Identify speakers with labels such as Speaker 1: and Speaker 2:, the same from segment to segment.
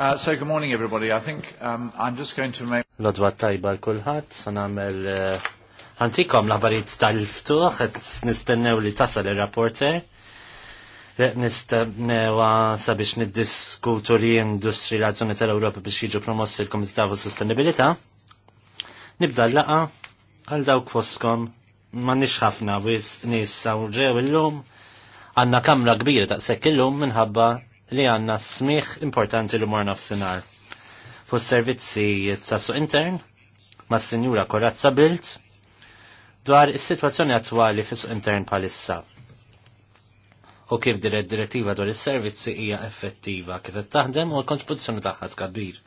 Speaker 1: Uh, so good morning everybody. I think um, I'm just going to make... Lodwa tajba l-kulħat, sanamel ħantikom uh, labarit tal-ftuħ, għet nistennew li tasal il-rapporter. Nistennewa sabiex niddiskutu li industri l-azzjoni tal-Europa biex jiġu promossi l-Komitat u Sostenibilita. Nibda l-laqa għal kwoskom, foskom ma ħafna wis nis saw ġew illum għanna kamra kbira ta' sekk illum minħabba li għanna smiħ importanti li morna f'sinar. Fu servizzi tassu intern, ma' s-senjura Korazza Bilt, dwar is-situazzjoni attwali fis intern palissa. U kif dire direttiva dwar is-servizzi hija effettiva kif qed taħdem u l-kontribuzzjoni tagħha kabir.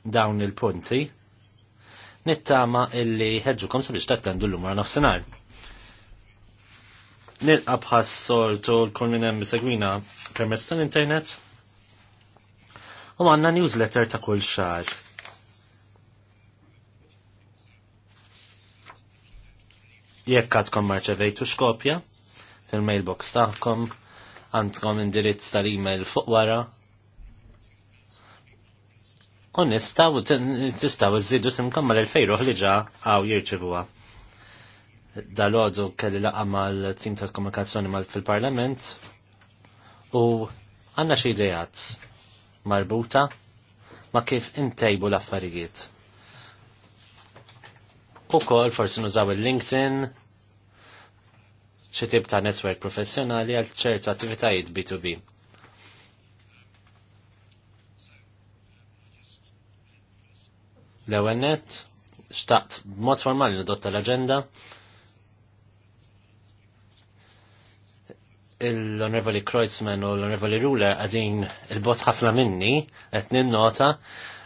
Speaker 1: Dawn il-punti nittama illi ħeġġukom sabiex tattendu l lumra għal nofsinhar nilqa bħas soltu l-kull minn hemm segwina permezz tal-internet. U għandna newsletter ta' kull xar. Jekk għadkom marċevejtu xkopja fil-mailbox tagħkom għandkom indirizz tal-email fuq wara u nistaw tistaw iżidu simkom mal-elfejruħ li ġa għaw jirċivuha dal-ħodu kelli laqa mal-tim tal-komunikazzjoni mal fil-parlament u għanna xie idejat marbuta ma kif intejbu l-affarijiet. U kol forsi nużaw il-LinkedIn, xie tib ta' netwerk professjonali għal ċertu attivitajiet B2B. L-ewennet, xtaqt mod formali nidotta l-agenda, l-Onorevoli Kreuzman u l-Onorevoli Rula għadin il-bot ħafna minni, għetnin nota,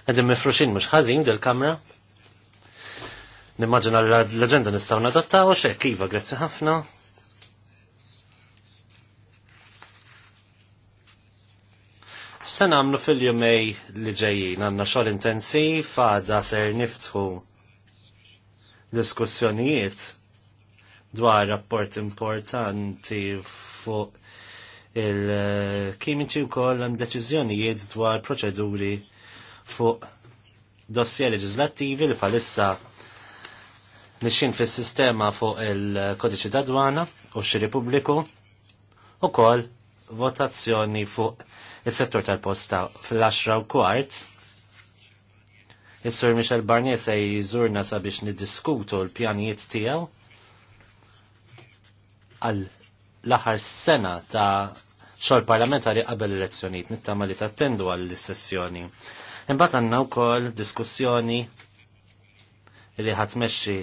Speaker 1: għadin mifruxin mux ħazin dil-kamra. Nimmaġina l-agenda nistaw nadotta u xe kiva, grazzi ħafna. Sen għamlu fil-jumej li ġejjin għanna xol intensiv għada ser niftħu diskussjonijiet dwar rapport importanti fuq il-kimiċi u koll deċizjonijiet dwar proċeduri fuq dossier leġislattivi li palissa nixin fis sistema fuq il-kodiċi ta' dwana u xiri pubbliku u koll votazzjoni fuq il-settur tal-posta fl-10 u kwart. Is-Sur Michel Barnier se jizurna sabiex niddiskutu l-pjanijiet tiegħu għal l-aħar sena ta' xor parlamentari qabel elezzjoniet nittama li tattendu għall-sessjoni. Imbagħad għandna wkoll diskussjoni li ħatmexxi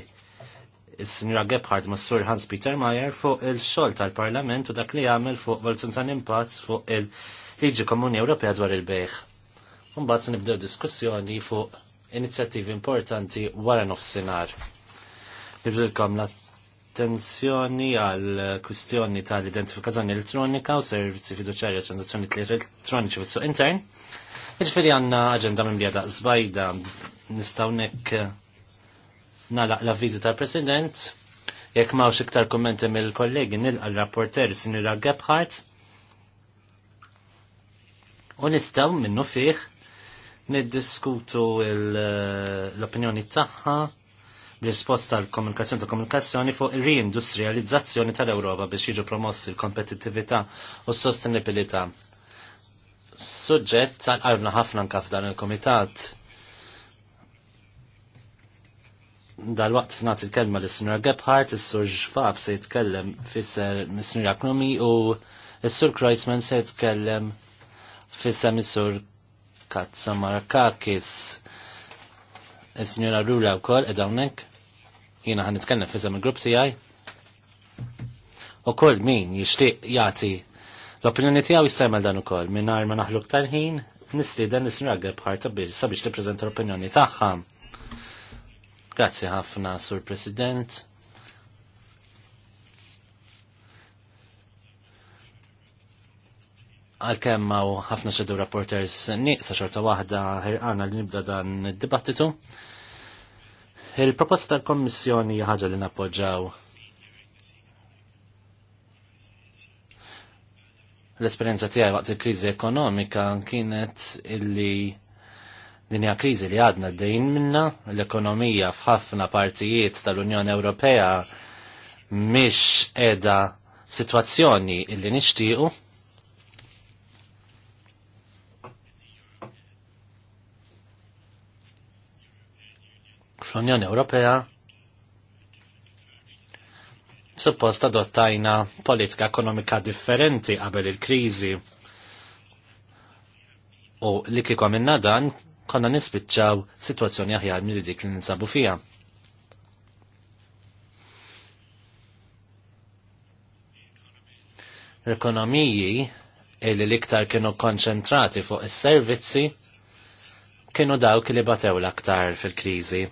Speaker 1: is-Sinjura Gebhardt ma' Sur Hans Peter Mayer fuq il-xogħol tal-Parlament u dak li jagħmel fuq valzun ta' impatt fuq il-Liġi Komuni Ewropea dwar il-bejħ. Imbagħad nibdew diskussjoni fuq inizjattivi importanti wara nofsinhar. Nibdilkom attenzjoni għal kwistjoni tal-identifikazzjoni elettronika u servizzi fiduċarja transazzjoni elettroniċi fis suq intern. Iġifieri għandna aġenda minn bjada zbajda nistgħu nek nalaq l-avviżi tal-President jekk mawx iktar kommenti mill-kollegi nil l-rapporter Sinira Gebhardt u nistaw minnu fih niddiskutu l-opinjoni tagħha risposta tal komunikazzjoni tal komunikazzjoni fuq riindustrializzazzjoni tal-Ewropa biex jiġu promossi l-kompetittività u s-sostenibilità. Suġġett tal-qarna ħafna nkaf dan il-komitat. Dal-waqt nagħti il-kelma l sinjor Gebhardt, is-Sur Ġfab se jitkellem fisser mis-Sinjor u is-Sur Kreisman se jitkellem fisser missur Katza Markakis. Il-Signora e, Rula u koll, edawnek? Jina għan nitkellem fissam il-grupp tijaj. U kull min jishtiq jati l-opinjoni tijaw jistajmel dan u koll minn ma naħluk tal ħin nistieden nisnra għabħar tabbir sabiex li prezenta l-opinjoni taħħa. Grazzi ħafna, Sur President. għal-kem ħafna xedu rapporters niqsa xorta wahda ħirqana li nibda dan id-dibattitu. Il-proposta tal-Kommissjoni ħaġa li nappoġġaw. L-esperjenza tiegħi waqt il-kriżi ekonomika kienet illi din hija kriżi li għadna dejn minna, l-ekonomija f'ħafna partijiet tal-Unjoni Ewropea mhix qiegħda situazzjoni illi nixtiequ. fl-Unjoni Ewropea suppost adottajna politika ekonomika differenti qabel il-kriżi u li kieku minna dan konna nispiċċaw situazzjoni aħjar mill dik li ninsabu fija. L-ekonomiji illi l-iktar kienu konċentrati fuq is-servizzi kienu dawk li batew l-aktar fil-kriżi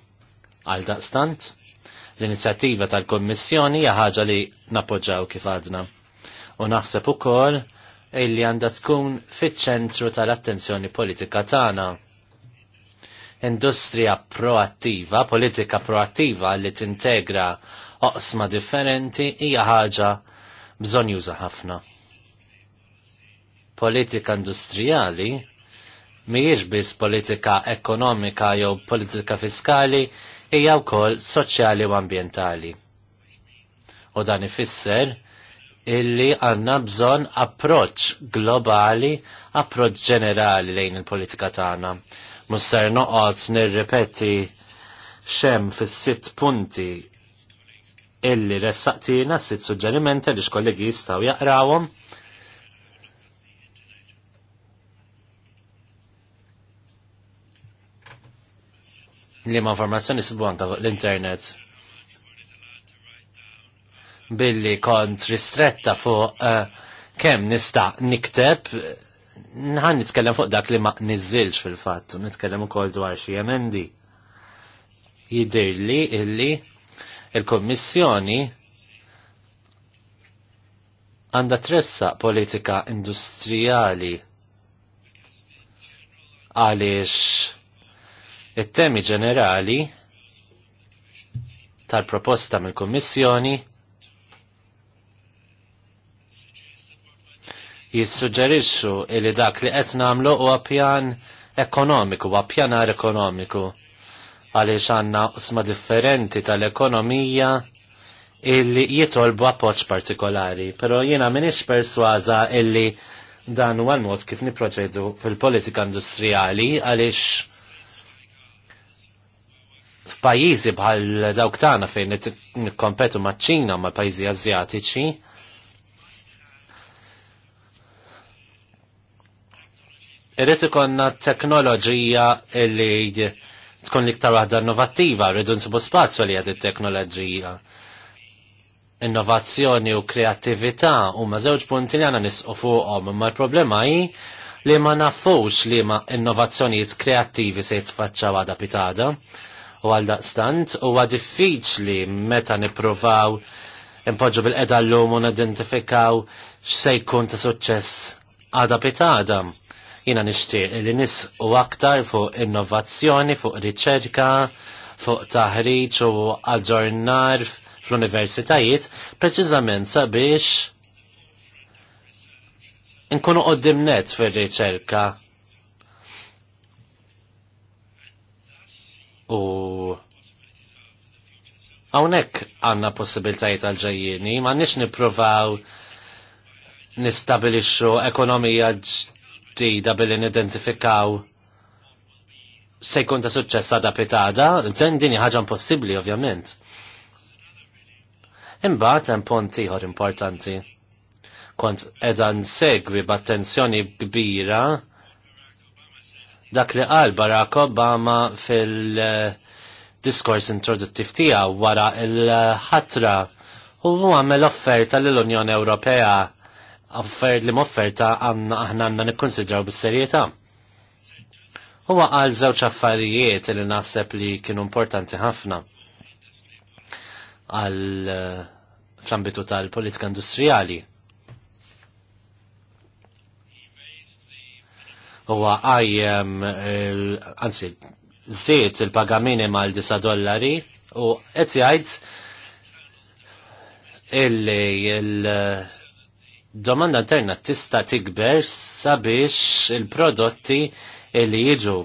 Speaker 1: Għal daqstant, l-inizjattiva tal-Kommissjoni hija ħaġa li napoġġaw kif għadna. U naħseb ukoll illi għandha tkun fiċ-ċentru tal-attenzjoni politika tagħna. Industrija proattiva, politika proattiva li tintegra oqsma differenti hija ħaġa bżonn juża ħafna. Politika industrijali mhijiex biss politika ekonomika jew politika fiskali, hija wkoll soċjali u ambjentali. U dan ifisser illi għanna bżon approċ globali, approċ ġenerali lejn il-politika tagħna. Musser noqgħod nirripeti xem fis-sitt punti illi ressaqtina sitt suġġerimenti li x-kollegi jistgħu jaqrawhom li ma' informazzjoni sibu anka l-internet billi kont ristretta fuq eh, kem nista nikteb nħan nitkellem fuq dak li ma nizzilx fil-fatt, nitkellem ukoll dwar xi emendi. Jidirli illi il-Kommissjoni għandha tressa politika industrijali għaliex it-temi ġenerali tal-proposta mill-Kummissjoni jissuġġerixxu li dak li qed nagħmlu huwa pjan ekonomiku, huwa pjanar ekonomiku għaliex għandna qsma differenti tal-ekonomija illi jitolbu appoġġ partikolari, però jiena m'iniex persważa illi dan huwa l-mod kif niproċedu fil-politika industrijali għaliex f'pajjiżi bħal dawk tagħna fejn nikkompetu maċ-Ċina ma' pajjiżi Azjatiċi. Irrid ikonna teknoloġija li tkun iktar waħda innovattiva, rridu nsibu spazju li għad it-teknoloġija. Innovazzjoni u kreattività huma żewġ punti li għandna nisqu fuqhom, imma l-problema hi li ma nafux li ma innovazzjonijiet kreattivi se jitfaċċaw għada pitada u għal daqstant u diffiċli meta niprofaw impoġġu bil-qeda l-lum u nidentifikaw x'se jkun ta' suċċess għada pitada. Jina nixtieq li nis u aktar fuq innovazzjoni, fuq riċerka, fuq taħriġ u aġġornar fl-universitajiet, preċiżament sabiex nkunu qoddim net fir-riċerka U hawnhekk għandna possibiltajiet għal ġejjieni, ma nix nippruvaw nistabilixxu ekonomija ġdida billi nidentifikaw se jkun ta' suċċess għada pitada, dan din ħaġa impossibbli ovvjament. Imbagħad hemm punt ieħor importanti. Kont qiegħda nsegwi b'attenzjoni kbira dak li qal Barack Obama fil-diskors introduttiv tiegħu wara il-ħatra u għamel offerta l-Unjoni Ewropea offer li offerta għanna aħna għanna nikkonsidraw bis-serjetà. Huwa qal żewġ affarijiet li naħseb li kienu importanti ħafna għal eh, fl-ambitu tal-politika industrijali. huwa għajjem anzi żied il-paga minimal 9 dollari u qed jgħid illi il-domanda interna tista' tikber sabiex il-prodotti illi jiġu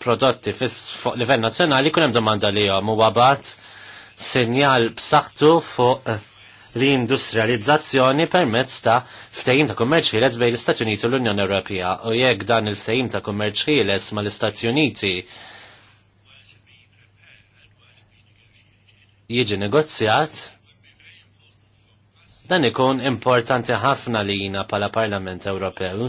Speaker 1: prodotti fuq livell nazzjonali kun hemm domanda li u muwabat sinjal b'saħħtu fuq l industrializzazzjoni permezz ta' ftehim ta' kummerċ ħieles bejn l-Istati Uniti u l-Unjoni Ewropea u jekk dan il-ftehim ta' kummerċ ħieles ma' l-Istati Uniti jiġi negozjat, dan ikun importanti ħafna li jina pala Parlament Ewropew.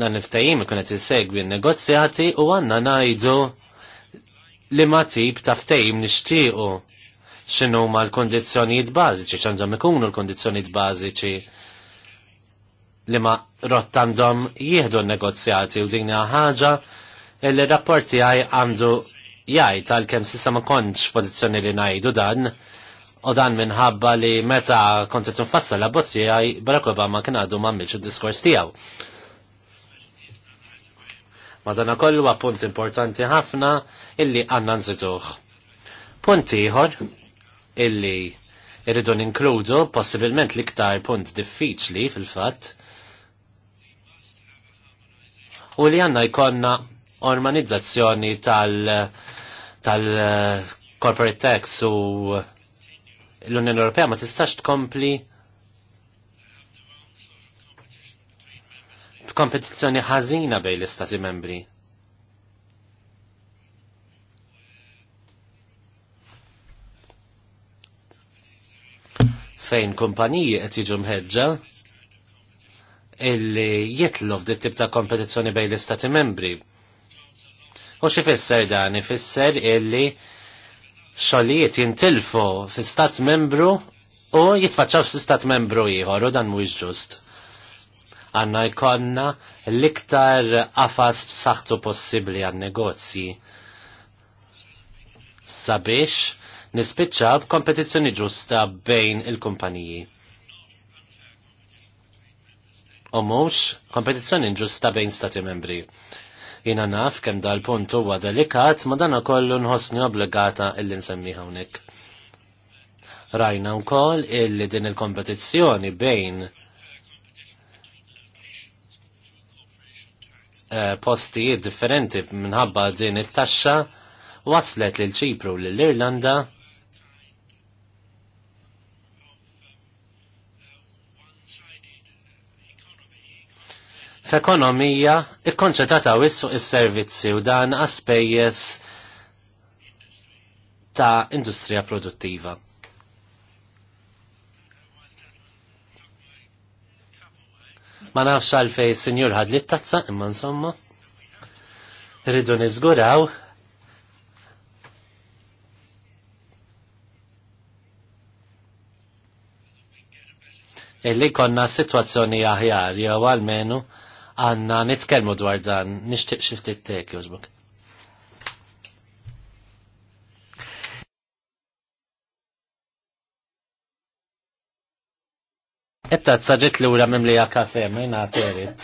Speaker 1: Dan il-ftajim ikun qed isegwi n-negozjati u għanna najdu li ma tip ta' ftejim nixtiequ xinu ma l kondizjoniet bażiċi x'għandhom ikunu l kondizjoniet bażiċi li ma rottandom jieħdu n-negozjati u din ħaġa li rapporti għaj għandu jgħid tal-kem sissa ma kontx pożizzjoni li ngħidu dan u dan minħabba li meta kont qed nfassal la bozzi għaj Barack Obama kien għadu ma mmilx id-diskors tiegħu. Madana kollu punt importanti ħafna illi għanna nżiduħ. Punt ieħor illi irridu ninkludu possibilment l-iktar punt diffiċli fil-fatt u li għanna jkonna ormanizzazzjoni tal tal corporate tax u l-Unjoni Ewropea ma tistax tkompli kompetizzjoni ħażina bejn l-istati membri. fejn kumpaniji qed jiġu mħeġġa illi jitlu f'dik tip ta' kompetizzjoni bejn l-istati membri. U xi fisser dan ifisser illi xogħlijiet jintilfu fi stat membru u jitfaċċaw fi stat membru ieħor u dan mhuwiex ġust għanna jkonna l-iktar qafas b'saħħtu possibbli għan negozji sabiex nispiċċa b'kompetizzjoni ġusta bejn il-kumpaniji. U mhux kompetizzjoni ġusta bejn stati membri. Jina naf kemm dal-punt huwa delikat ma dan kollu nħossni obbligata illi nsemmi hawnhekk. Rajna wkoll illi din il-kompetizzjoni bejn Eh, postijiet differenti minħabba din it-taxxa waslet lil ċipru lil irlanda f'ekonomija ikkonċetata wis fuq is-servizzi u dan għaspejjeż ta' industrija produttiva. Ma nafx għalfej senjur ħad li tazza imma insomma. Rridu nizguraw illi konna situazzjoni aħjar jew għalmenu għanna nitkellmu dwar dan nixtieq xi ftit tek Etta t-saġet l-ura mimlija kafe, t terit.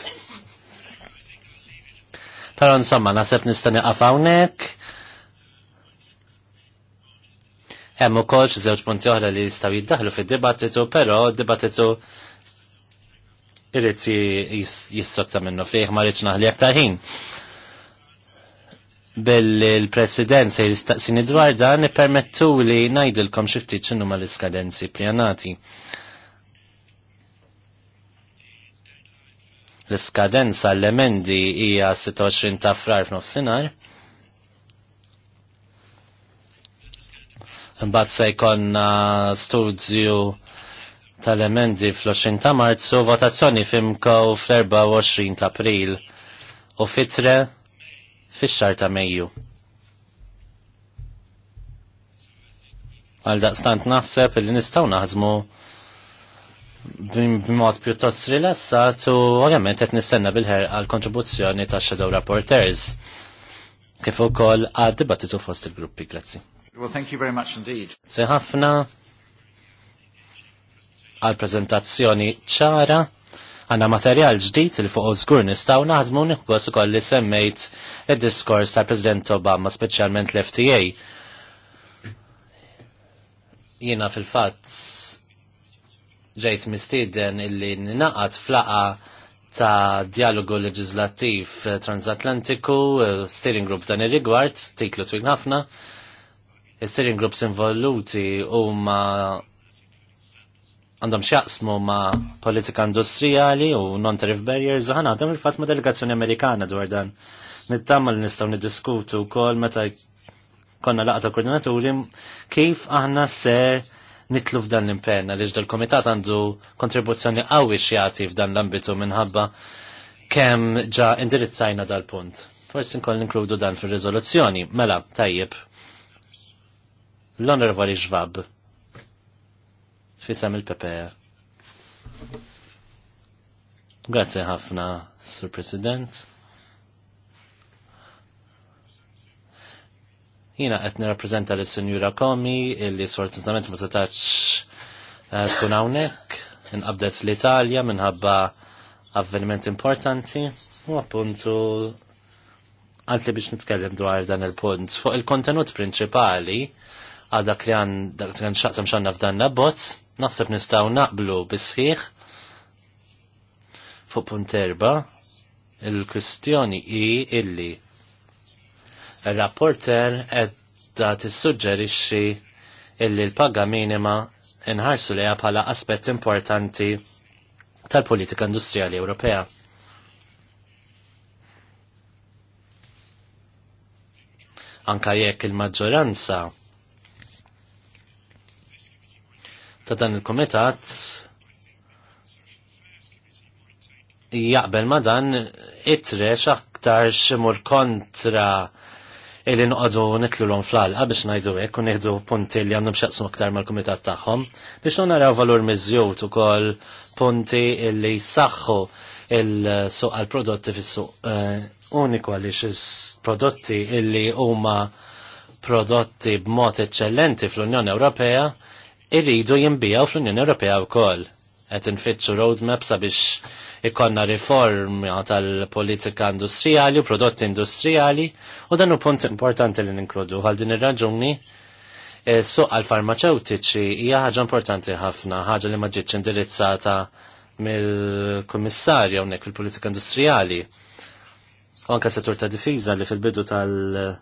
Speaker 1: Pero insomma, nasib nistani għafawnek. Hemm ukoll xi żewġ punti oħra li jistgħu jiddaħlu fid-dibattitu, però d-dibattitu irrid jissokta minnu fih ma rridx naħli aktar ħin. l president se jistaqsini dwar dan ippermettu li ngħidilkom xi ftit x'inhuma l-iskadenzi pjanati. L-iskadenza l-emendi hija 26 ta' frar f'nofsinhar. Imbagħad se jkollna studju tal-emendi fl-20 ta' Marzu, votazzjoni fimko fl-24 ta' April u fitre fix-xar ta' Mejju. Għal daqstant naħseb li nistgħu naħdmu b'mod pjuttost rilassat u ovvjament qed nistenna bil ħer l-kontribuzzjoni ta' Shadow Rapporters kif ukoll għad dibattitu fost il-gruppi. Grazzi.
Speaker 2: Well, thank you very much indeed.
Speaker 1: Se ħafna għal prezentazzjoni ċara għanna materjal ġdijt il fuq żgur nistaw naħdmu u koll li semmejt id-diskors ta' President Obama, speċjalment l-FTA. Jiena fil-fatt ġejt mistieden illi ninaqat flaqa ta' dialogu leġislattiv transatlantiku, eh, steering group dan ir-rigward, tiklu twil ħafna, steering groups involuti huma għandhom x'jaqsmu ma' politika industrijali u non-tariff barriers u għadhom il-fat ma' delegazzjoni amerikana dwar dan. Nittama li nistaw niddiskutu kol meta konna laqta koordinaturi kif aħna ser nitlu f'dan l-impenna li ġdal komitat għandu kontribuzzjoni qawwi xjati f'dan l-ambitu minħabba kemm ġa indirizzajna dal-punt. Forsi nkoll inkludu dan fil-rizoluzzjoni. Mela, tajjeb. L-Onorevoli Ġvab. Fisam il-PPE. Grazie ħafna, Sur President. Jina qed nirrappreżenta lis sinjura Komi illi sfortunatament ma setax eh, tkun hawnhekk inqabdet l-Italja minħabba avveniment importanti u appuntu għalt li biex nitkellem dwar dan il-punt. Fuq il-kontenut prinċipali għal dak li għan dak li xaqsam xanna f'dan nabbozz, naħseb nistaw naqblu bisħiħ fuq punt erba' il-kwistjoni i illi Il-rapporter edda tissuġġerixxi illi l-paga minima inħarsu liha bħala aspett importanti tal-politika industriali Ewropea. Anka jekk il-maġġoranza ta' dan il-komitat jaqbel ma dan itre aktar ximur kontra illi noqogħdu nitlu l fl-alqa biex ngħidu hekk u nieħdu punti li għandhom x'jaqsmu aktar mal-kumitat tagħhom biex naraw valur miżjud ukoll punti illi saħħu il-suq għal-prodotti fis-suq eh, uniku għaliex prodotti illi huma prodotti b'mod eċċellenti fl-Unjoni Ewropea iridu jinbijaw fl-Unjoni Ewropea wkoll qed infittxu roadmap sabiex ikonna riform tal-politika industrijali u prodotti industrijali u dan hu punt importanti li ninkludu għal din ir-raġuni suq għal farmaceutiċi hija ħaġa importanti ħafna, ħaġa li ma ġietx indirizzata mill-kummissarja hawnhekk fil-politika industrijali. Anka settur ta' difiża li fil-bidu tal-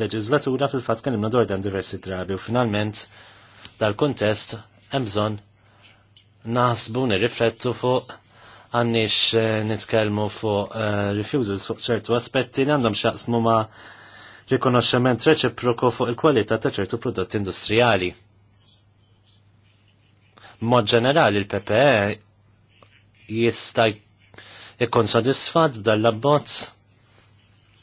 Speaker 1: leġislatura fil-fatt kellimna dwar dan diversi drabi u finalment dal-kontest hemm bżonn naħsbu nirriflettu fuq għannix eh, nitkelmu fuq eh, refusals fuq ċertu aspetti li għandhom xaqsmu ma rikonoxxement reċiproku fuq il-kwalità ta' ċertu prodotti industrijali. Mod ġenerali il-PPE jista' jkun sodisfatt dal-abbozz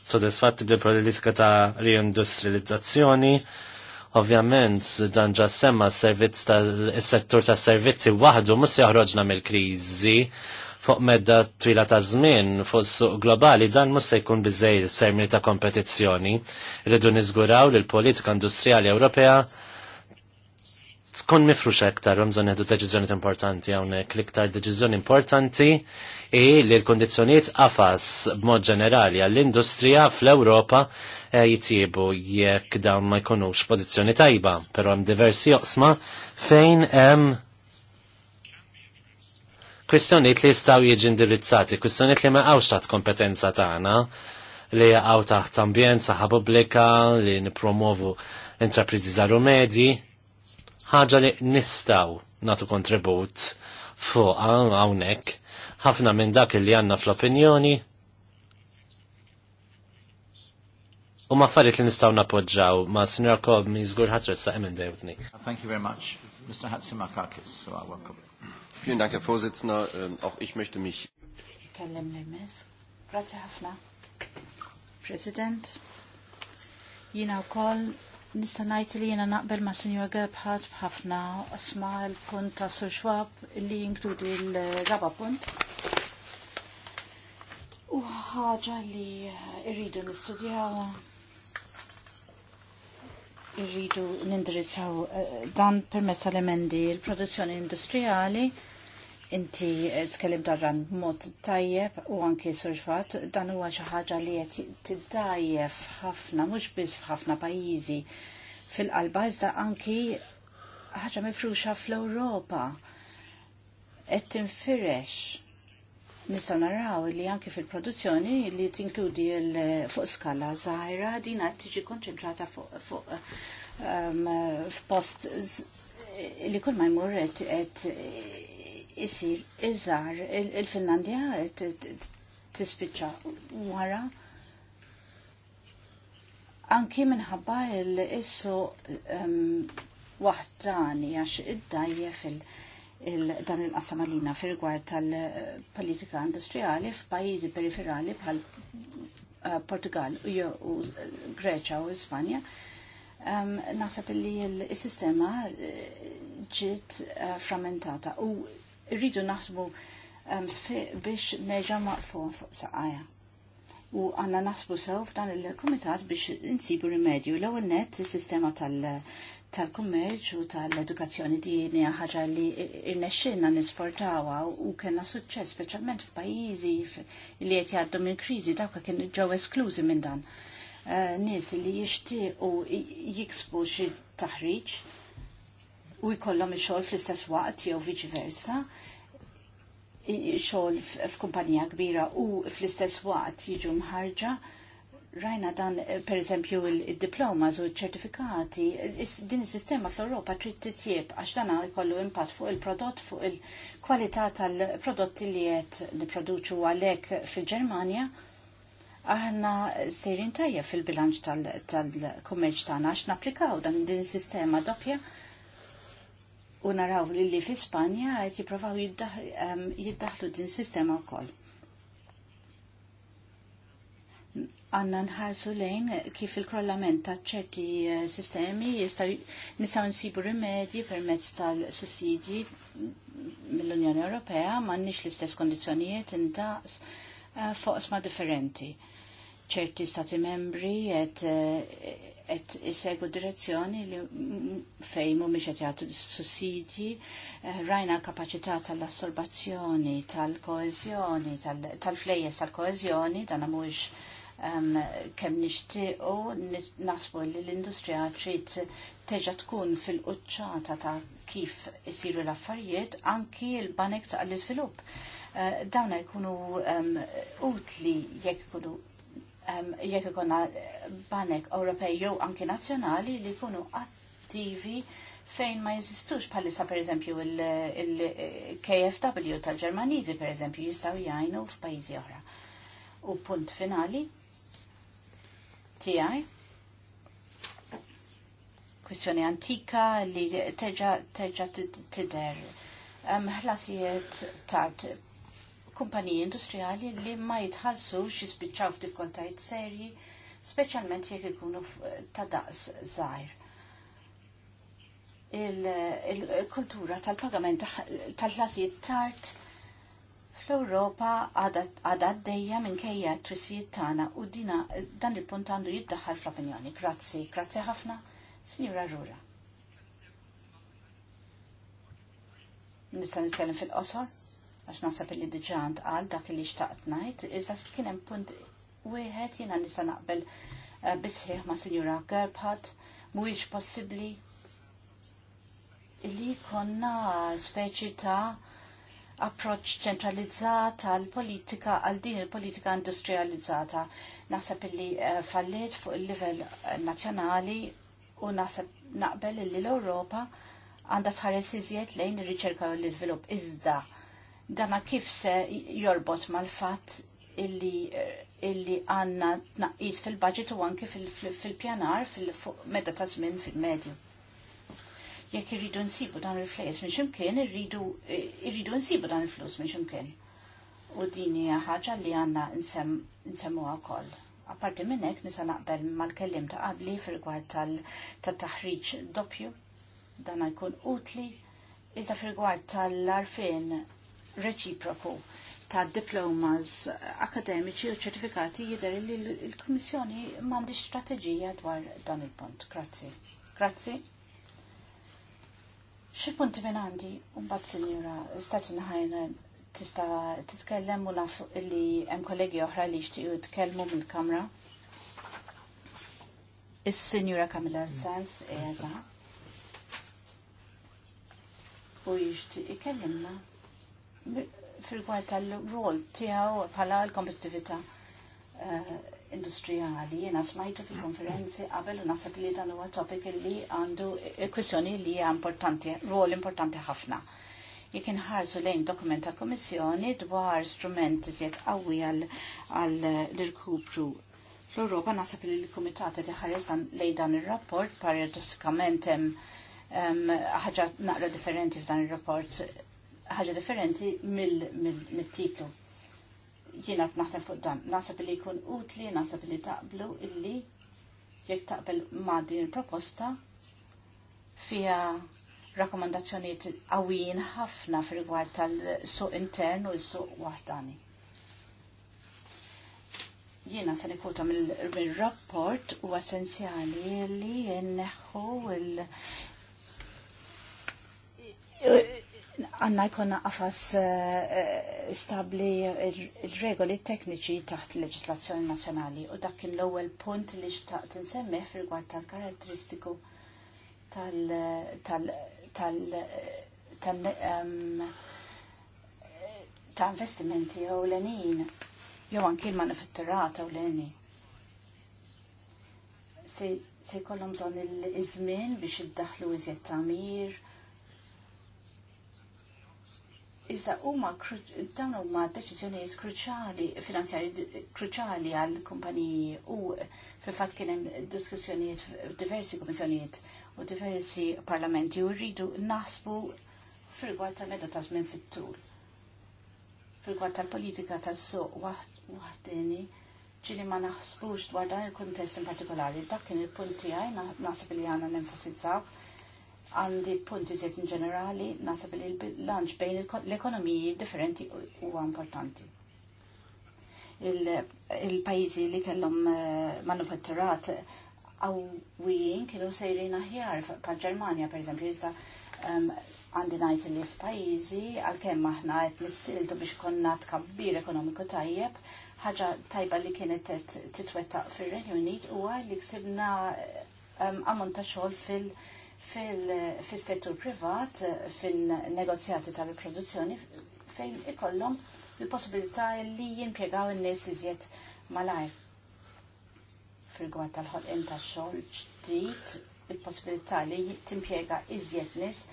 Speaker 1: sodisfatti bil-politika ta' riindustrializzazzjoni Ovvjament dan ġa semma s-servizz tal-settur tas-servizzi waħdu mhux se joħroġna mill-kriżi fuq medda twila ta' żmien fuq suq globali dan mhux se jkun biżejjed sermi ta' kompetizzjoni. Rridu niżguraw li l-politika industrijali Ewropea tkun mifrux aktar, għamżon għedu deċizjoni importanti għawnek, l-iktar deċizjoni importanti i li l-kondizjoniet għafas b'mod ġenerali għall-industrija fl-Europa eh, jitjibu jekk dawn ma jkunux pozizjoni tajba, pero hemm diversi oqsma fejn hemm kwistjoniet li jistaw jiġi indirizzati, kwistjoniet li ma għawx taħt kompetenza tagħna li għaw taħt ambjent, ħabublika pubblika, li nipromovu intrapriżi zaru medji, ħaġa li nistaw natu kontribut fuq għawnek ħafna minn dak li għanna fl-opinjoni U ma farit li nistaw napoġġaw ma s Sinjor Kob mi zgur ħatres sa' emin dejutni.
Speaker 2: Thank you very much, Mr. Hatsimakakis, so I welcome. Vielen Dank, Herr Vorsitzender. Ähm, auch ich möchte mich...
Speaker 3: Präsident. l-emis. jina u Nista' ngħid li jiena naqbel ma' Sinjor Gebhardt b'ħafna asma l-punt ta' Sur Schwab li jinkludi l-raba punt. U ħaġa li irridu nistudjaw irridu nindirizzaw eh, dan permezz tal-emendi l-produzzjoni industrijali Inti eh, tkellim darran mod tajjeb u anki surfat dan huwa xi ħaġa li qed tiddajjef ħafna mhux biss f'ħafna pajjiżi fil-qalba iżda anki ħaġa mifruxa fl-Ewropa qed tinfirex. Nistgħu naraw li anke fil-produzzjoni li tinkludi fuq skala żgħira din qed tiġi konċentrata fuq ehm, f'post li kull ma jmur qed isir iżar il-Finlandja tispiċċa wara anki minħabba il-issu ehm, waħdani għax id-dajje fil- dan il-qasam għalina fil rigward tal-politika industrijali f'pajjiżi periferali bħal eh, Portugal u Greċa u Ispanja. Ehm, Nasab li l-sistema eh, ġiet eh, frammentata u rridu naħsbu um, biex neġa maqfu fuq saqajja. U għanna naħsbu sew f'dan il-komitat biex insibu rimedju. L-ewwel net is-sistema tal- tal-kummerċ u tal-edukazzjoni dini ħaġa li irnexxinna nisportawa u kena suċċess speċjalment f'pajjiżi li qed jgħaddu minn kriżi dawk kien ġew esklużi minn dan. Uh, nies li jixtiequ jiksbu xi taħriġ u jkollhom ix-xogħol fl-istess waqt jew viċi versa xogħol f'kumpanija kbira u fl-istess waqt jiġu mħarġa rajna dan eh, per eżempju il-diplomas u ċertifikati, din is-sistema fl-Ewropa trid titjieb għax dan jkollu impatt fuq il-prodott, fuq il-kwalità tal-prodotti li qed nipproduċu għalhekk fil-Ġermanja. Aħna sejrin tajjeb fil-bilanċ tal-kummerċ tagħna għax napplikaw dan din is-sistema doppja u naraw li li fi Spanja għet jiprofaw jiddaħlu din sistema u koll. Għanna nħarsu lejn kif il-krollament ta' ċerti eh, sistemi nistaw nsibu rimedji permezz tal-sussidji mill-Unjoni Ewropea nix l-istess kondizjonijiet indaqs eh, fuq ma' differenti. ċerti stati membri għet eh, et isegu direzzjoni li fejmu mu miex et jgħatu sussidji, eh, rajna kapacità tal-assorbazzjoni, tal-koezjoni, tal-flejjes tal-koezjoni, dan mux um, ehm, kem nishtiqu nasbu li l-industrija trid teġa tkun fil-qċata ta' kif isiru l-affarijiet anki l-banek ta' l-izvilupp. Uh, eh, dawna jkunu um, utli jekk jkunu jek jekk ikonna banek Ewropej jew anki nazzjonali li jkunu attivi fejn ma jeżistux bħalissa per eżempju il-KFW il kfw tal ġermaniżi per eżempju jistgħu jgħinu f'pajjiżi oħra. U punt finali tiegħi kwistjoni antika li terġa' tidher ħlasijiet tard kumpaniji industrijali li ma jitħallsux jispiċċaw f'difkontajt serji, speċjalment jekk ikunu ta' daqs zaħir. Il-kultura Il-kultura tal-pagament tal lazijiet tard fl-Ewropa għadha għaddejja minkejja t-twissijiet tagħna u dina dan il-punt għandu jiddaħħal fl-opinjoni. Grazzi, grazzi ħafna, Sinjura Rura. Nista' nitkellem fil-qosor? għax nasab li diġa għal dak li xtaqt najt, iżda s hemm punt wieħed jiena nisa naqbel eh, bisħiħ ma' Sinjura Gerbhardt mhuwiex possibbli li konna speċi ta' approċ ċentralizzat għal politika għal din il-politika industrializzata. Nasab li eh, fallet fuq il-livell nazzjonali u nasab naqbel li l-Europa għandha tħares iżjed lejn ir-riċerka u l-iżvilupp iżda dana kif se jorbot mal-fat illi illi għanna tnaqqis fil-budget u anki fil-pjanar fil-meta ta' żmien fil-medju. Jekk irridu nsibu dan il-flejs minn ximkien, irridu nsibu dan il-flus minn ximkien. U din hija ħaġa li għandna nsemmu wkoll. Apparti minn hekk nisa naqbel mal-kellim ta' qabli fil-gwar tal-taħriġ doppju, dan jkun utli, iżda fil-gwar tal-arfin reċiproku ta' diplomas akademiċi u ċertifikati jidher li l-Kummissjoni m'għandi strateġija dwar dan il-punt. Grazzi. Grazzi. Xi punti minn għandi, mbagħad sinjura, stati ħajna tista titkellem u naf li hemm kollegi oħra li jixtiequ jitkellmu mill-kamra. Is-Sinjura Kamila Sans qiegħda. U jixtieq ikellimna fil-gwar tal-rol tiegħu bħala l-kompetitività eh, industrijali, jena smajtu fil-konferenzi qabel u nasab li dan huwa topic li għandu eh, kwestjoni li hija importanti, rol importanti ħafna. Jek inħarsu lejn dokument ta' kommissjoni dwar strumenti iżjed qawwi għal l-irkupru fl-Europa nasab li l li qed iħares lejn dan ir-rapport paradoskament hemm ħaġa naqra differenti f'dan ir-rapport ħaġa differenti mill-titlu. Jiena t-naħta fuq dan. Nasab li jkun utli, nasab li taqblu illi jek taqbel ma' din il proposta fija rakkomandazzjonijiet qawwin ħafna fil rigward tal-suq intern u s-suq wahdani. Jiena se nikota mill-rapport u essenzjali li jenneħu il- għanna jkonna għafas eh, stabli il-regoli tekniċi taħt leġislazzjoni nazjonali u dak kien l-ewwel punt li xtaqt insemmi fil-gwar tal-karatteristiku tal investimenti u l-enin jew anki l-manufatturata u l-eni. Se kollom bżonn il izmin biex id-daħlu iżjed tamir Issa huma dawn huma deċiżjonijiet kruċali finanzjarji kruċali għal kumpaniji u fil-fatt kien hemm diskussjonijiet diversi kummissjonijiet u diversi parlamenti u rridu naħsbu fil-gwad ta' meta ta' żmien fit-tul. Fil-gwad tal-politika tas-suq waħdini ġili ma naħsbux dwar dan il-kuntest in partikolari, dak kien il-punti għaj naħseb li għana nenfasizzaw għandi punti zet in ġenerali, nasab li l-bilanċ bejn l-ekonomiji differenti huwa importanti. Il-pajizi li kellhom eh, manufatturat wijin kienu sejrin aħjar pa' Ġermanja, per eżempju, jista għandi najt li f'pajizi għal kem aħna qed nissiltu biex konna tkabbir ekonomiku tajjeb, ħaġa tajba li kienet titwettaq fir-Renju Unit huwa li ksibna ammont ta' xogħol fil- fil-settur privat, fil-negozjati tal-produzzjoni, fejn ikollhom il-possibilità li jimpjegaw in-nies iżjed malajr. Fil-gwad tal-ħolqien tax-xogħol ġdid, il-possibilità li timpjega iżjed nies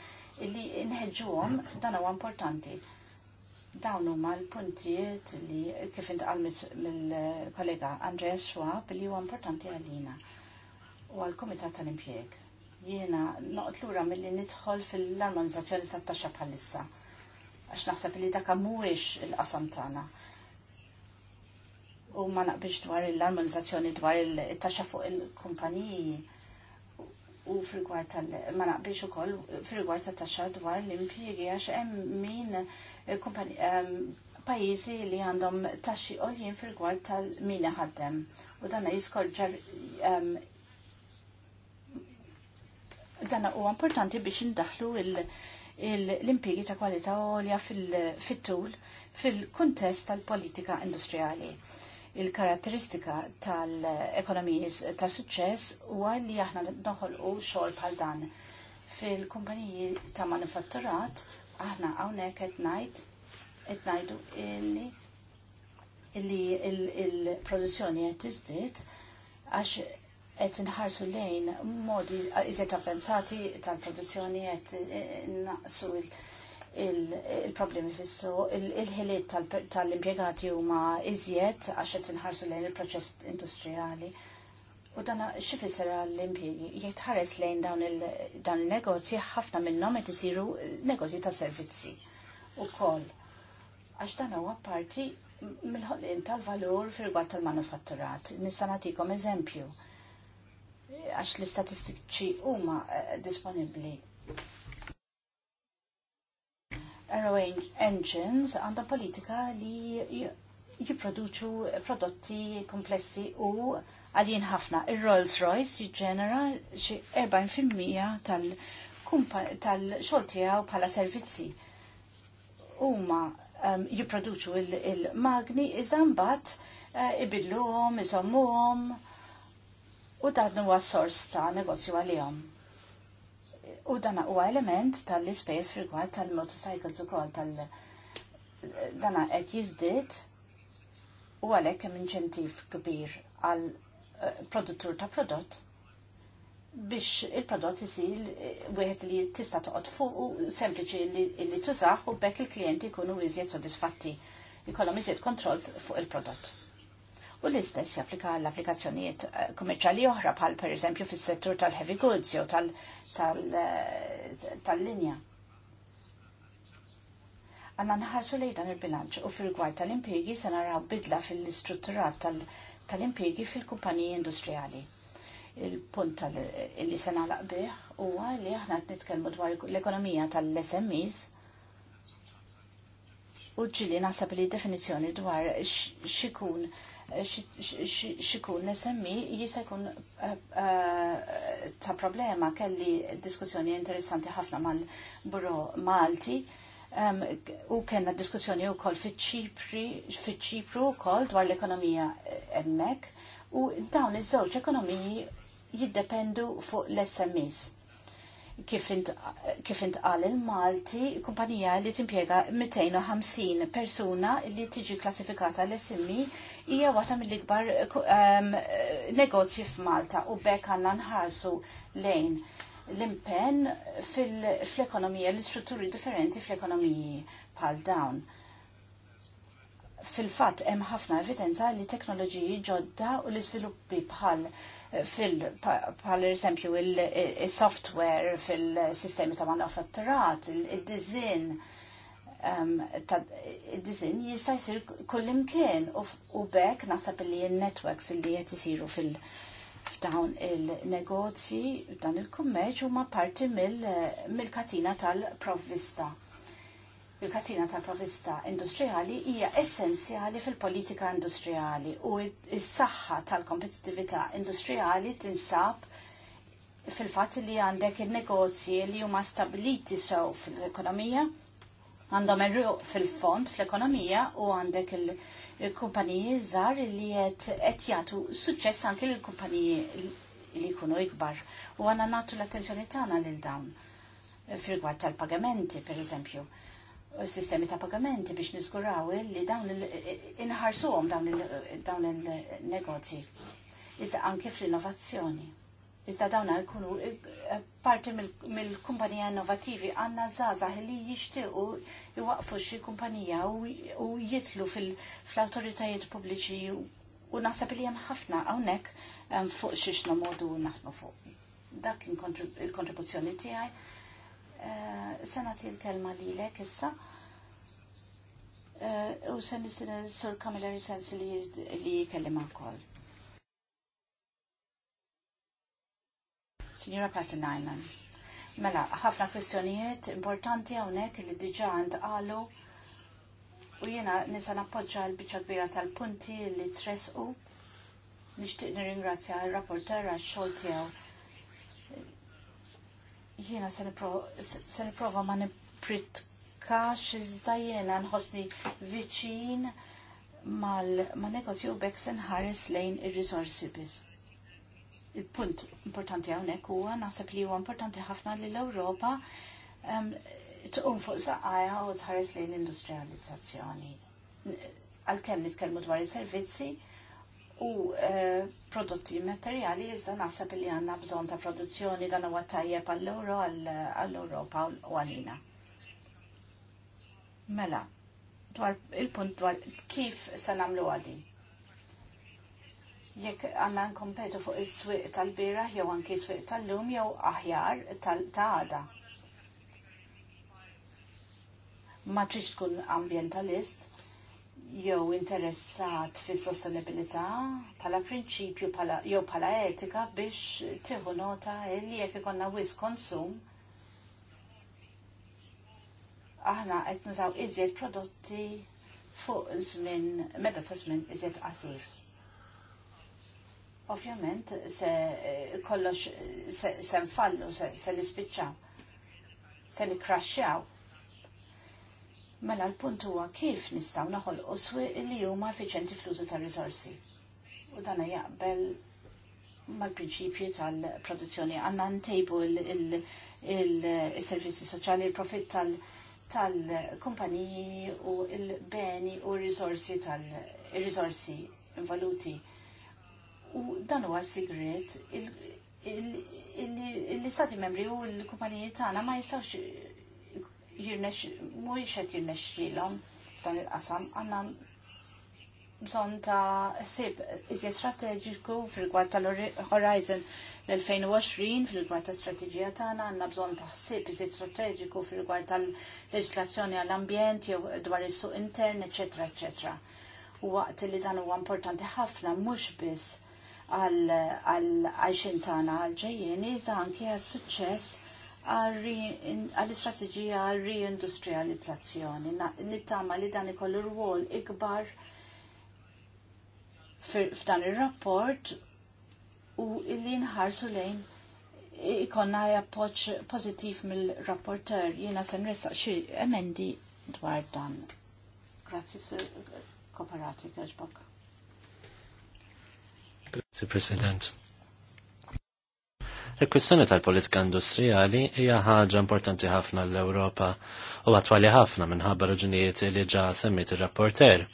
Speaker 3: illi inħeġġuhom dan huwa importanti. Dawn huma l-puntijiet li kif intqal mill-kollega Andreas Schwab li huwa importanti għalina u għall-Kumitat tal-Impjeg jiena noqt lura milli nidħol fil-armonizzazzjoni tat-taxxa bħalissa għax naħseb li dak mhuwiex il-qasam tagħna. U ma naqbilx dwar l-armonizzazzjoni dwar il-taxxa fuq il-kumpaniji u frigward tal ma naqbilx ukoll frigward tat-taxxa dwar l-impjiegi għax hemm min eh, ehm, pajjiżi li għandhom taxxi għoljien frigward tal-min ħaddem. U dan jiskorġa ehm, dan huwa importanti biex indaħlu l-impjegi ta' kwalità għolja fil tul fil-kuntest tal-politika industrijali. Il-karatteristika tal-ekonomiji ta' suċċess huwa li aħna noħolqu xogħol bħal dan. Fil-kumpaniji ta' manufatturat aħna hawnhekk qed ngħid qed ngħidu illi illi il-produzzjoni qed tiżdied għax et nħarsu lejn modi iżet avvenzati tal-produzzjoni et naqsu il-problemi fissu il-ħiliet tal-impiegati huma iżjed għax qed inħarsu lejn il-proċess industrijali. U dan xifisser għall-impjegi, jgħet tħares lejn dawn il-negozji, ħafna minnhom qed isiru negozji ta' servizzi ukoll. Għax dan huwa parti mill-ħolqien tal-valur fil-gwalt tal-manufatturat. Nista' nagħtikom eżempju għax l-istatistiċi huma eh, disponibbli. Aero Engines għandha politika li jipproduċu prodotti komplessi u għalin ħafna. Il-Rolls Royce jiġġenera xi 40% tal-xogħol tal tiegħu bħala servizzi. Huma um, jipproduċu il-magni il iżda mbagħad uh, ibidluhom, iżommuhom, u dan huwa sors ta' negozju għalihom. U dan huwa element tal-ispejjeż frigward tal-motorcycles ukoll tal-, dan dana qed jiżdied u għalhekk hemm inċentiv kbir għal eh, produttur ta' prodott biex il-prodott isir eh, wieħed li tista' toqgħod fuq sempliċi li, tużaħ u bekk il-klijenti jkunu iżjed sodisfatti jkollhom iżjed kontroll fuq il-prodott. U l-istess japplika għall-applikazzjonijiet eh, kummerċali oħra bħal per eżempju fis-settur tal-heavy goods jew eh, tal-linja. Għanna nħarsu li dan il-bilanċ u fil-gwar tal-impiegi se naraw bidla fil-istrutturat tal-impiegi fil-kumpaniji industrijali. Il-punt li se nalaq bih huwa li aħna qed dwar l-ekonomija tal-SMEs u ġili nasab li definizjoni dwar xikun xikun nesemmi jista' jkun eh, eh, ta' problema kelli diskussjoni interessanti ħafna mal-Buro Malti u kena diskussjoni u kol fit-ċipru u kol dwar l-ekonomija emmek u dawn iż-żewġ ekonomiji jiddependu fuq l-SMEs kif intqal il-Malti, kumpanija li timpiega 250 persuna li tiġi klassifikata l-SMI hija waħda mill-ikbar ehm, negozji f'Malta u bekk għandna nħarsu lejn l-impenn fl-ekonomija, l-istrutturi differenti fl-ekonomiji bħal dawn. Fil-fatt hemm ħafna evidenza li teknoloġiji ġodda u l-iżviluppi bħal bħal eżempju il-software fil-sistemi ta' manufatturat, il-design, il id-disin jista' jsir kullimkien u bekk naħseb li n-networks li jiet isiru fil- f'dawn il-negozji, dan il-kummerċ huma parti mill-katina tal-provvista. Il-katina tal-provvista industrijali hija essenzjali fil-politika industrijali u s-saħħa tal-kompetitività industrijali tinsab fil-fatt li għandek il-negozji li huma stabiliti sew fil-ekonomija għandhom irruq fil-fond fl-ekonomija u għandek il-kumpaniji żgħar li qed jagħtu suċċess anke l-kumpaniji li jkunu ikbar. U għanna nagħtu l-attenzjoni tagħna lil dawn fil-gwad tal-pagamenti, per eżempju sistemi ta' pagamenti biex nizguraw li dawn inħarsuhom dawn il-negozji. Iżda anke fl-innovazzjoni. Iżda dawna jkunu eh, eh, parti mill-kumpanija innovativi għanna zaza li jishtiqu jwaqfu xi kumpanija u jitlu fil-autoritajiet pubbliċi u naħseb li jem ħafna hawnhekk fuq xna modu naħnu fuq. Dak il-kontribuzzjoni tiegħi. Eh, Sena nagħti l-kelma lilek issa. U se nistina sur Kamilari Sensi li jkellim ukoll. Signora Patton Mela, ħafna kwistjonijiet importanti hawnhekk li diġà għalu u jiena nisa nappoġġa l-biċċa kbira tal-punti li tresqu. Nixtieq nirringrazzja l-rapporter għal xogħol tiegħu. Jiena se nipprova ma nipritka xizda jena nħossni viċin mal ma negozju bekk se lejn ir resorsi biss il-punt importanti hawnhekk huwa naħseb li huwa importanti ħafna li l-Ewropa tqum fuq saqajja u tħares lejn l-industrializzazzjoni. Għalkemm nitkellmu dwar is-servizzi u e, prodotti materjali iżda naħseb li għandna bżonn ta' produzzjoni dan huwa tajjeb għall-Euro għall-Ewropa u għalina. Mela, dwar il-punt dwar kif se nagħmlu għadin jekk għanna nkompetu fuq is-swieq tal-bira jew anki s-swieq tal-lum jew aħjar tal-għada. Ma trix tkun ambientalist jew interessat fis sostenibilità pala prinċipju jew pala etika biex tieħu nota li jekk ikonna wis konsum aħna qed nużaw iżjed prodotti fuq żmien meta ta' żmien iżjed qasir ovvjament se eh, kollox se nfallu, se nispiċċaw, se nikraxxjaw. Mela l-punt huwa kif nistgħu naħolqu swieq li huma effiċjenti fl-użu tar risorsi U dan jaqbel mal-prinċipji tal-produzzjoni għandna ntejbu il-servizzi soċjali, il-profitt tal-kumpaniji u l beni u r-riżorsi tal-riżorsi involuti U dan huwa sigret l-istati membri u l-kumpaniji tagħna ma jirnex mhuwiex qed jirnexxielhom f'dan il-qasam għandna bżonn ta' sib iżjed strateġiku fil-gwad tal-Horizon l-2020 fil-gwad ta' strateġija tagħna għandna bżonn ta' sib iżjed strateġiku fil-gwad tal-leġislazzjoni għall-ambjent jew dwar is-suq intern, eċetera, eċetera. U waqt li dan huwa importanti ħafna mhux biss għal xintana għal-ġejjien, iżda anke għas-suċċess għall-istrateġija għal-reindustrializzazzjoni. Nittama li dan ikollu rwol ikbar f'dan ir-rapport u illi nħarsu lejn ikonna appoċ pozittiv mill-rapporter jiena se nresaq xi emendi dwar dan. Grazzi, Sir Koparati, għaxbak.
Speaker 1: Grazie, President. Il-kwistjoni tal-politika industrijali hija ħaġa importanti ħafna l-Ewropa u għatwali ħafna minħabba raġunijiet li ġa semmit ir-rapporter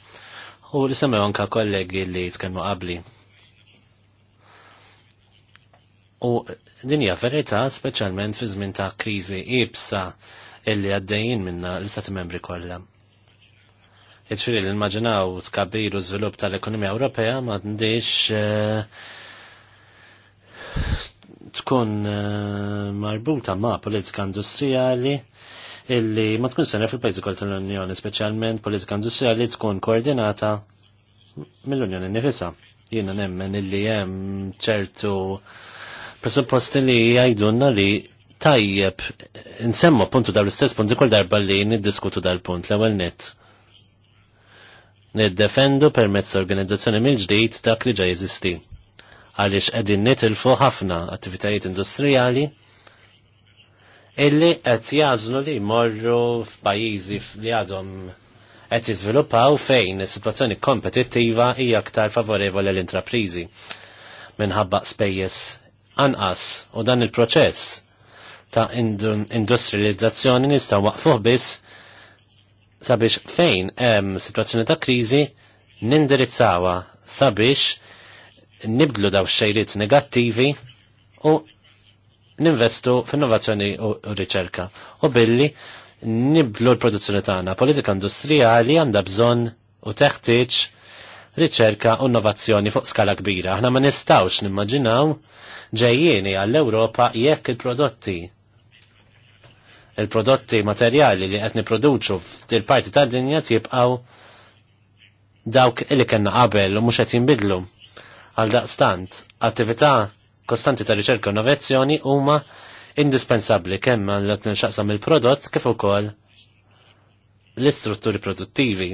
Speaker 1: u li semmew anka kollegi li jitkellmu qabli. U din hija verità speċjalment fi żmien ta' kriżi ibsa illi għaddejjin minna l-istati membri kollha. Iġri li immaġinaw tkabbir u żvilupp tal-ekonomija Ewropea m'għandix eh, tkun eh, marbuta ma' politika industrijali illi ma tkun sena fil-pajzi kol tal-Unjoni, speċjalment politika industrijali tkun koordinata mill-Unjoni nifisa. Jiena nemmen illi hemm ċertu presupposti li jgħidulna li tajjeb nsemmu puntu dal istess punt kol darba li niddiskutu dal-punt l-ewwel nett niddefendu permezz organizzazzjoni mill-ġdid dak li ġa jeżisti. Għaliex qegħdin nitilfu ħafna attivitajiet industrijali illi qed jażlu li jmorru f'pajjiżi li għadhom qed jiżviluppaw fejn is-sitwazzjoni kompetittiva hija aktar favorevoli l-intraprizi minħabba spejjeż anqas u dan il-proċess ta' industrializzazzjoni nistgħu waqfuh biss sabiex fejn hemm situazzjoni ta' kriżi nindirizzawa sabiex nibdlu daw xejriet negattivi u ninvestu f'innovazzjoni u riċerka u billi nibdlu l-produzzjoni tagħna. Politika industrijali għandha bżonn u teħtieġ riċerka u innovazzjoni fuq skala kbira. Aħna ma nistgħux nimmaġinaw ġejjieni għall-Ewropa jekk il-prodotti il-prodotti materjali li qed nipproduċu f'til parti tad-dinja tibqgħu dawk li kellna qabel u mhux qed jinbidlu. Għal daqstant, attività kostanti ta' riċerka u innovazzjoni huma indispensabbli kemm għal qed ninxaqsam il-prodott kif ukoll l-istrutturi produttivi.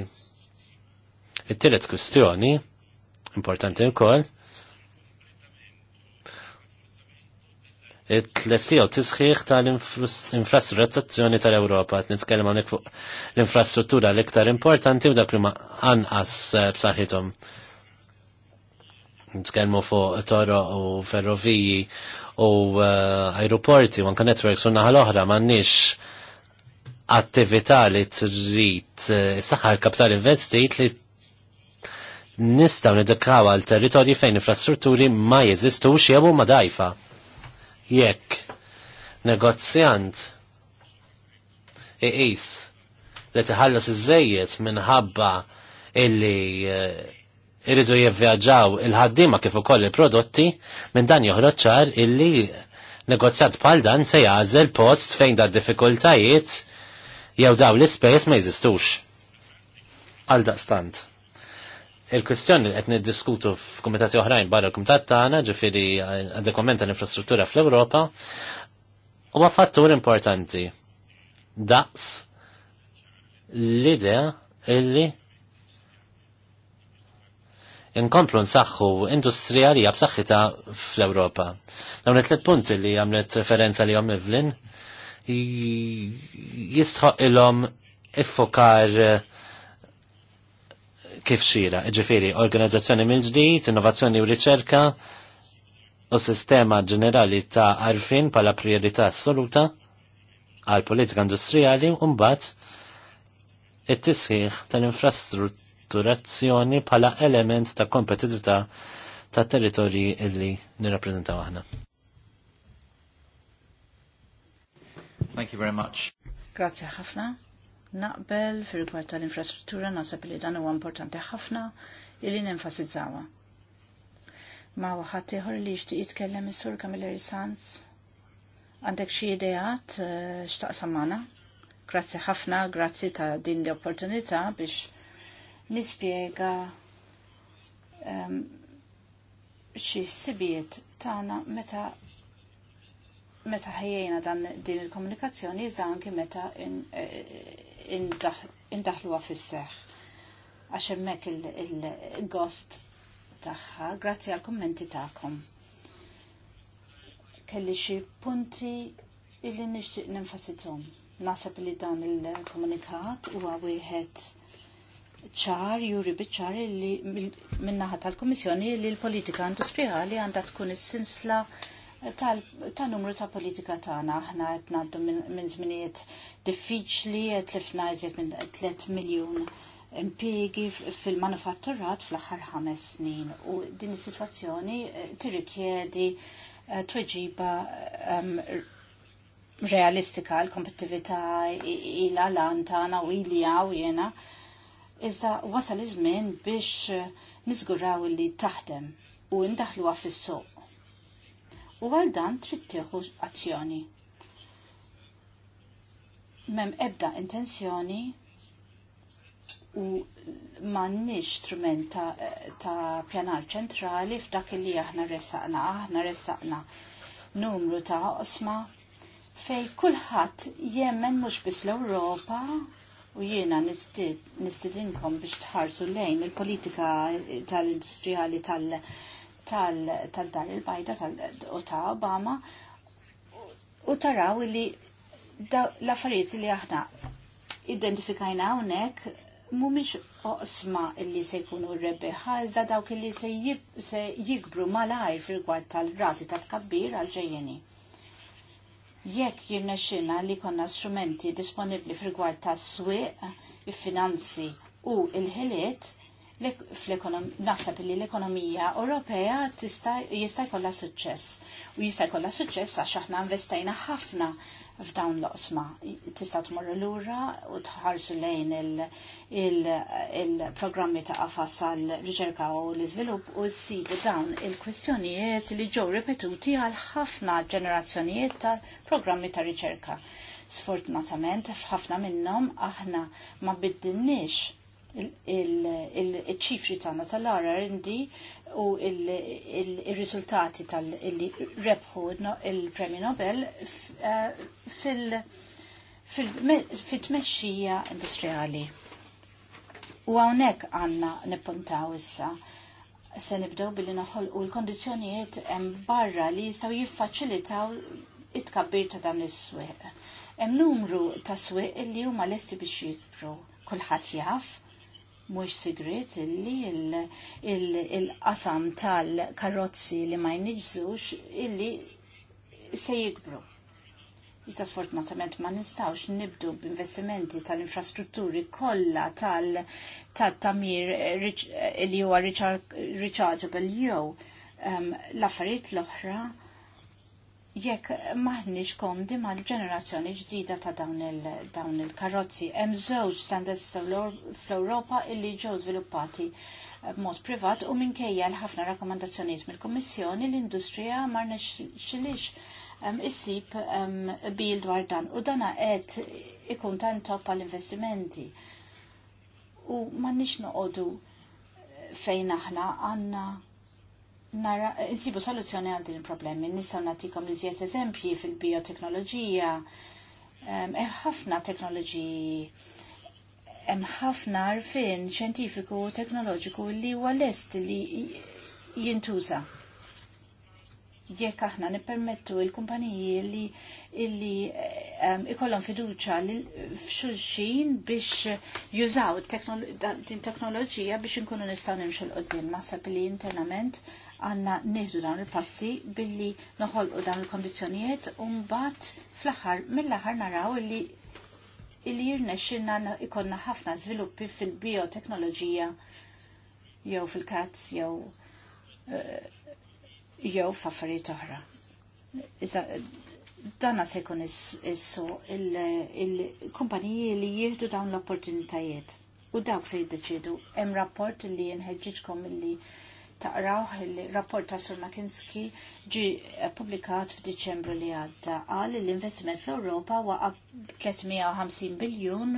Speaker 1: It-tielet kwistjoni importanti wkoll it-tlessijaw tisħiħ tal-infrastrutturazzjoni tal-Europa. Nitkellem għonek fuq l-infrastruttura l-iktar importanti u dak li ma anqas eh, b'saħħithom. Nitkellmu fuq toro u ferroviji u eh, aeroporti u anka networks u naħal oħra m'għandniex attività li trid eh, saħħa l-kapital investit li nistaw nidikaw għal territorji fejn infrastrutturi ma jeżistux jew ma dajfa jekk negozjant iqis li tħallas iż-żejjed minħabba illi eh, irridu jivvjaġġaw il-ħaddima kif ukoll il-prodotti minn dan joħroġ ċar illi negozjat bħal dan se jażel post fejn da diffikultajiet jew daw l-ispejjeż ma jeżistux. Għal daqstant il kwestjon li qed niddiskutu f'kumitati oħrajn barra l-kumitat tagħna, ġifieri eh, għad-dokument tal-infrastruttura fl-Ewropa, huwa fattur importanti. Daqs l-idea illi inkomplu nsaħħu industrijali b'saħħitha fl-Ewropa. Dawn it-tliet punti li għamlet referenza li għom Evelyn jistħoq ilhom iffokar uh, kif xira, ġifiri, organizzazzjoni mill-ġdijt, innovazzjoni u riċerka u sistema ġenerali ta' arfin pala priorità assoluta għal politika industrijali u mbagħad it-tisħiħ tal-infrastrutturazzjoni pala element ta' kompetitività ta' territorji illi nirrappreżentaw aħna.
Speaker 2: Thank you very much.
Speaker 3: Grazie ħafna naqbel fil-rigward tal-infrastruttura nasab li dan huwa importanti ħafna illi nenfasizzawa. Ma waħat ieħor li jixtieq jitkellem is-sur Kamilleri Sanz. Għandek xi ideat eh, x'taqsam magħna? Grazzi ħafna, grazzi ta' din l-opportunità biex nispjega ehm, xi sibijiet tagħna meta meta ħejjejna dan din il-komunikazzjoni iżda anki meta eh, indaħluha fis-seħħ għax hemmhekk il-gost tagħha grazzi għal kummenti tagħkom. Kelli xi punti illi nixtieq nenfasizhom. Nasab li dan il-komunikat huwa wieħed ċar juri biċċar li naħa tal-Kummissjoni li l-politika għandu industrijali għandha tkun is-sinsla is sinsla tal numru ta' politika tagħna aħna qed ngħaddu minn żminijiet diffiċli qed lifna iżjed minn 3 miljun impjiegi fil-manufatturat fl-aħħar ħames snin u din is-sitwazzjoni eh, tirrikjedi eh, tweġiba ehm, realistika l-kompetittività ila lan tagħna u ilija u jena. Iżda wasal iż-żmien biex niżguraw li taħdem u ndaħluha fis-suq u għal dan trid tieħu azzjoni. Mem ebda intenzjoni u m'għandniex strument ta', ta pjanar ċentrali f'dak li aħna ressaqna, aħna ressaqna numru ta' osma fej kulħadd jemmen mhux biss l-Ewropa u jiena nistidinkom biex tħarsu lejn il-politika tal-industrijali tal-, -industrijali tal tal-dar il-bajda u ta' Obama u taraw li l-affarijiet li aħna identifikajna hawnhekk mhumiex oqsma li se jkunu r-rebeħa iżda dawk illi se, se jikbru malajr fil-gwad tal-rati ta' tkabbir għal-ġejjeni. Jekk jirnexxina li konna strumenti disponibli fil-gwad ta' swieq, il-finanzi u il-ħiliet, naħseb li l-ekonomija Ewropea jista' jkollha suċċess. U jista' jkollha suċċess għax aħna investejna ħafna f'dawn l-osma. Tista' tmorru lura u tħarsu lejn il-programmi ta' qafas għall riċerka u l-iżvilupp u ssibu dawn il-kwistjonijiet li ġew ripetuti għal ħafna ġenerazzjonijiet ta' programmi ta' riċerka. Sfortunatament f'ħafna minnhom aħna ma biddilniex il-ċifri tagħna tal-RRD u il-riżultati tal-li rebħu il-Premju Nobel eh, fil-tmexxija industrijali. U hawnhekk għandna nippuntaw issa se nibdew billi naħolqu l-kondizzjonijiet hemm barra li jistgħu jiffaċilitaw it-tkabbir ta' dan is-swieq. Hemm numru ta' swieq li huma lesti biex jibru kulħadd jaf mhux sigrit illi il-qasam tal-karozzi li ma jniġżux illi se jikbru. Iżda sfortunatament ma nistawx nibdu b'investimenti tal-infrastrutturi kollha tal-tamir eh, li huwa rechargeable jew ehm, l-affarijiet l-oħra jekk maħniġ komdi mal-ġenerazzjoni ġdida ta' dawn il-karozzi. Il Hemm żewġ standards fl-Ewropa illi ġew żviluppati b'mod privat u minkejja l-ħafna rakkomandazzjonijiet mill-Kummissjoni l-industrija ma xilix ehm, issib um, bil dwar dan u dana qed ikun tan top għall-investimenti. U ma nix noqogħdu fejn aħna għandna nara, eh, insibu soluzzjoni għal din il-problemi. Nistaw natikom li eżempji fil-bioteknoloġija. ħafna teknoloġiji hemm ħafna arfin xjentifiku u teknoloġiku li huwa lest li jintuża. Jekk aħna nippermettu il-kumpaniji li illi ikollhom fiduċa f'xulxin biex jużaw din teknoloġija biex inkunu nistgħu nimxu l qoddim Naħseb li internament għanna nieħdu dawn il-passi billi noħolqu dawn il-kondizjonijiet u mbagħad fl-aħħar mill-aħħar naraw li illi jirnexxinna ikonna ħafna żviluppi fil-bioteknoloġija jew fil-kazz jew eh, jew f'affarijiet oħra. Iżda danna se jkun issu il-kumpaniji li jieħdu dawn l-opportunitajiet u dawk se jiddeċidu. Hemm rapport li jinħeġġiġkom milli taqraw il-rapport ta' Sir Makinski ġi publikat f'Diċembru li għadda għal l-investiment fl-Europa waqab 350 biljun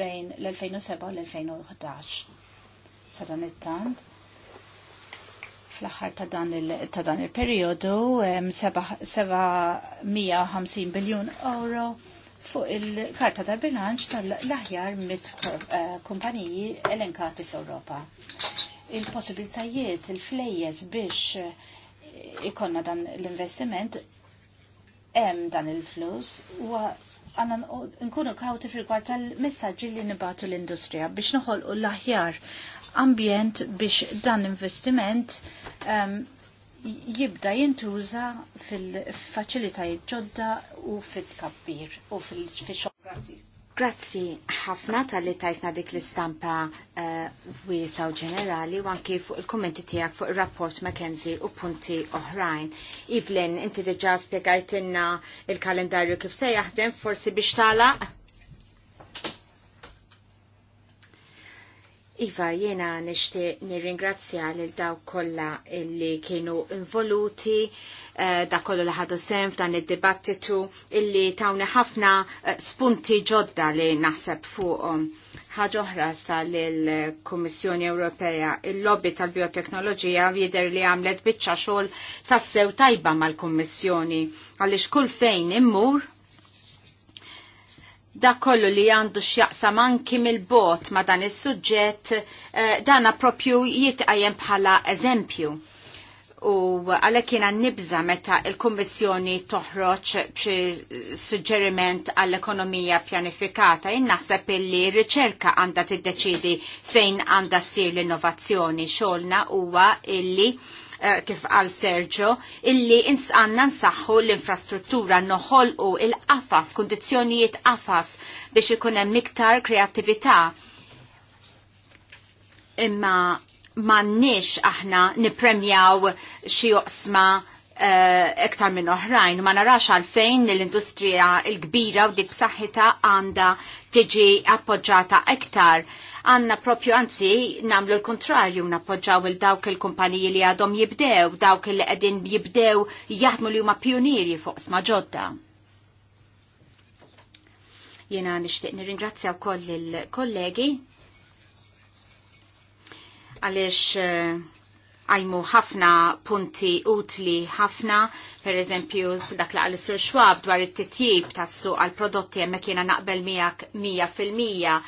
Speaker 3: bejn l-2007 u l-2011. Sadan it-tant fl-axar ta' dan il-periodu 750 biljun euro fuq il-karta ta' bilanċ tal-aħjar mit kumpaniji elenkati fl-Europa il-possibilitajiet, il-flejjes biex eh, ikonna dan l-investiment, hemm dan il-flus, u għanna nkunu kawti fil-gwar tal-messagġi li nibatu l-industrija biex noħolqu l-aħjar ambjent biex dan investiment um, jibda jintuża fil-faċilitajiet ġodda u
Speaker 4: fit-kabbir u fil-xograzzi. Grazzi ħafna tal-li tajtna dik l-istampa eh, wiesa u ġenerali u anki fuq il-kommenti tijak fuq il-rapport McKenzie u punti oħrajn. Evelyn, inti diġa spiegajtinna il-kalendarju kif se jaħdem, forsi biex tala? Iva, jena nishti nirringrazzja lil daw kolla illi kienu involuti eh, da kollu li ħadu sem f'dan id-dibattitu illi tawni ħafna eh, spunti ġodda li naħseb fuqhom. Ħaġa oħra sa lill-Kummissjoni Ewropea il-lobby tal-bioteknoloġija jidher li għamlet biċċa xogħol tassew tajba mal-Kummissjoni għaliex kull fejn immur da kollu li għandu xjaqsam anki mill-bot ma dan is-suġġett eh, dana propju jitqajem bħala eżempju. U għalhekk jiena nibza meta il-Kummissjoni toħroġ bċi suġġeriment għall-ekonomija pjanifikata, jien naħseb illi riċerka għandha deċidi fejn għandha ssir l-innovazzjoni xogħolna huwa illi Eh, kif għal Sergio, illi insqanna nsaħħu l-infrastruttura noħol u il-qafas, kondizjonijiet qafas biex ikunem miktar kreativita. Imma mannix aħna nipremjaw xi oqsma eh, iktar minn oħrajn. Ma narax għalfejn l-industrija l-kbira u dik b'saħħitha għandha tiġi appoġġata iktar għanna propju għanzi namlu l-kontrarju nappoġġaw il-dawk il-kumpaniji li għadhom jibdew, dawk il qegħdin jibdew jaħdmu li huma pionieri fuq sma ġodda. Jena nixtieq nirringrazzjaw koll il-kollegi għaliex eh, għajmu ħafna punti utli ħafna, per eżempju dak laqal sur xwab dwar it-titjib tas-suq għal prodotti hemmhekk jena naqbel 100 fil-mija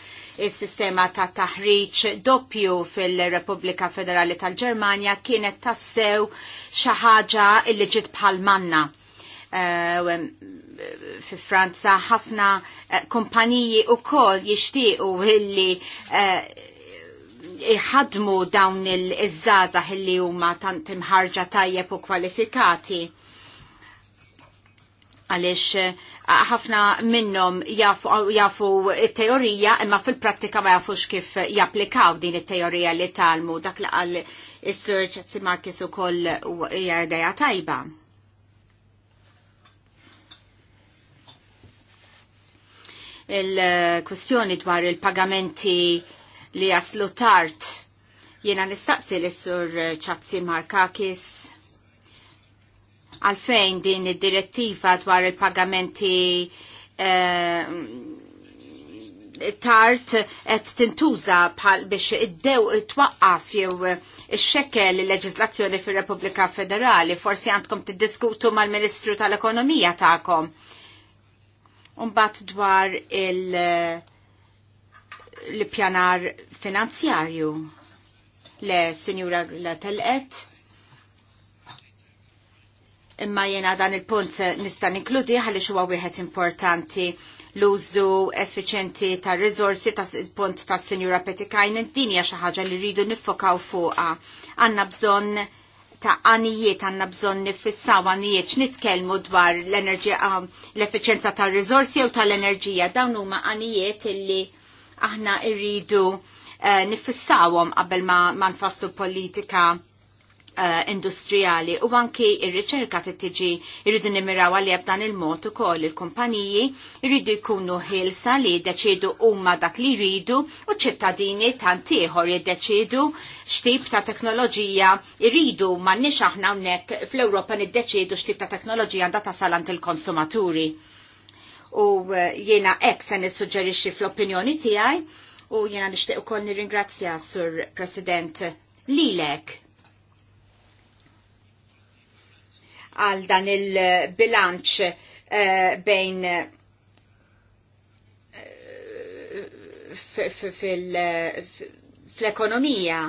Speaker 4: il-sistema ta' taħriġ doppju fil-Repubblika Federali tal-Ġermanja kienet tassew xaħġa illi ġiet bħal manna. Uh, fi Franza ħafna eh, kumpaniji u kol jishtiqu illi uh, dawn il-żazah illi huma tant imħarġa tajjeb u kwalifikati għalix ħafna minnhom jafu teorija imma fil-prattika ma jafux kif japplikaw din it-teorija li talmu dak li qal is-Sir Ċazzi u ukoll hija idea tajba. il-kwestjoni dwar il-pagamenti li jaslu tard. Jena nistaqsi l-sur ċazzi Markakis għalfejn din id-direttiva dwar il-pagamenti eh, tart et tintuża bħal biex id-dew twaqqaf jew xekkel il-leġislazzjoni fir repubblika Federali, forsi għandkom tiddiskutu mal-Ministru tal-Ekonomija tagħkom. Umbat dwar il-pjanar finanzjarju. Le, Sinjura la telqet imma jena dan il-punt nista' inkludi għaliex huwa wieħed importanti l-użu effiċenti ta' rizorsi ta' il-punt ta' Sinjura Petikajnen din hija xi ħaġa li rridu niffokaw fuqha. Għandna bżonn ta' għanijiet għanna bżon nifissaw għanijiet nitkelmu dwar l-enerġija ah, l-efficienza tal rizorsi u tal-enerġija dawn huma għanijiet illi aħna irridu eh, nifissawhom qabel ma, manfastu politika Eh, industrijali u anki ir-riċerka tiġi irridu nimiraw għalli b'dan il-mod ukoll il-kumpaniji irridu jkunu ħilsa li jiddeċidu huma dak li jridu u ċittadini tantieħor ieħor jiddeċidu x'tip ta' teknoloġija jridu m'għandniex aħna hawnhekk fl-Ewropa niddeċidu x'tip ta' teknoloġija għandha salant il-konsumaturi. U eh, jiena hekk se nissuġġerixxi fl-opinjoni tiegħi u jiena nixtieq ukoll nirringrazzja Sur President lilek għal dan il-bilanċ eh, bejn eh, fil-ekonomija.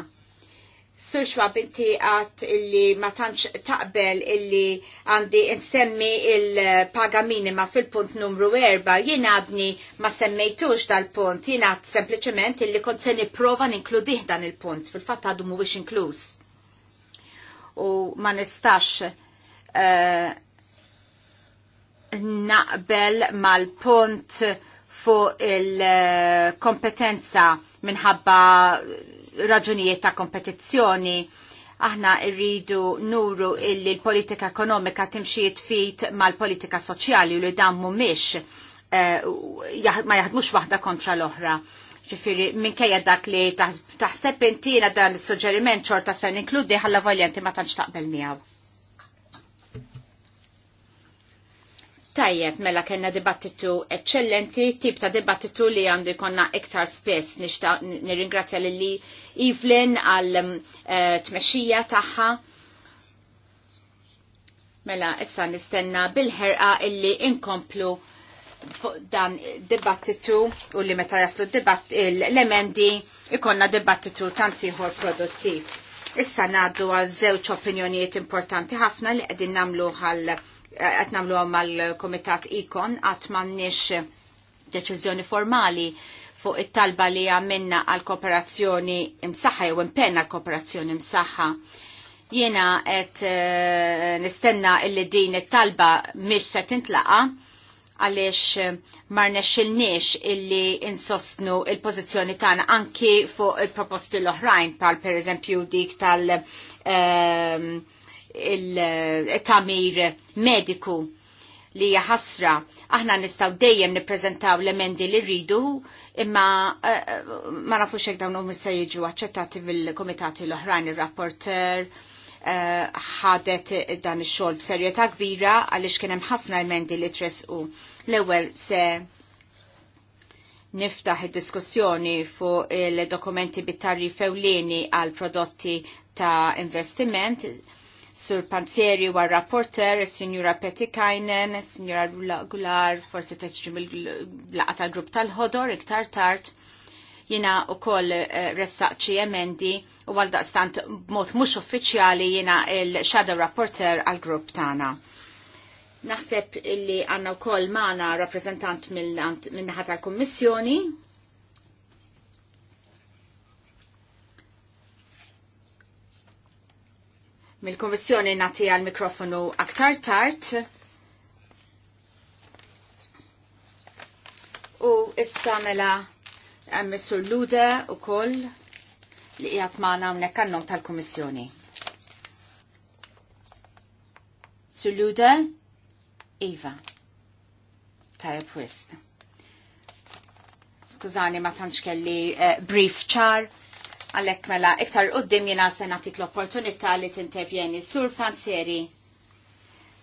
Speaker 4: Sur xwab inti għat illi ma tantx taqbel illi għandi insemmi il-paga minima fil-punt numru 4, jien għadni ma semmejtux dal-punt, jien għad sempliciment illi kont se niprofa ninkludih dan il-punt, fil-fatt għadu mhuwiex inkluż. U ma nistax Eh, naqbel mal-punt fuq il-kompetenza minħabba raġunijiet ta' kompetizzjoni aħna irridu nuru illi l-politika ekonomika timxiet fit mal-politika soċjali u li dan mumiex eh, ma jaħdmux waħda kontra l-oħra. Ġifiri, minkejja dak li taħseb intina dan l suġġeriment ċorta sen inkludi ħalla voljenti ma tantx taqbel miegħu. Tajjeb, mela kena dibattitu eccellenti, tip ta' dibattitu li għandu jkonna iktar spess, nishta nirringrazzja li li Evelyn għal mm, eh, tmexxija taħħa. Mela, issa nistenna bil-ħerqa illi inkomplu fuq dan dibattitu u li meta jaslu l-emendi ikonna dibattitu tantiħor produttiv. Issa naddu għal zewċ opinjonijiet importanti ħafna li għedin namlu għal qed nagħmluhom għal kumitat Ikon qatt m'għandniex deċiżjoni formali fuq it-talba li għamilna għal kooperazzjoni imsaħħa jew impenna għal kooperazzjoni imsaħħa. Jiena qed eh, nistenna illi din it-talba mhix se tintlaqa għaliex eh, ma rnexxilniex illi insostnu il-pożizzjoni tagħna anki fuq il-proposti l-oħrajn pal pereżempju dik tal- uh, il-tamir mediku li jaħasra. Aħna nistaw dejjem niprezentaw l-emendi li rridu, imma eh, ma nafux xek dawn u mista jiġu għacċettati fil-komitati l-oħrajn il-rapporter eh, ħadet dan ix-xogħol b'serjetà kbira għaliex kien hemm ħafna emendi li tresqu. L-ewwel se niftaħ id-diskussjoni fuq il-dokumenti bit tarri fewlini għal prodotti ta' investiment Sur Panzeri war rapporter, Signora Petikajnen, Signora Gular, forse teċġu mill-laqa tal-grupp tal-ħodor, iktar tart, jina u koll eh, ressaċi emendi u għaldaqstant mod mux uffiċjali jina il-shadow rapporter għal-grupp tana. Naħseb illi għanna u koll maħna rappresentant mill-naħat tal-kommissjoni, mill-Kommissjoni nati għal mikrofonu aktar tard. U issa mela eh, Mr. Lude u koll li jgħat maħna mnek għannom tal-Kommissjoni. Sir Lude, Iva, tajab wisq skużani ma tantx kelli uh, brief ċar għallek mela, iktar jina jena senatik l-opportunità li t-intervjeni. Sur Panzeri,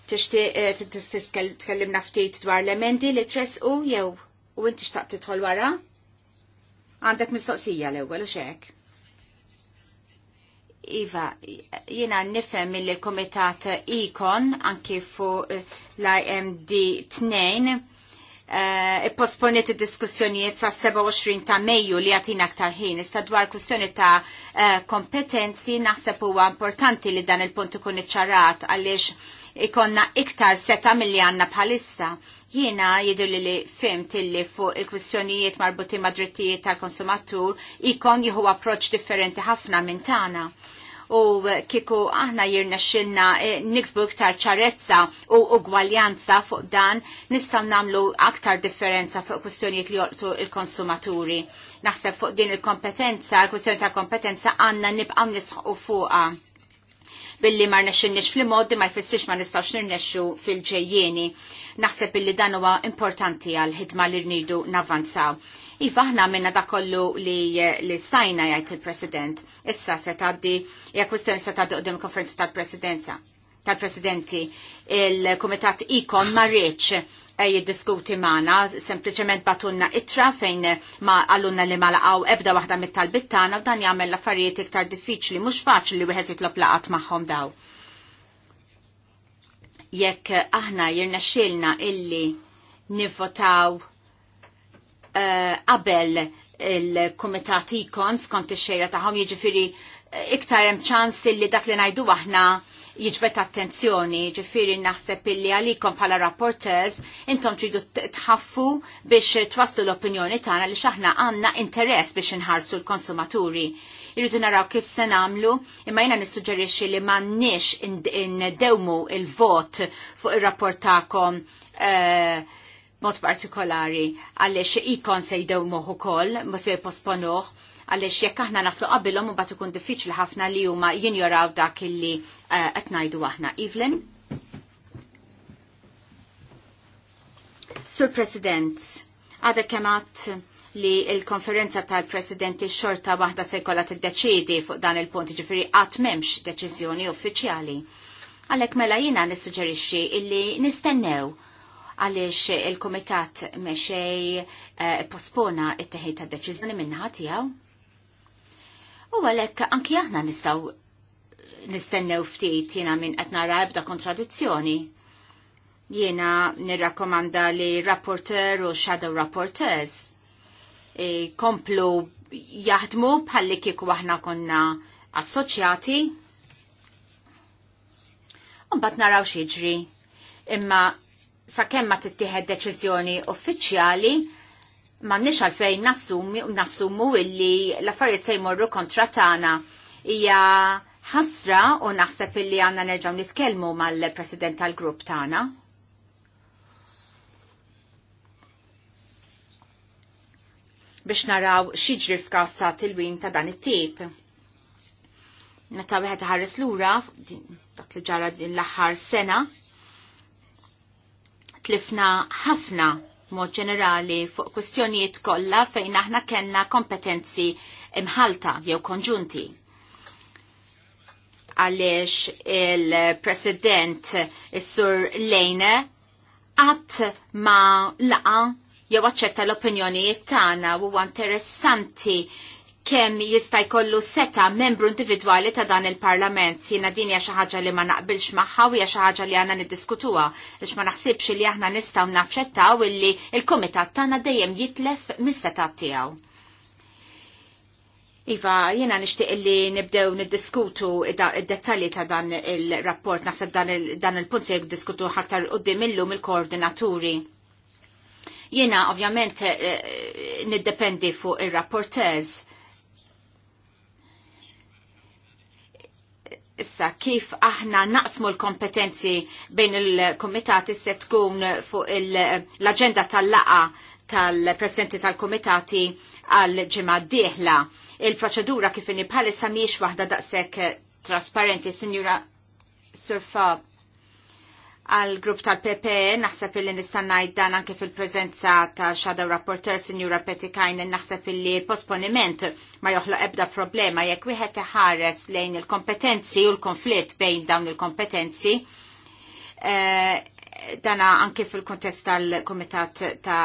Speaker 4: t-ixti eh, t-tkellimna ftit dwar l-emendi li tres u jew u inti xtaq titħol wara? Għandek mistoqsija l-ewwel u xek. Iva, jena nifem il-komitat ikon anki fu eh, l-IMD 2 Eh, I-posponiet id-diskussjonijiet sa' 27 ta' Mejju li għatina aktar ħin. Issa dwar kwistjoni ta' eh, kompetenzi naħseb huwa importanti li dan il-punt ikun iċċarat għaliex ikonna iktar seta' milli għandna bħalissa jiena jidur li li fimt illi fuq il-kwistjonijiet marbuti mad drittijiet tal-konsumatur ikon jihu approċ differenti ħafna minn tana u eh, kiku aħna jirnexxilna eh, niksbu iktar ċarezza u ugwaljanza fuq dan nistgħu nagħmlu aktar differenza fuq kwistjonijiet li joqtu il-konsumaturi. Naħseb fuq din il-kompetenza, kwistjoni ta' kompetenza għandna nibqa' nisħu fuqha billi ma rnexxinniex fil-modi ma jfissirx ma nistax nirnexxu fil-ġejjieni. Naħseb billi dan huwa importanti għal ħidma li rnidu navanzaw. Iva aħna minna da kollu li, li stajna jgħid il-President. Issa se tgħaddi ja kwistjoni se taddi qudiem konferenza tal-Presidenza tal-Presidenti il-Kumitat Ikon ma rridx eh, jiddiskuti magħna, sempliċement batunna itra fejn ma għallunna li ma laqgħu ebda waħda mit-talbit tagħna u dan jagħmel l-affarijiet iktar diffiċli mhux faċli li wieħed jitlob laqat magħhom daw. Jekk aħna jirnexxilna illi nivvotaw Eh, qabel il-kumitat ikon skont ix-xejra tagħhom jiġifieri eh, iktar hemm ċans li dak li ngħidu aħna jiġbet attenzjoni, ġifiri naħseb illi għalikom bħala rapporters, intom tridu tħaffu biex twaslu l-opinjoni tagħna li xaħna għanna interess biex nħarsu l-konsumaturi. Irridu naraw kif se nagħmlu, imma jiena nissuġġerixxi li m'għandniex indewmu il-vot fuq ir rapportakom uh, eh, mod partikolari għaliex ikon se jdew moħu kol, ma se posponuħ, għaliex jekk aħna naslu qabilhom u bat ikun diffiċli ħafna li huma jinjoraw dak illi eh, qed ngħidu aħna. Evelyn? Sur President, għada kemat li il-konferenza tal-presidenti xorta waħda se jkollha tiddeċiedi fuq dan il-punt ġifieri qatt m'hemmx deċiżjoni uffiċjali. Għalhekk mela jiena nissuġġerixxi illi nistennew għaliex il-Komitat meċej eh, pospona it-teħid ta' deċiżjoni minnaħa tiegħu. U għalhekk anki aħna nistgħu nistennew ftit jiena minn qed nara ebda kontradizzjoni. Jiena nirrakkomanda li rapporteur u shadow rapporteurs eh, komplu jaħdmu bħalli kiku aħna konna assoċjati bat naraw xieġri. Imma sakemm ma tittieħed deċiżjoni uffiċjali ma nix għalfejn nassumu illi l-affarijiet se jmorru kontra tagħna hija ħasra u naħseb illi għandna nerġgħu nitkellmu mal-President tal-grupp tagħna. biex naraw xiġri f'każ ta' tilwim ta' dan it-tip. Meta wieħed ħares lura dak li ġara din l-aħħar sena, tlifna ħafna mod ġenerali fuq kwestjonijiet kollha fejn aħna kellna kompetenzi imħalta jew konġunti. Għaliex il-President Sur Lejne għat ma laqa jew aċċetta l-opinjonijiet tagħna huwa interessanti kemm jista' jkollu seta membru individwali ta' dan il-Parlament. Jiena din hija xi ħaġa li ma naqbilx magħha u hija xi ħaġa li għandna niddiskutuha biex ma naħsibx li aħna nistgħu naċċettaw illi il-kumitat tagħna dejjem jitlef mis seta tiegħu. Iva, jena nishtiq li nibdew niddiskutu id-detalji ta' dan il-rapport, nasab dan il-punt se diskutu ħaktar qoddim illum il-koordinaturi. Jena ovvjament eh, eh, niddependi fuq il-rapportez Issa, kif aħna naqsmu l-kompetenzi bejn il-komitati se tkun fuq l-agenda tal-laqa tal-presidenti tal-komitati għal-ġimma d-dieħla. Il-proċedura kif inni bħalissa miex waħda daqsek trasparenti, Signora Surfab għal grupp tal-PPE naħseb illi nista' ngħid dan anke fil-preżenza ta' Shadow Rapporteur Sinjura Petikajnen naħseb illi posponiment ma joħloq ebda problema jekk wieħed iħares lejn il-kompetenzi u l-konflitt bejn dawn il-kompetenzi. E, dana anke fil-kontest tal-Kumitat ta'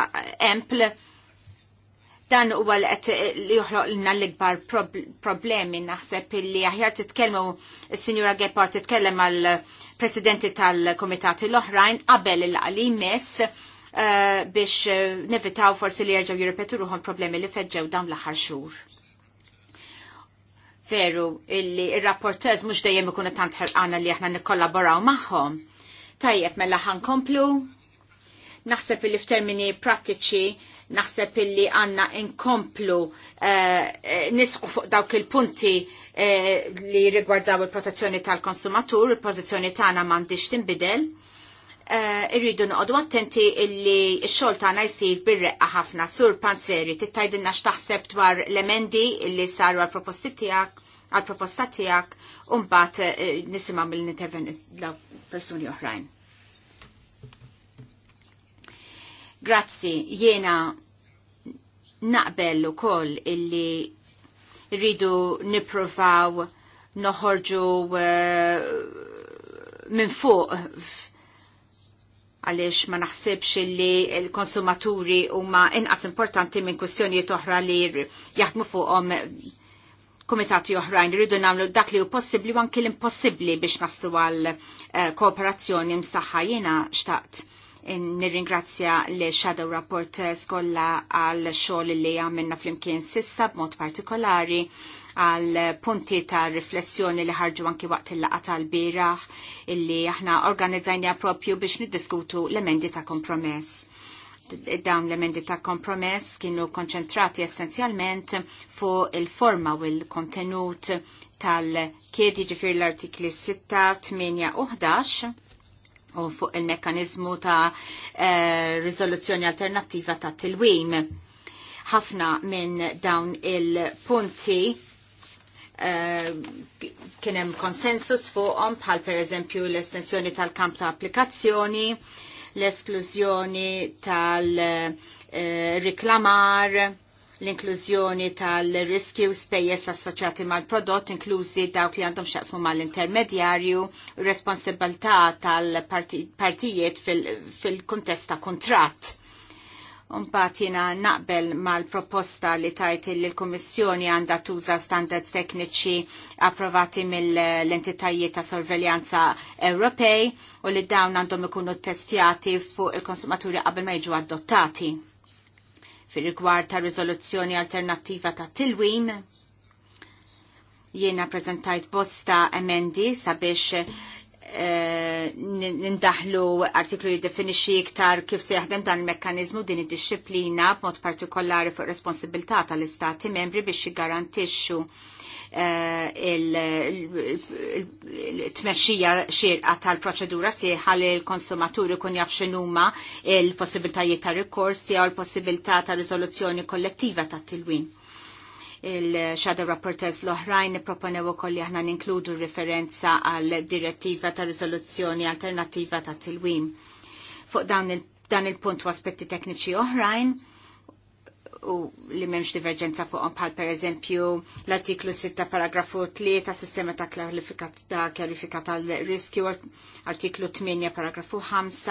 Speaker 4: EMPL Dan huwa li qed joħloq na l-ikbar problemi naħseb illi aħjar titkellmu s-Sinjura Gepard titkellem għal presidenti tal-komitati l-oħrajn qabel il għali mess eh, biex eh, nevitaw forsi li jerġgħu jirripetu ruħhom problemi li feġġew dawn l-aħħar xhur veru illi il-rapportez mux dejjem ikunu tant ħerqana li aħna nikkollaboraw magħhom. Tajjeb mela ħankomplu. Naħseb illi f'termini prattiċi Naħseb illi għanna inkomplu eh, eh, nisqu fuq dawk il-punti eh, li rigwardaw il-protezzjoni tal-konsumatur, il-pozizjoni tagħna m'għandix tinbidel. irridu noqogħdu attenti illi x-xogħol tagħna jsir bir-reqqa ħafna sur panzeri tittajdilna x'taħseb dwar l-emendi illi saru għal-proposti tiegħek għal-proposta tiegħek u mbagħad nisimgħu mill-intervenu persuni oħrajn. Grazzi, jiena naqbel ukoll illi rridu niprofaw noħorġu eh, minn fuq għalix ma naħsibx li l-konsumaturi huma inqas importanti minn kwistjonijiet oħra li jaħdmu fuqhom komitati oħrajn rridu nagħmlu dak li hu possibbli u anki l-impossibbli biex nastu għal eh, kooperazzjoni msaħħa jiena xtaqt Nirringrazzja li Shadow Rapporteurs kollha għal xogħol li għamilna flimkien sissa b'mod partikolari għal punti ta' riflessjoni li ħarġu anki waqt il-laqa tal-biraħ illi aħna organizzajna propju biex niddiskutu l-emendi ta' kompromess dawn l-emendi ta' kompromess kienu konċentrati essenzjalment fuq il-forma u l-kontenut tal-kiedi ġifir l-artikli 6, 8 u 11 u fuq il-mekkanizmu ta' eh, rizoluzzjoni alternattiva ta' tilwim. Ħafna minn dawn il-punti eh, kien kienem konsensus fuqhom bħal per eżempju l-estensjoni tal-kamp ta' applikazzjoni, l-esklużjoni tal-riklamar, eh, l-inklużjoni tal-riski u spejjeż assoċjati mal-prodott, inklużi dawk li għandhom xaqsmu mal-intermedjarju, responsabilità tal-partijiet fil-kontest ta' kontrat. Unbat jina naqbel mal-proposta li tajt li l-Komissjoni għanda tuża standards tekniċi approvati mill-entitajiet ta' sorveljanza Ewropej u li dawn għandhom ikunu testjati fuq il-konsumaturi qabel ma jiġu adottati fir rigward ta' riżoluzzjoni alternattiva ta' tilwim. Jiena prezentajt bosta emendi sabiex eh, nindaħlu artiklu li definixi iktar kif se jaħdem dan il-mekkanizmu din id-disciplina b'mod partikolari fuq ir-responsibilità tal-istati membri biex jiggarantixxu Eh, il-tmexxija xirqa tal-proċedura si li l-konsumaturi kun jaf x'inhuma il-possibiltajiet ta' rikors tiegħu l-possibilità ta' riżoluzzjoni kollettiva ta' tilwin il-Shadow Rapporteurs l-oħrajn proponew ukoll li aħna ninkludu referenza għal direttiva ta' riżoluzzjoni alternattiva ta' tilwim. Fuq dan il-punt u aspetti tekniċi oħrajn, u li memx diverġenza fuqhom bħal pereżempju l-artiklu 6 paragrafu 3 ta' sistema ta' klarifikat ta' klarifikat tal riskju artiklu 8 paragrafu 5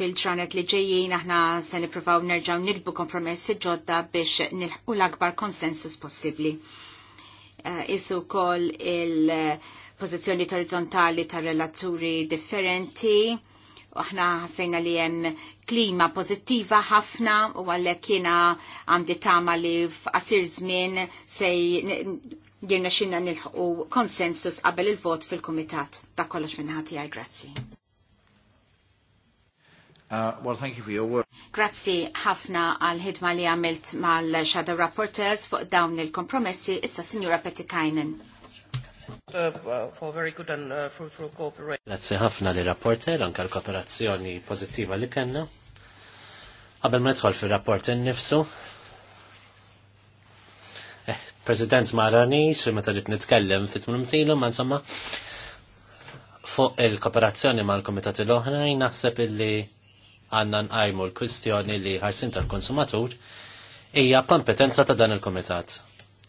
Speaker 4: fil-ġranet li ġejjin aħna se nippruvaw nerġaw nirbu kompromessi ġodda biex nilħu l-akbar konsensus possibli. Uh, eh, isu kol il-pozizjoni eh, orizzontali ta' relaturi differenti aħna ħassejna li hemm klima pozittiva ħafna u għallek jiena għandi tama li f'qasir żmien se jirna xinna nilħu konsensus qabel il-vot fil-komitat. Ta' kollox minn ħati għaj, grazzi.
Speaker 2: Uh, well, thank you for your work.
Speaker 4: Grazzi ħafna għal ħidma li għamilt mal-Shadow Rapporteurs fuq dawn il-kompromessi issa Signora Petikajnen.
Speaker 3: Uh, uh,
Speaker 2: Grazie ħafna
Speaker 1: li rapporter anka l-kooperazzjoni pozittiva li kena. Għabel ma fil fir-rapport innifsu. Eh, President Marani, xi meta rid nitkellem fit ilu, ma insomma fuq il-kooperazzjoni ma l komitati l-oħrajn naħseb li għandna nqajmu l-kwistjoni li ħarsin tal-konsumatur hija kompetenza ta' dan il-komitat.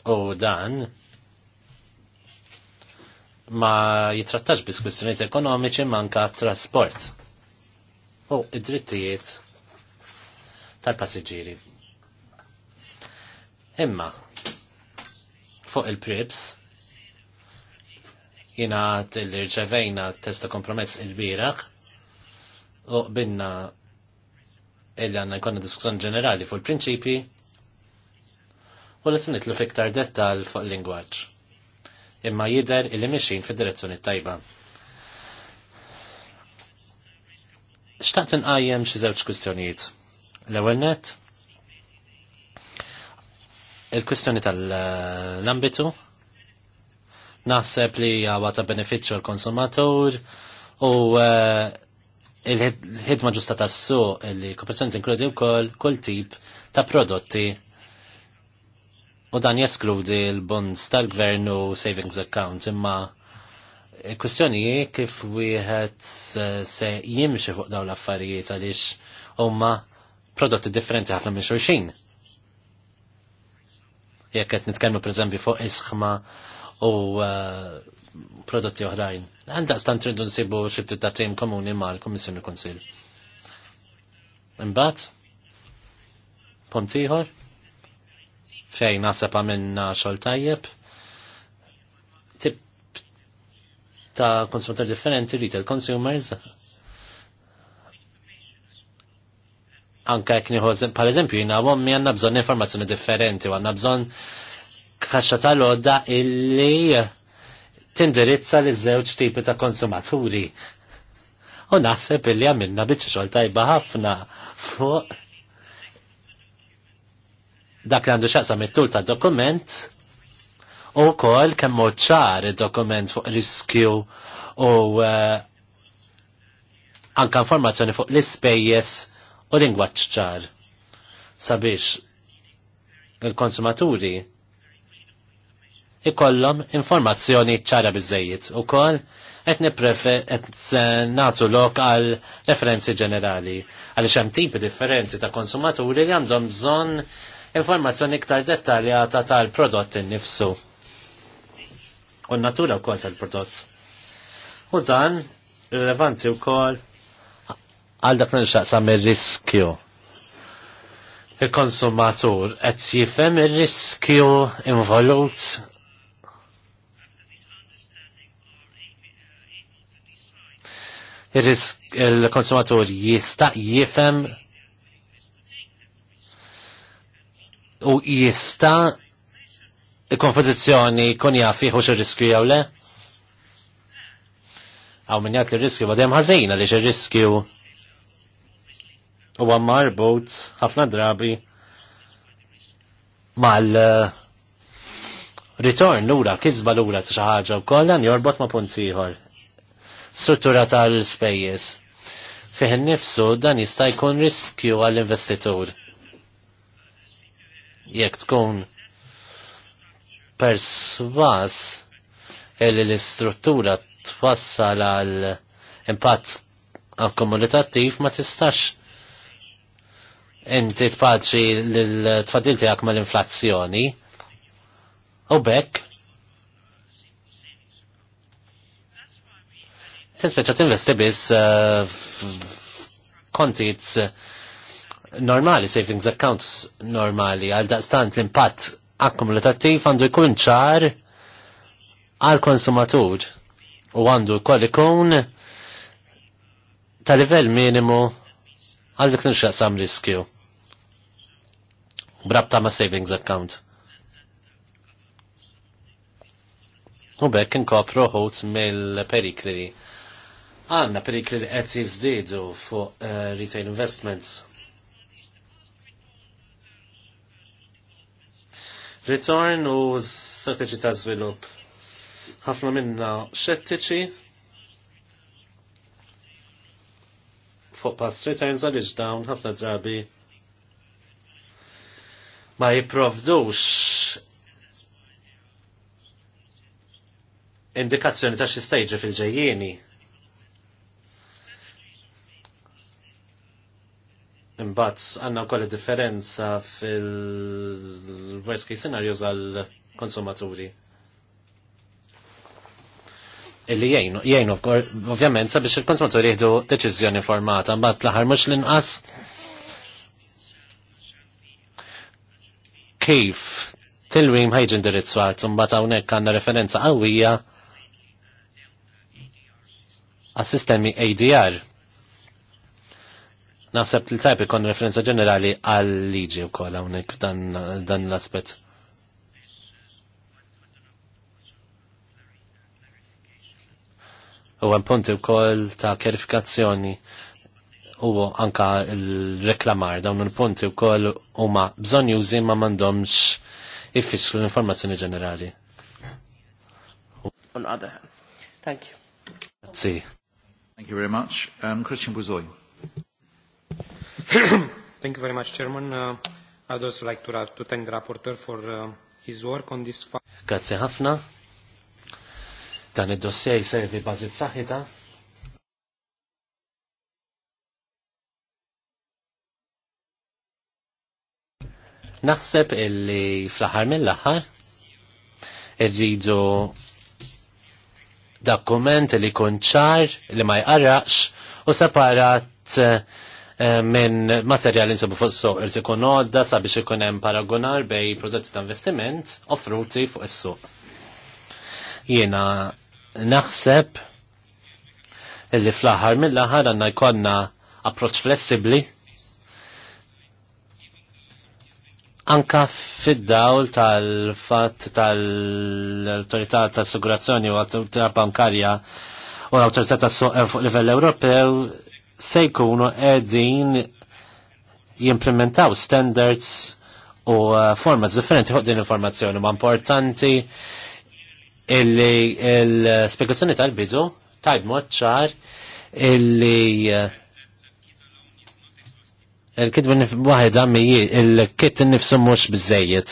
Speaker 1: U dan ma jitrattax bis kwistjonijiet ekonomiċi manka trasport. U id-drittijiet tal-passiġġieri. Imma fuq il-prips jina t-irċevejna testa kompromess il-biraħ u binna illi għanna jkonna diskussjoni ġenerali fuq il-prinċipi u l-sinitlu fiktar dettal fuq il lingwaġġ imma jider illi mixin fid-direzzjoni tajba. Xtaqt għajem xi żewġ kwistjonijiet. L-ewwel net il-kwistjoni tal-ambitu naħseb li għawa ta' beneficju l-konsumatur u eh, il-ħidma ġusta ta' su li kooperazzjoni tinkludi wkoll kull tip ta' prodotti U dan jeskludi l-bonds tal-gvern u savings account imma kwestjoni kif wieħed se jimxi fuq dawn l-affarijiet għaliex huma prodotti differenti ħafna minn xulxin. Jekk qed nitkellmu pereżempju fuq isħma u uh, prodotti oħrajn. għandha stan tridu nsibu xi ta' tim komuni mal-Kummissjoni Kunsill. Imbagħad? Punt ieħor? fejn nasab għamilna xogħol tajjeb. Tip ta' konsumatori differenti, retail consumers. Anka jek nieħu, par eżempju, jina għom għanna bżon informazzjoni differenti, għanna bżon kaxxa tal-odda illi tindirizza li żewġ tipi ta' konsumaturi. U naħseb illi għamilna bieċi xogħol tajba ħafna fuq dak li għandu xaqsa mittul tul ta' dokument u kol kemm ċar dokument fuq riskju u eh, anka informazzjoni fuq l-ispejjes u lingwaċ ċar sabiex il-konsumaturi ikollhom informazzjoni ċara bizzejiet u kol qed nipprefe qed nagħtu lok għal referenzi ġenerali għaliex hemm differenzi ta' konsumaturi li għandhom bżonn informazzjoni iktar dettaljata tal-prodott innifsu u n-natura wkoll tal-prodott. U dan rilevanti wkoll għal dak nixaqsam il riskju Il-konsumatur qed jifhem ir-riskju involut il-konsumatur jista' jifhem u jista il-konfozizjoni kun jafi xo riskju jaw le? Għaw minn jgħat li riskju ma dem ħazina li riskju u marbut ħafna drabi mal eh, ritorn lura, kizba lura t ħaġa u kollan jorbot ma punziħor. Struttura tal-spejjes. Fih nifsu dan jista' jkun riskju għall-investitur jekk tkun perswas li l-istruttura twassal għal impatt akkomunitattiv ma tistax inti tpaċi l tfadilti għak ma l-inflazzjoni u bekk tispeċa tinvesti biss eh, kontiz uh, normali, savings accounts normali, għal daqstant l-impatt akkumulattiv għandu jkun ċar għal konsumatur u għandu koll ikun ta' livell minimu għal dik sam riskju. Brabta ma' savings account. U bekk inkopru ħut mill-perikli. Għanna perikli li qed jiżdiedu fuq uh, retail investments Return u strategi ta' żvilupp. Ħafna minna xettiċi fuq pass returns għaliex dawn ħafna drabi ma jiprovdux indikazzjoni ta' xi fil-ġejjieni. Imbagħad għandna wkoll differenza fil-worst case scenarios għal konsumaturi. Illi jgħinu, jgħinu, ovvjament, sabiex il-konsumaturi jieħdu deċiżjoni formata, mbagħad laħar aħħar mhux l-inqas kif tilwim ħajġi indirizzat, mbagħad hawnhekk għandna referenza qawwija għas-sistemi ADR Naħseb li tajb ikon referenza ġenerali għal-liġi u koll għawnek dan l-aspet. U għan punti u koll ta' kerifikazzjoni u anka l-reklamar dawn il-punti u koll u ma bżon juzi ma mandomx iffisku l-informazzjoni ġenerali.
Speaker 3: On other hand. Thank you.
Speaker 2: Grazie. Thank you very much. Um, Christian Buzoy.
Speaker 1: Thank you very much, Chairman. Uh, I'd also like to, uh, to thank the rapporteur for uh, his work on this file. Grazie ħafna. Dan id-dossier jservi bażi b'saħħitha. Naħseb illi fl-aħħar mill-aħħar irridu dokument li kun ċar li ma jqarraqx u separat uh, Eh, minn materjal insibu fuq suq irid ikun għodda sabiex ikun hemm paragonar bej prodotti ta' investiment offruti fuq is-suq. Jiena naħseb illi fl-aħħar mill-aħħar għandna jkollna approċċ flessibbli anka fid-dawl tal-fatt tal-autorità tas-sigurazzjoni u l bankarja u l-autorità tas-suq eh, fuq livell Ewropew se jkunu qegħdin jimplementaw standards u uh, formats differenti fuq din informazzjoni ma' importanti illi il-spiegazzjoni tal-bidu tajb moċċar ċar illi uh, il-kit waħda miji, il-kit nifsu mux bizzejiet.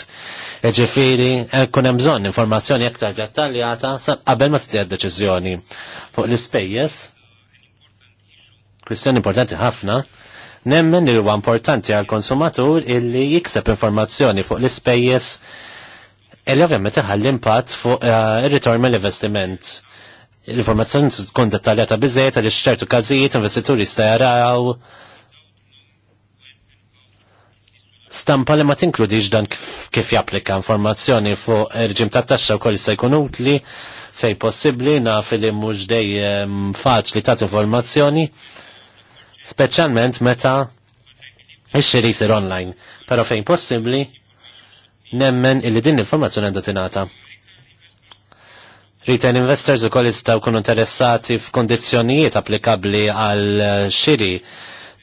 Speaker 1: Ġifiri, kun hemm bżonn informazzjoni aktar dettaljata qabel ma t-tijad deċiżjoni fuq l-ispejjeż kwistjoni importanti ħafna, nemmen li huwa importanti għal konsumatur illi jikseb informazzjoni fuq l-ispejjeż illi ovvjament iħall impatt fuq eh, ir-ritorn mill-investiment. L-informazzjoni tkun dettaljata biżejjed għal ċertu każijiet investituri jista' jaraw stampa li ma tinkludix dan kif japplika informazzjoni fuq reġim ta' taxxa wkoll jista' jkun utli fej possibbli naf li mhux dejjem faċli ta' informazzjoni speċjalment meta ix-xiri jsir online, però fejn possibbli nemmen illi din l-informazzjoni għandha tingħata. Retail investors ukoll jistgħu jkunu interessati f'kundizzjonijiet applikabbli għal xiri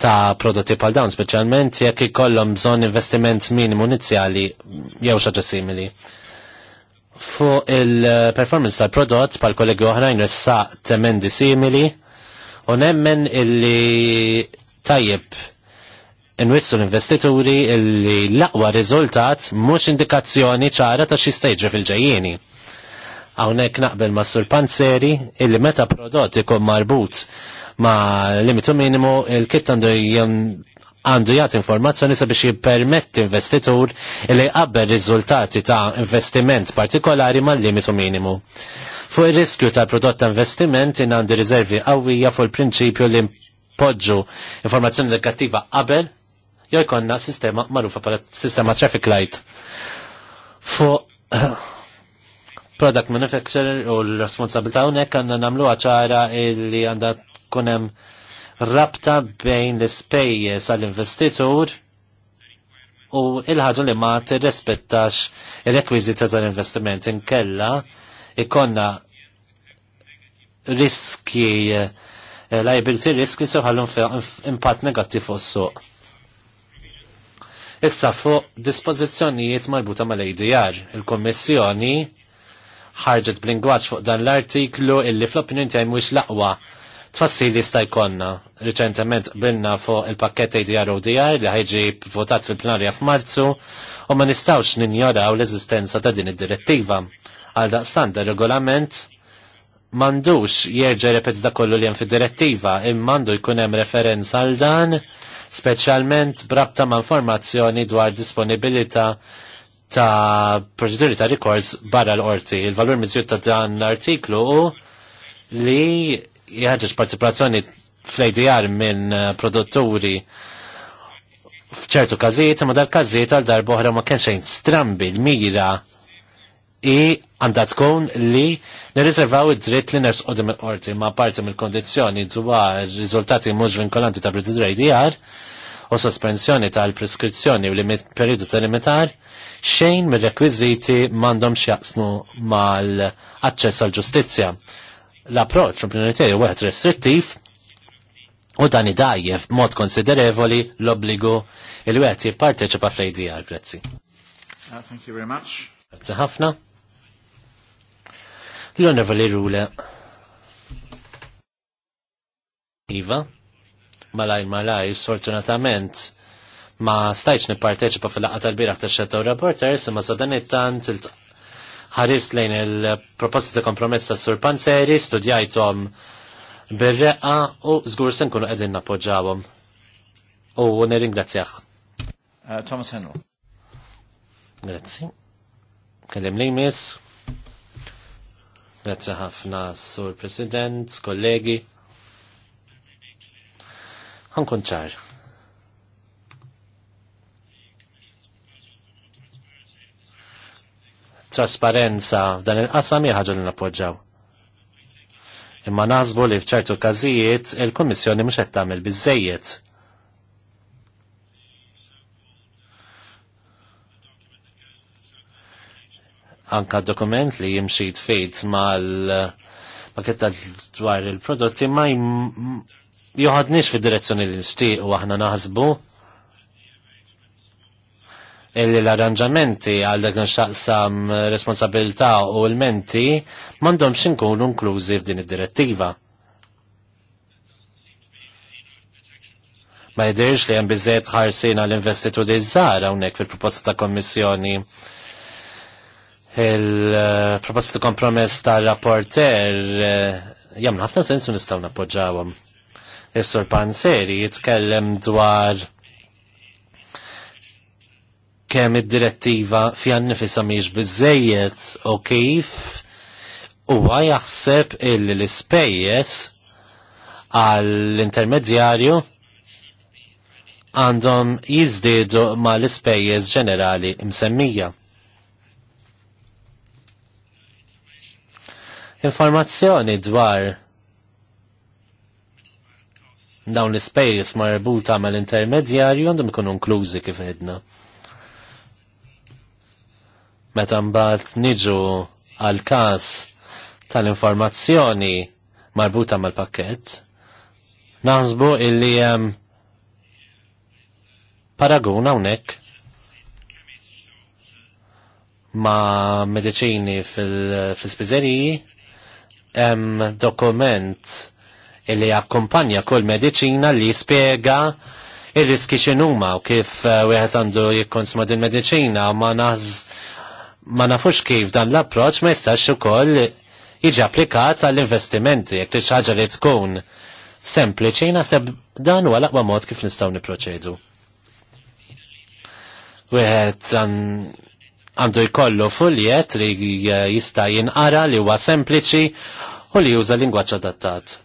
Speaker 1: ta' prodotti pal dawn speċjalment jekk ikollhom bżonn investiment minimu inizjali jew xaġa simili. Fuq il-performance tal-prodott pal kollegi oħrajn ressaq temendi simili U nemmen illi tajjeb inwissu l-investituri illi l-aqwa riżultat mhux indikazzjoni ċara ta' xi stejġa fil-ġejjieni. Hawnhekk naqbel ma' sur panzeri illi meta prodott ikun marbut ma' limitu minimu il-kit għandu għandu jgħat informazzjoni sabiex jippermett investitur li qabel riżultati ta' investiment partikolari mal limitu minimu. Fuq ir-riskju tal-prodott ta' investiment in għandi riservi qawwija fuq il-prinċipju li poġġu informazzjoni negattiva qabel jew jkollna sistema magħrufa bħala sistema traffic light. Fuq eh, product manufacturer u l-responsabilità hawnhekk għandna nagħmlu ċara li għandha tkun hemm rabta bejn l-ispejjeż għall-investitur u il-ħaġa li ma tirrespettax ir-rekwiżita tal-investiment inkella ikonna riski eh, eh, liability risk li seħallum impatt negattiv fuq suq. Issa fuq dispożizzjonijiet marbuta mal-ADR, il-Kommissjoni ħarġet blingwaċ fuq dan l-artiklu illi fl-opinjoni tiegħi mhuwiex laqwa aqwa tfassil li sta jkollna. Riċentement qbilna fuq il-pakket ADR ODR li ħajġi votat fil-plenarja f'Marzu u ma nistgħux ninjoraw l-eżistenza ta' din id-direttiva. Għal daqstan regolament mandux jerġa' repet da kollu li hemm fid-direttiva, immandu jkun hemm referenza għal dan, speċjalment brabta ma' informazzjoni dwar disponibilità ta' proċeduri ta' rikors barra l-orti. Il-valur miżjut ta' dan l-artiklu u li jħagġeġ participazzjoni fl-ADR minn produtturi fċertu kazijiet, ma dal kazijiet għal dar boħra ma kienx xejn strambi l-mira i għandha tkun li nirriservaw id-dritt li nersqu qoddim il-qorti ma' parti mill-kondizzjoni dwar riżultati mhux vinkolanti ta' proċedura IDR u sospensjoni tal-preskrizzjoni u limit periodu ta' limitar xejn mir-rekwiżiti m'għandhom x'jaqsnu mal-aċċess għal ġustizzja. L-approċċ prioritarju wieħed restrittiv u dan idajjef b'mod konsiderevoli l-obbligu il-wieħed jipparteċipa fl-IDR. Grazzi.
Speaker 2: Uh, thank you very much.
Speaker 1: Grazie ħafna. L-Onorevoli Rule. Iva, malaj malaj, sfortunatament, ma stajċ nipparteċipa fil-laqqa tal-biraħ ta' Shadow Reporters, imma sadan it-tant ħaris lejn il proposti ta' kompromessa Sur Panzeri, studjajtom Berreqa' reqqa u zgur sen kunu għedin napoġawom. U nirringrazzjaħ.
Speaker 2: Uh, Thomas Henry.
Speaker 1: Grazzi. Kellem li jmiss. Grazzi ħafna, Sur President, kollegi. Ħankun ċar. Trasparenza f'dan il-qasam hija li nappoġġaw. Imma nazbu li f'ċertu kazijiet il-Kummissjoni mhux qed tagħmel biżejjed anka dokument li jimxi tfejt mal paketta dwar il-prodotti ma joħadnix fi direzzjoni li nixtieq u aħna naħsbu illi l-arranġamenti għal dak nxaqsam responsabilità u l-menti mandom xinkunu inklużi f'din id-direttiva. Ma jidirx li hemm biżejjed ħarsina l-investitu di żgħar hawnhekk fil-proposta ta' Kommissjoni il-proposta kompromess ta' rapporter eh, jamna ħafna sensu nistaw napoġġawhom. Is-Sur Panseri jitkellem dwar kemm id-direttiva fija nifisa miex biżejjed u kif huwa jaħseb il l-ispejjeż għall-intermedjarju għandhom jiżdiedu ma l-ispejjeż ġenerali msemmija. informazzjoni dwar dawn l-ispejjeż marbuta mal-intermedjarju għandhom ikunu nklużi kif edna. Meta mbagħad niġu għal każ tal-informazzjoni marbuta mal-pakkett, naħsbu illi hemm paragun hawnhekk ma' mediċini fil-spiżeriji hemm dokument illi akkumpanja kull medicina li spiega il riski x'inhuma u kif eh, wieħed għandu jikkonsma din mediċina ma naħż ma nafux kif dan l-approċ ma jistax ukoll jiġi applikat għall-investimenti jekk trid ħaġa li tkun sempliċi naħseb dan huwa l-aqwa mod kif nistgħu niproċedu. Wieħed għandu jkollu fuljet li jista' jinqara li huwa sempliċi u li juża lingwaġġ adattat.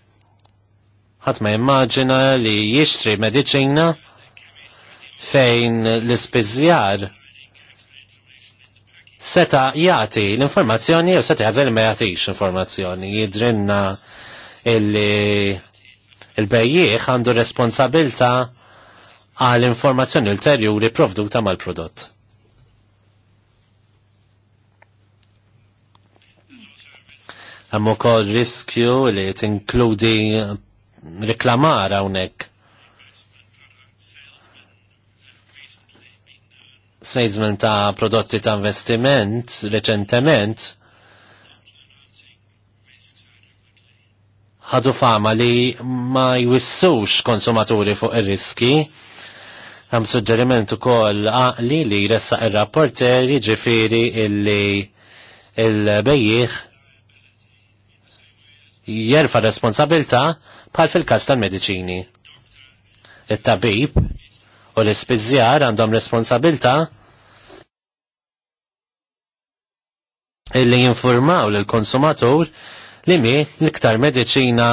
Speaker 1: Ħadd ma jimmaġina li jixtri mediċina fejn l-ispiżjar seta jagħti l-informazzjoni u seta jażel ma jagħtix informazzjoni. Jidrinna illi il-bejjieħ għandu responsabilta għal informazzjoni ulterjuri provduta mal-prodott. Hemm ukoll riskju li tinkludi reklamar hawnhekk. Sejżmen ta' prodotti ta' investiment reċentement ħadu fama li ma jwissux konsumaturi fuq ir-riski għam suġġeriment u koll għaqli li jressaq il-rapporter jġifiri illi il il jerfa responsabilta bħal fil-kas tal-mediċini. Il-tabib u l-ispizzjar għandhom responsabilta illi jinformaw l-konsumatur li mi l-iktar mediċina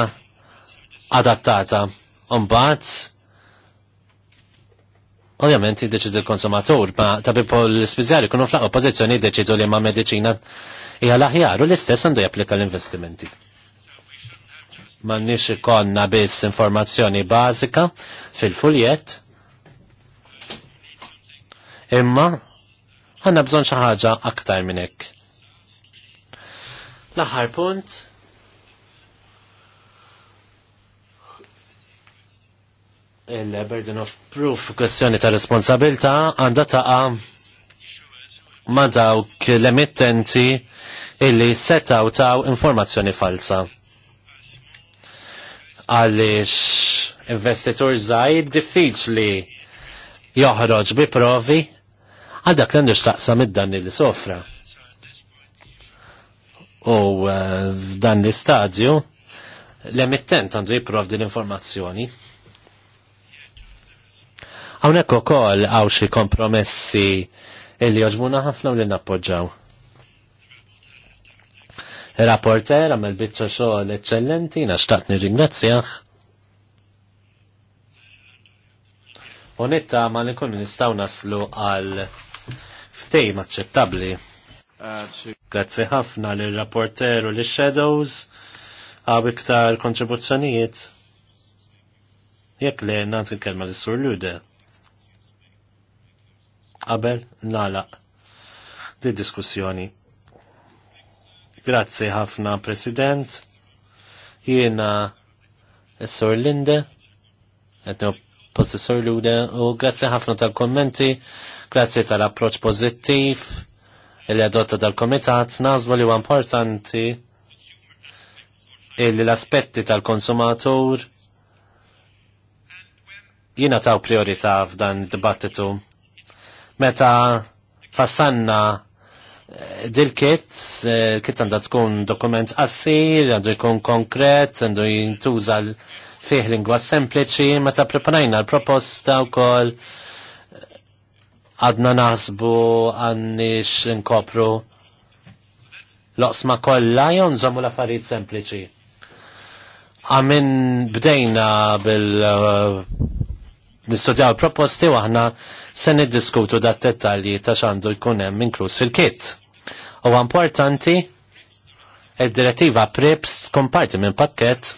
Speaker 1: adattata. Umbat, ovvjament jiddeċidu l-konsumatur, ma tabib u l-spizjari ikunu fl oppozizjoni jiddeċidu li ma' medicina hija l-aħjar u l-istess għandu japplika l-investimenti. Mannix ikonna biss informazzjoni bażika fil-fuljet. Imma għanna bżon xi ħaġa aktar minn hekk. L-aħħar punt il-burden of proof kwestjoni ta' responsabilta għandha taqa ma dawk l-emittenti illi setaw ta' informazzjoni falsa għaliex investitur diffiċ diffiċli joħroġ bi provi għal dak l-għandu xtaqsam mid danni li sofra. U eh, f'dan l-istadju l-emittent għandu jiprov din informazzjoni. Hawnhekk ukoll hawn xi kompromessi illi oġmuna ħafna u li nappoġġaw rapporter għamel bitċa xogħol eccellenti, naxtaqt nirringrazzjah. U nitta ma li kun nistaw naslu għal ftejm aċċettabli. Grazzi ħafna l rapporter u l-shadows għab iktar kontribuzzjonijiet. Jekk li nagħti l-kelma l-sur Lude. Qabel nala, di diskussjoni. Grazzi ħafna, President. Jiena s-Sor Linde, għetnu s-sor Lude, u grazzi ħafna tal-kommenti, grazzi tal-approċ pozittiv, il adotta tal-komitat, nazbu li importanti illi l-aspetti tal-konsumatur Jiena taw priorita f'dan dibattitu. Meta fassanna Dil-kit, kit eh, għanda tkun dokument qassir, għandu jkun konkret, għandu jintuża fih lingwa sempliċi, meta preparajna l-proposta u kol għadna naħsbu għannix nkopru loqsma kolla zomu l-affarijiet sempliċi. Għamin bdejna bil eh, nistudjaw proposti u aħna se niddiskutu dat dettalji ta' xandu jkun hemm inkluż fil-kit. U importanti il-direttiva PRIPS komparti minn pakket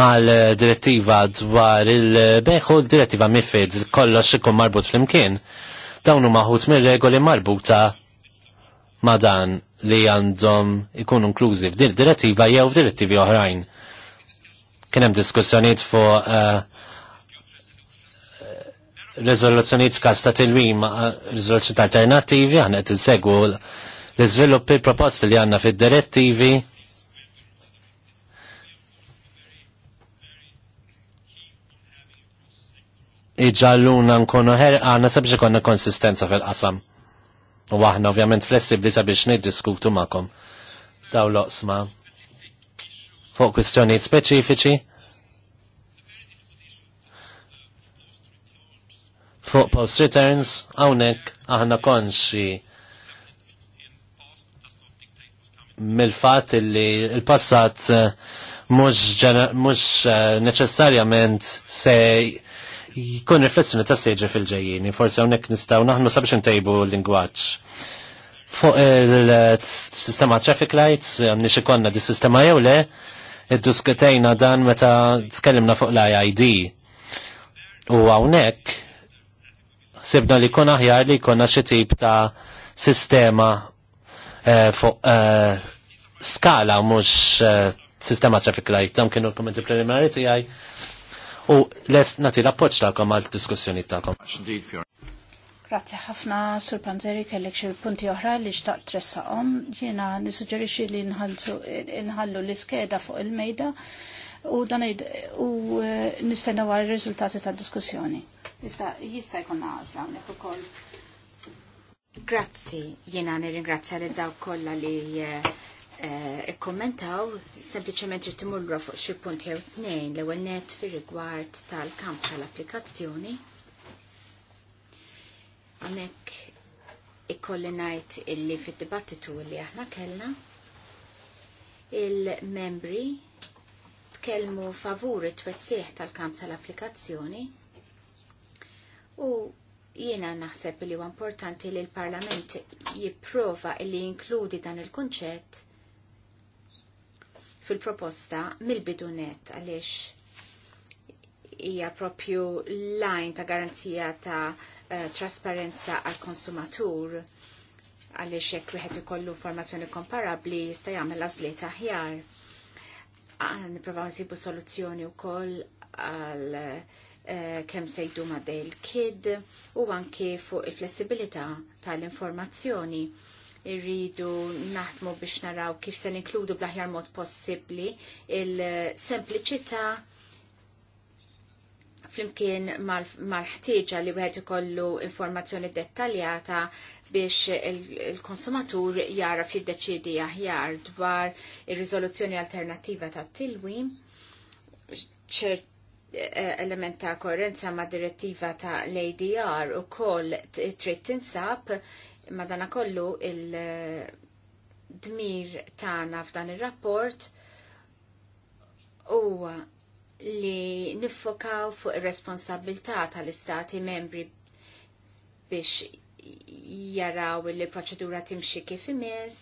Speaker 1: mal-direttiva dwar il-beħu il-direttiva MIFID kollox ikun marbut fl-imkien. Dawnu maħut mir-regoli marbuta ma' dan li għandhom ikun inklużi f'din direttiva jew f'direttivi oħrajn. Kien hemm diskussjonijiet fuq uh, rezoluzzjoniet f'każ ta' tilwim, rezoluzzjoniet alternativi, għana qed insegwu l-iżviluppi proposti li għanna fid-direttivi. Iġalluna nkunu ħer għana sabiex ikonna konsistenza fil-qasam. U aħna ovvjament flessibli sabiex niddiskutu ma'kom. Daw loqsma fuq kwistjonijiet speċifiċi fuq post returns hawnhekk aħna konxi mill-fatt li l-passat eh, mhux eh, neċessarjament se jkun riflessjoni ta' seġi fil-ġejjini, forsi hawnhekk nistgħu naħnu sabiex ntejbu l-lingwaġġ. Fuq il-sistema traffic lights, għanni xikonna di sistema jew le, id-diskutejna dan meta tkellimna fuq l-IID. U għawnek, sibna li kun aħjar li konna xi tip ta' sistema eh, fuq eh, skala mhux eh, sistema traffic light. Dawn kienu l-kommenti preliminari tiegħi. U les nagħti l-appoġġ tagħkom għal-diskussjoni tagħkom.
Speaker 3: Grazzi ħafna Sur Panzeri kellek xi punti oħra li xtaqt tressaqhom. Jiena nissuġġerixxi li nħallu l-iskeda fuq il-mejda. il mejda u dan u eh, nistenna għal riżultati ta' diskussjoni. Jista' jista' jkun għażla hawnhekk ukoll.
Speaker 4: Grazzi, jiena nirringrazzja lil dawk kollha li eh, eh, ikkommentaw sempliċement trid fuq xi punt jew tnejn l-ewwel net fir-rigward tal-kamp tal-applikazzjoni. Hawnhekk ikolli ngħid illi fid-dibattitu li aħna kellna il-membri tkellmu favuri it-twessieħ tal-kamp tal-applikazzjoni u jiena naħseb li huwa importanti li l-Parlament jipprova li jinkludi dan il-kunċett fil-proposta mill-bidu net għaliex hija propju lajn ta' garanzija ta' uh, trasparenza għal konsumatur għaliex jekk wieħed ikollu informazzjoni komparabbli jista' jagħmel għażliet aħjar niprofaw nsibu soluzzjoni u koll għal eh, kem sejdu ma del Kid u anke fuq il-flessibilità tal-informazzjoni irridu naħdmu biex naraw kif se ninkludu blaħjar aħjar mod possibbli il-sempliċità flimkien mal-ħtieġa li wieħed ikollu informazzjoni dettaljata biex il-konsumatur jara deċidi aħjar dwar ir rizoluzzjoni alternattiva ta' tilwi ċert eh, element ta' korrenza ma' direttiva ta' l-ADR u koll trid tinsab madana kollu il-dmir eh, tagħna f'dan ir-rapport u li niffokaw fuq ir-responsabilità tal-istati membri biex jaraw li l-proċedura timxi kif imis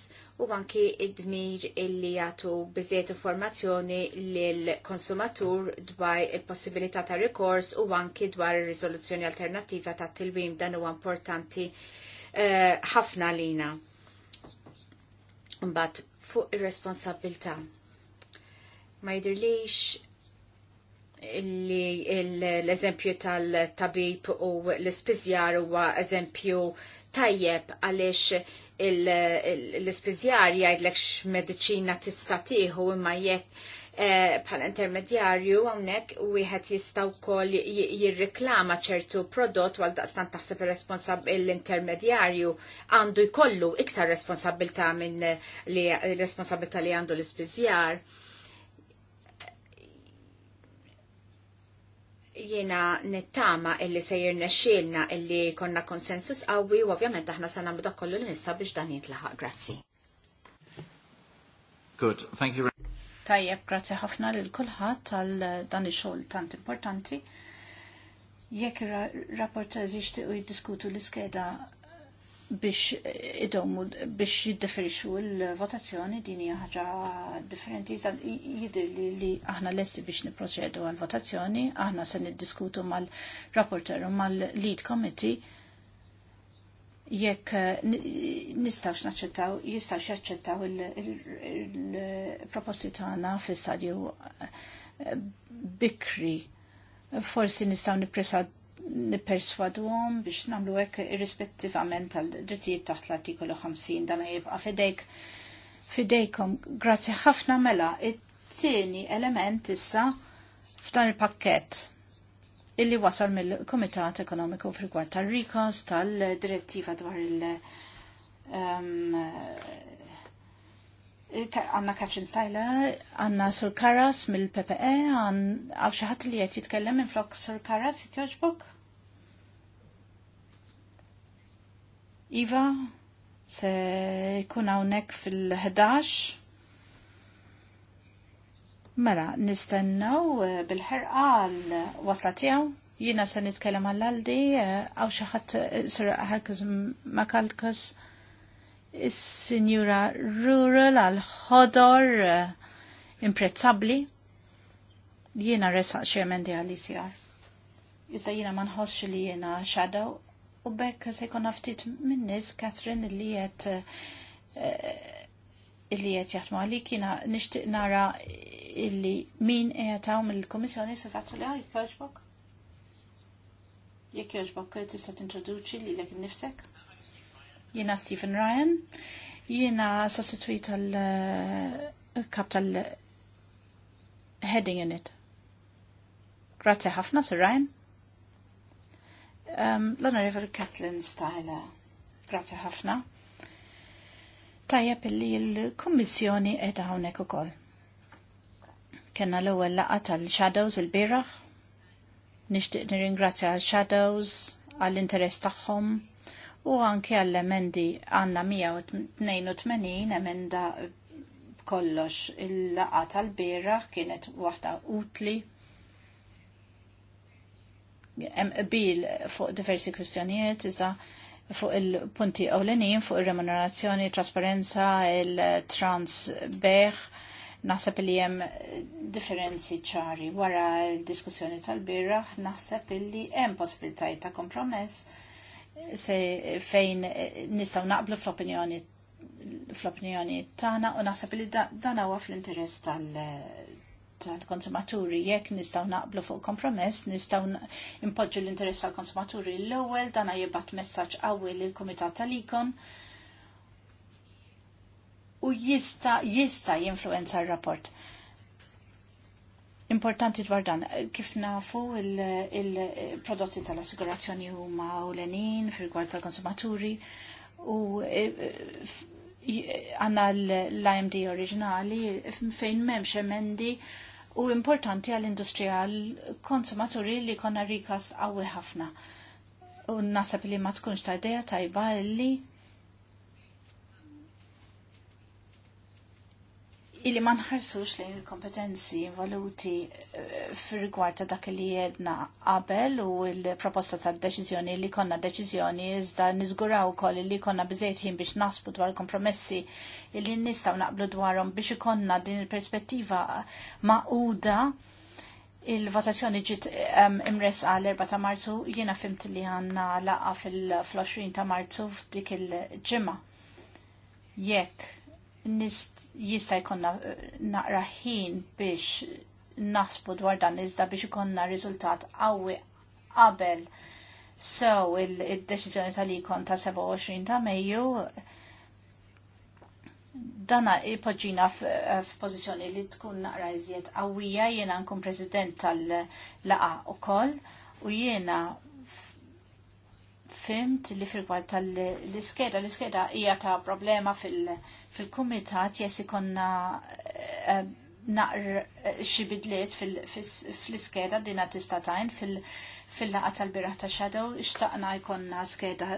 Speaker 4: u anki id-dmir illi jagħtu biżiet informazzjoni lill-konsumatur dwar il-possibilità ta' rikors u anki dwar ir rizoluzzjoni alternattiva ta' tilwim dan huwa importanti eh, ħafna uh, lina. Mbagħad fuq ir-responsabilità. Ma jidhirlix li l-eżempju tal-tabib u l-ispizjar huwa eżempju tajjeb għaliex l-ispizjar jgħidlek x-medicina tista tieħu imma jekk eh, bħala intermedjarju hawnhekk wieħed jista' wkoll jirriklama ċertu prodott għal daqstan taħseb l-intermedjarju għandu jkollu iktar responsabilta minn li responsabilta li għandu l-ispiżjar Jiena nittama illi sejjer nesċilna illi konna konsensus qawwi u ovvjament aħna se nagħmlu dak kollu li nista' biex dan jitlaħaq. Grazzi.
Speaker 2: Good, thank you.
Speaker 3: Tajjeb, grazzi ħafna lil kulħadd għal dan ix-xogħol tant importanti. Jekk rapporter u jiddiskutu l-iskeda biex idommu biex jiddeferixu l-votazzjoni din hija ħaġa differenti jidir li, li aħna lesti biex niproċedu għal-votazzjoni, aħna se niddiskutu mal-rapporter u mal-lead committee jekk eh, nistax naċċettaw, jistax jaċċettaw il-proposti tagħna fi stadju eh, bikri. Forsi nistaw nippresa nipperswaduhom biex nagħmlu hekk irrispettivament tal-drittijiet taħt l-artikolu 50 dan jibqa' fidejk fidejkom. Grazzi ħafna mela it-tieni element issa f'dan il-pakkett illi wasal mill-Komitat Ekonomiku fil-Gwar tal-Rikos tal-Direttiva dwar il- um, għanna Katrin Stajla, għanna Sur Karas mill-PPE, għan għaw xaħat li għet jitkellem minn flok Sur Karas, jtjoġbok? Iva, se jkun hawnhekk fil-11. Mela, nistennaw eh, bil-ħerqa l-wasla tiegħu. Jina se nitkellem għall għaldi, eh, għaw xaħat s eh, Sir Makalkas is-Sinjura Rural għal-ħodor imprezzabbli. Jiena resaq xie mendi għal-ICR. Iżda jiena ma nħossx li jina shadow U bekk se jkun ftit minnis Catherine li qed eh, illi qed jaħdmu għalik jiena nixtieq nara illi min qed hawn mill-Kummissjoni se fazzu li għalik ah, jogħġbok. Jekk jogħġbok eh, tista' tintroduċi lilek innifsek. Jiena Stephen Ryan, jiena sostituit tal-kap eh, tal-heading in it. Grazie ħafna, Sir Ryan. Um, L-Honorable Kathleen Stajla, grazie ħafna. Tajjeb li l-Kommissjoni edha hawnhekk ukoll. Kenna l-ewwel laqgħa tal-Shadows il-bieraħ. Nixtieq nirringrazzja għal-Shadows għall-interess tagħhom u anke għall-emendi għandna 182 emenda kollox il-laqgħa tal-bieraħ kienet waħda utli hemm qbil fuq diversi kwistjonijiet iżda fuq il-punti ewlenin fuq ir-remunerazzjoni, trasparenza, il-trans beħ, naħseb li jem differenzi ċari wara l-diskussjoni tal-birraħ, naħseb li jem possibilitajiet ta' kompromess se fejn nistaw naqblu fl-opinjoni fl-opinjoni tagħna u naħseb li dan huwa fl-interess tal-konsumaturi. Jekk nistgħu naqblu fuq kompromess, nistgħu impoġġu l-interess tal-konsumaturi l-ewwel, dan jibat messaġġ qawwi lill-Kumitat tal-Ikon u jista' jista' jinfluenza r-rapport. Importanti dwar dan, kif nafu il-prodotti il tal-assigurazzjoni huma ewlenin fil-gwar tal-konsumaturi u e, e, għanna l-IMD oriġinali fejn memx emendi u importanti għall-industrija għall-konsumaturi li konna rikas għawi ħafna. U nasab li ma tkunx ta' ideja tajba li illi ma nħarsux lejn il-kompetenzi involuti eh, fir-rigward ta' dak li jedna qabel u l-proposta ta' deċiżjoni li konna deċiżjoni iżda niżguraw ukoll li konna biżejt ħin biex nasbu dwar kompromessi li nistgħu naqblu dwarhom biex ikonna din il-perspettiva maquda il-votazzjoni ġiet um, imres għal 4 ta' Marzu jiena fimt li għandna laqa fil-20 ta' Marzu f'dik il-ġimgħa. Jekk jista' jkollna eh, naqra ħin biex naħsbu dwar dan iżda biex ikonna riżultat qawwi qabel So il-deċiżjoni tal-ikon ta' 27 ta' Mejju dana ipoġġina eh, f'pożizzjoni li tkun naqra iżjed qawwija jiena nkun president tal-laqa ukoll u jiena fimt li fil tal-iskeda l-iskeda hija ta' problema fil- fil-kumitat jess ikonna eh, naqr eh, xi bidliet fl-iskeda dina tajn fil-laqa tal-biraħ ta' Shadow ixtaqna jkonna skeda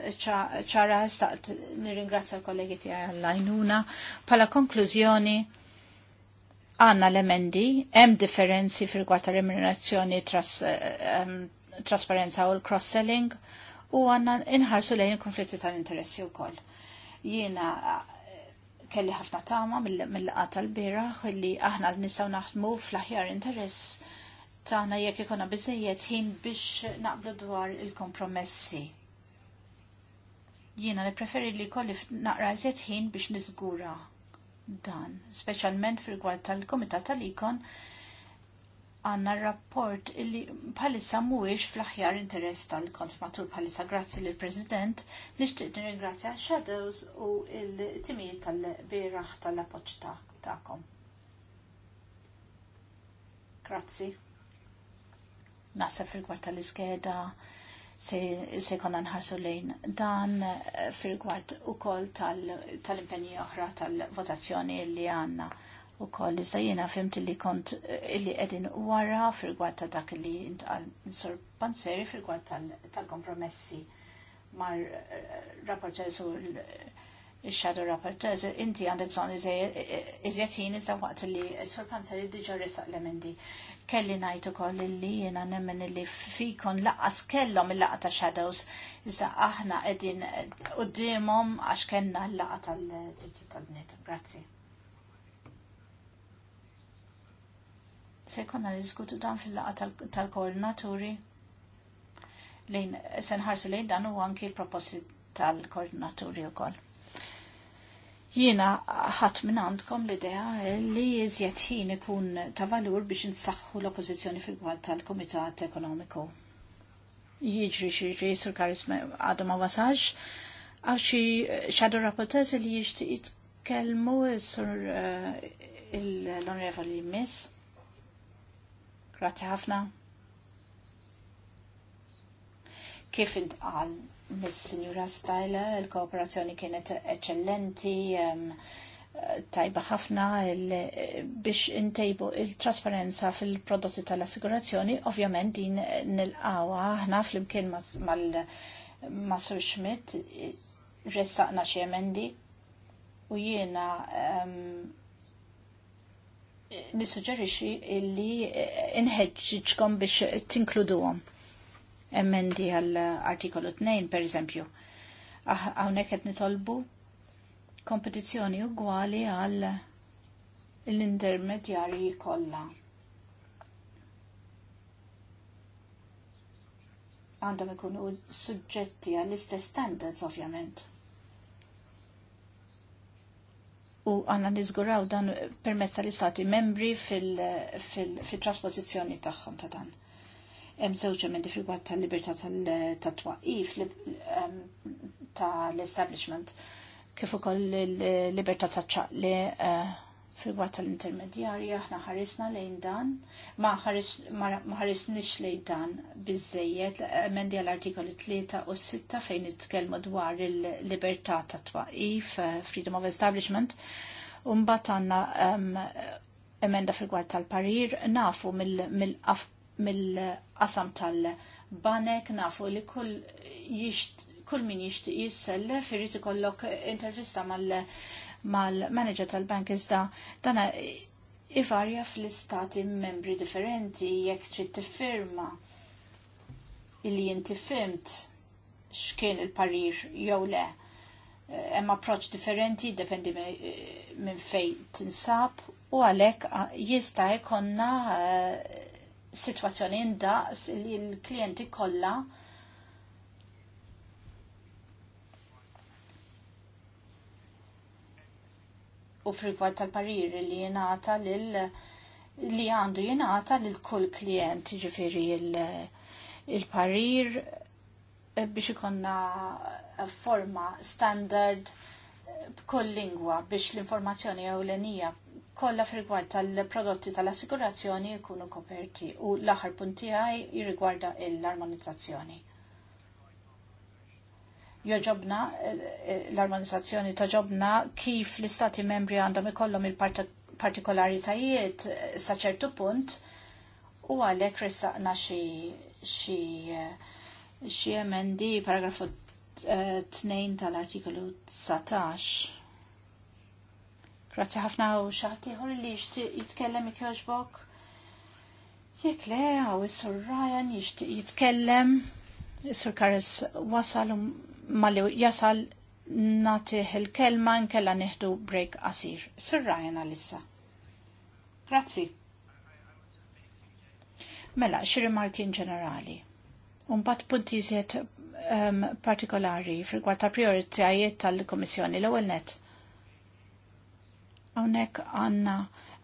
Speaker 3: ċara staqt nirringrazzja l-kollegi tiegħi għall-għajnuna. Pala konklużjoni għanna l-emendi, hemm differenzi fil ta' remunerazzjoni eh, trasparenza u l-cross-selling u għanna inħarsu lejn konflitti tal-interessi u koll. Jiena kelli ħafna tama mill-laqgħa tal-bieraħ li aħna nistgħu naħdmu fl-aħjar interess tagħna jekk ikona biżejjed ħin biex naqblu dwar il-kompromessi jiena nippreferi li kolli naqra ħin biex nizgura dan, specialment fil tal-komitat tal-ikon. tal-komitat tal-ikon għanna rapport illi palissa muwix fl-aħjar interess tal-konsumatur palissa grazzi l president nishtiq ringrazzja Shadows u il-timijiet tal-biraħ tal-appoċ ta'kom. Grazzi. Nasa fil-gwart tal-iskeda se konna nħarsu lejn dan eh, fil-gwart u kol tal-impenji oħra tal-votazzjoni li għanna u koll iżda jena fimt li kont li edin wara fil ta' dak li intqal insur panzeri fil tal-kompromessi mar rapportez u il-shadow rapportez inti għandek bżon iżjed jien iżda waqt li sur panzeri diġa resaq lemendi. kelli najtu koll li jena nemmen li fikon laqqas kellom il-laqqa ta' shadows, iżda aħna edin u għax kellna l-laqqa tal-ġitti tal-bnet. Grazie. se konna diskutu dan fil-laqa tal-koordinaturi lejn se nħarsu lejn dan u anki l-proposti tal-koordinaturi wkoll. Jiena ħadd minn għandkom l-idea li jizjet ħin ikun ta' valur biex insaħħu l-oppożizzjoni fil-gwad tal-Kumitat Ekonomiku. Jiġri xi sur karisma għadu ma wasax għaw xadu rapportez li jiġti jitkellmu sur eh, l onrevoli miss Grazzi ħafna. Kif intqal mis Signora Stajla, il-kooperazzjoni kienet eccellenti, tajba ħafna biex intejbu il-trasparenza fil-prodotti tal-assigurazzjoni, ovvjament din nil-qawa ħna fl-imkien ma' Sur Schmidt ressaqna xie emendi u jiena um, nissuġġerixi illi eh, inħedġiġkom biex tinkluduhom. Emendi għall-artikolu 2, per eżempju. Ah, hawnhekk qed nitolbu kompetizzjoni ugwali għal l-intermedjarji kollha. Għandhom ikunu suġġetti għall-istess standards, ovvjament. u għanna nizguraw dan permezz tal-istati membri fil-trasposizjoni tagħhom ta' dan. Hemm minn emendi fil-gwatt tal-libertà tat-twaqif ehm, tal-establishment kif ukoll il-libertà taċċaqli eh, Fil-gwa tal-intermedjarji aħna ħarisna lejn dan, ma ħarisnix lejn dan bizzejiet emendi għall-artikoli 3 u 6 fejn nitkellmu dwar il-libertà ta' twaqif, eh, freedom of establishment, Umbat għanna emenda fil-gwar tal-parir, nafu mill-qasam tal-banek, nafu li kull kull min jixtieq jissellef irid ikollok intervista mal- mal-manager tal-bank iżda dana ivarja fl-istati membri differenti jekk trid tiffirma illi inti fimt x'kien il-parir jew le. Eh, hemm approċċ differenti dependi eh, minn fejn tinsab u għalhekk ah, jista' jkollna situazzjoni eh, sitwazzjoni indaqs li l-klijenti kollha u fil tal-pariri li jenata lil li għandu jenata lil kull klient ġifiri il-parir eh, biex ikonna forma standard b'kull lingwa biex l-informazzjoni ewlenija kollha f'rigward tal-prodotti tal assigurazzjoni jkunu koperti u l-aħħar punti għaj jirrigwarda l-armonizzazzjoni joġobna eh, eh, l-armonizzazzjoni ta' ġobna kif l-istati membri għandhom ikollhom il-partikolaritajiet eh, sa ċertu punt u għalhekk ressaqna xi emendi paragrafu 2 tal-artikolu 19. Grazzi ħafna u xaħtiħor li jitkellem ikjoġbok. Jek le, għaw is-sur Ryan jitkellem, is-sur Karis wasalum mali jasal natiħ il-kelma nkella neħdu break qasir. Sirra Ryan lissa. Grazzi. Mela, xi rimarki ġenerali. bat punti ziet um, ehm, partikolari fil-gwar ta' prioritajiet tal-Komissjoni l ewwel net. Hawnhekk għandna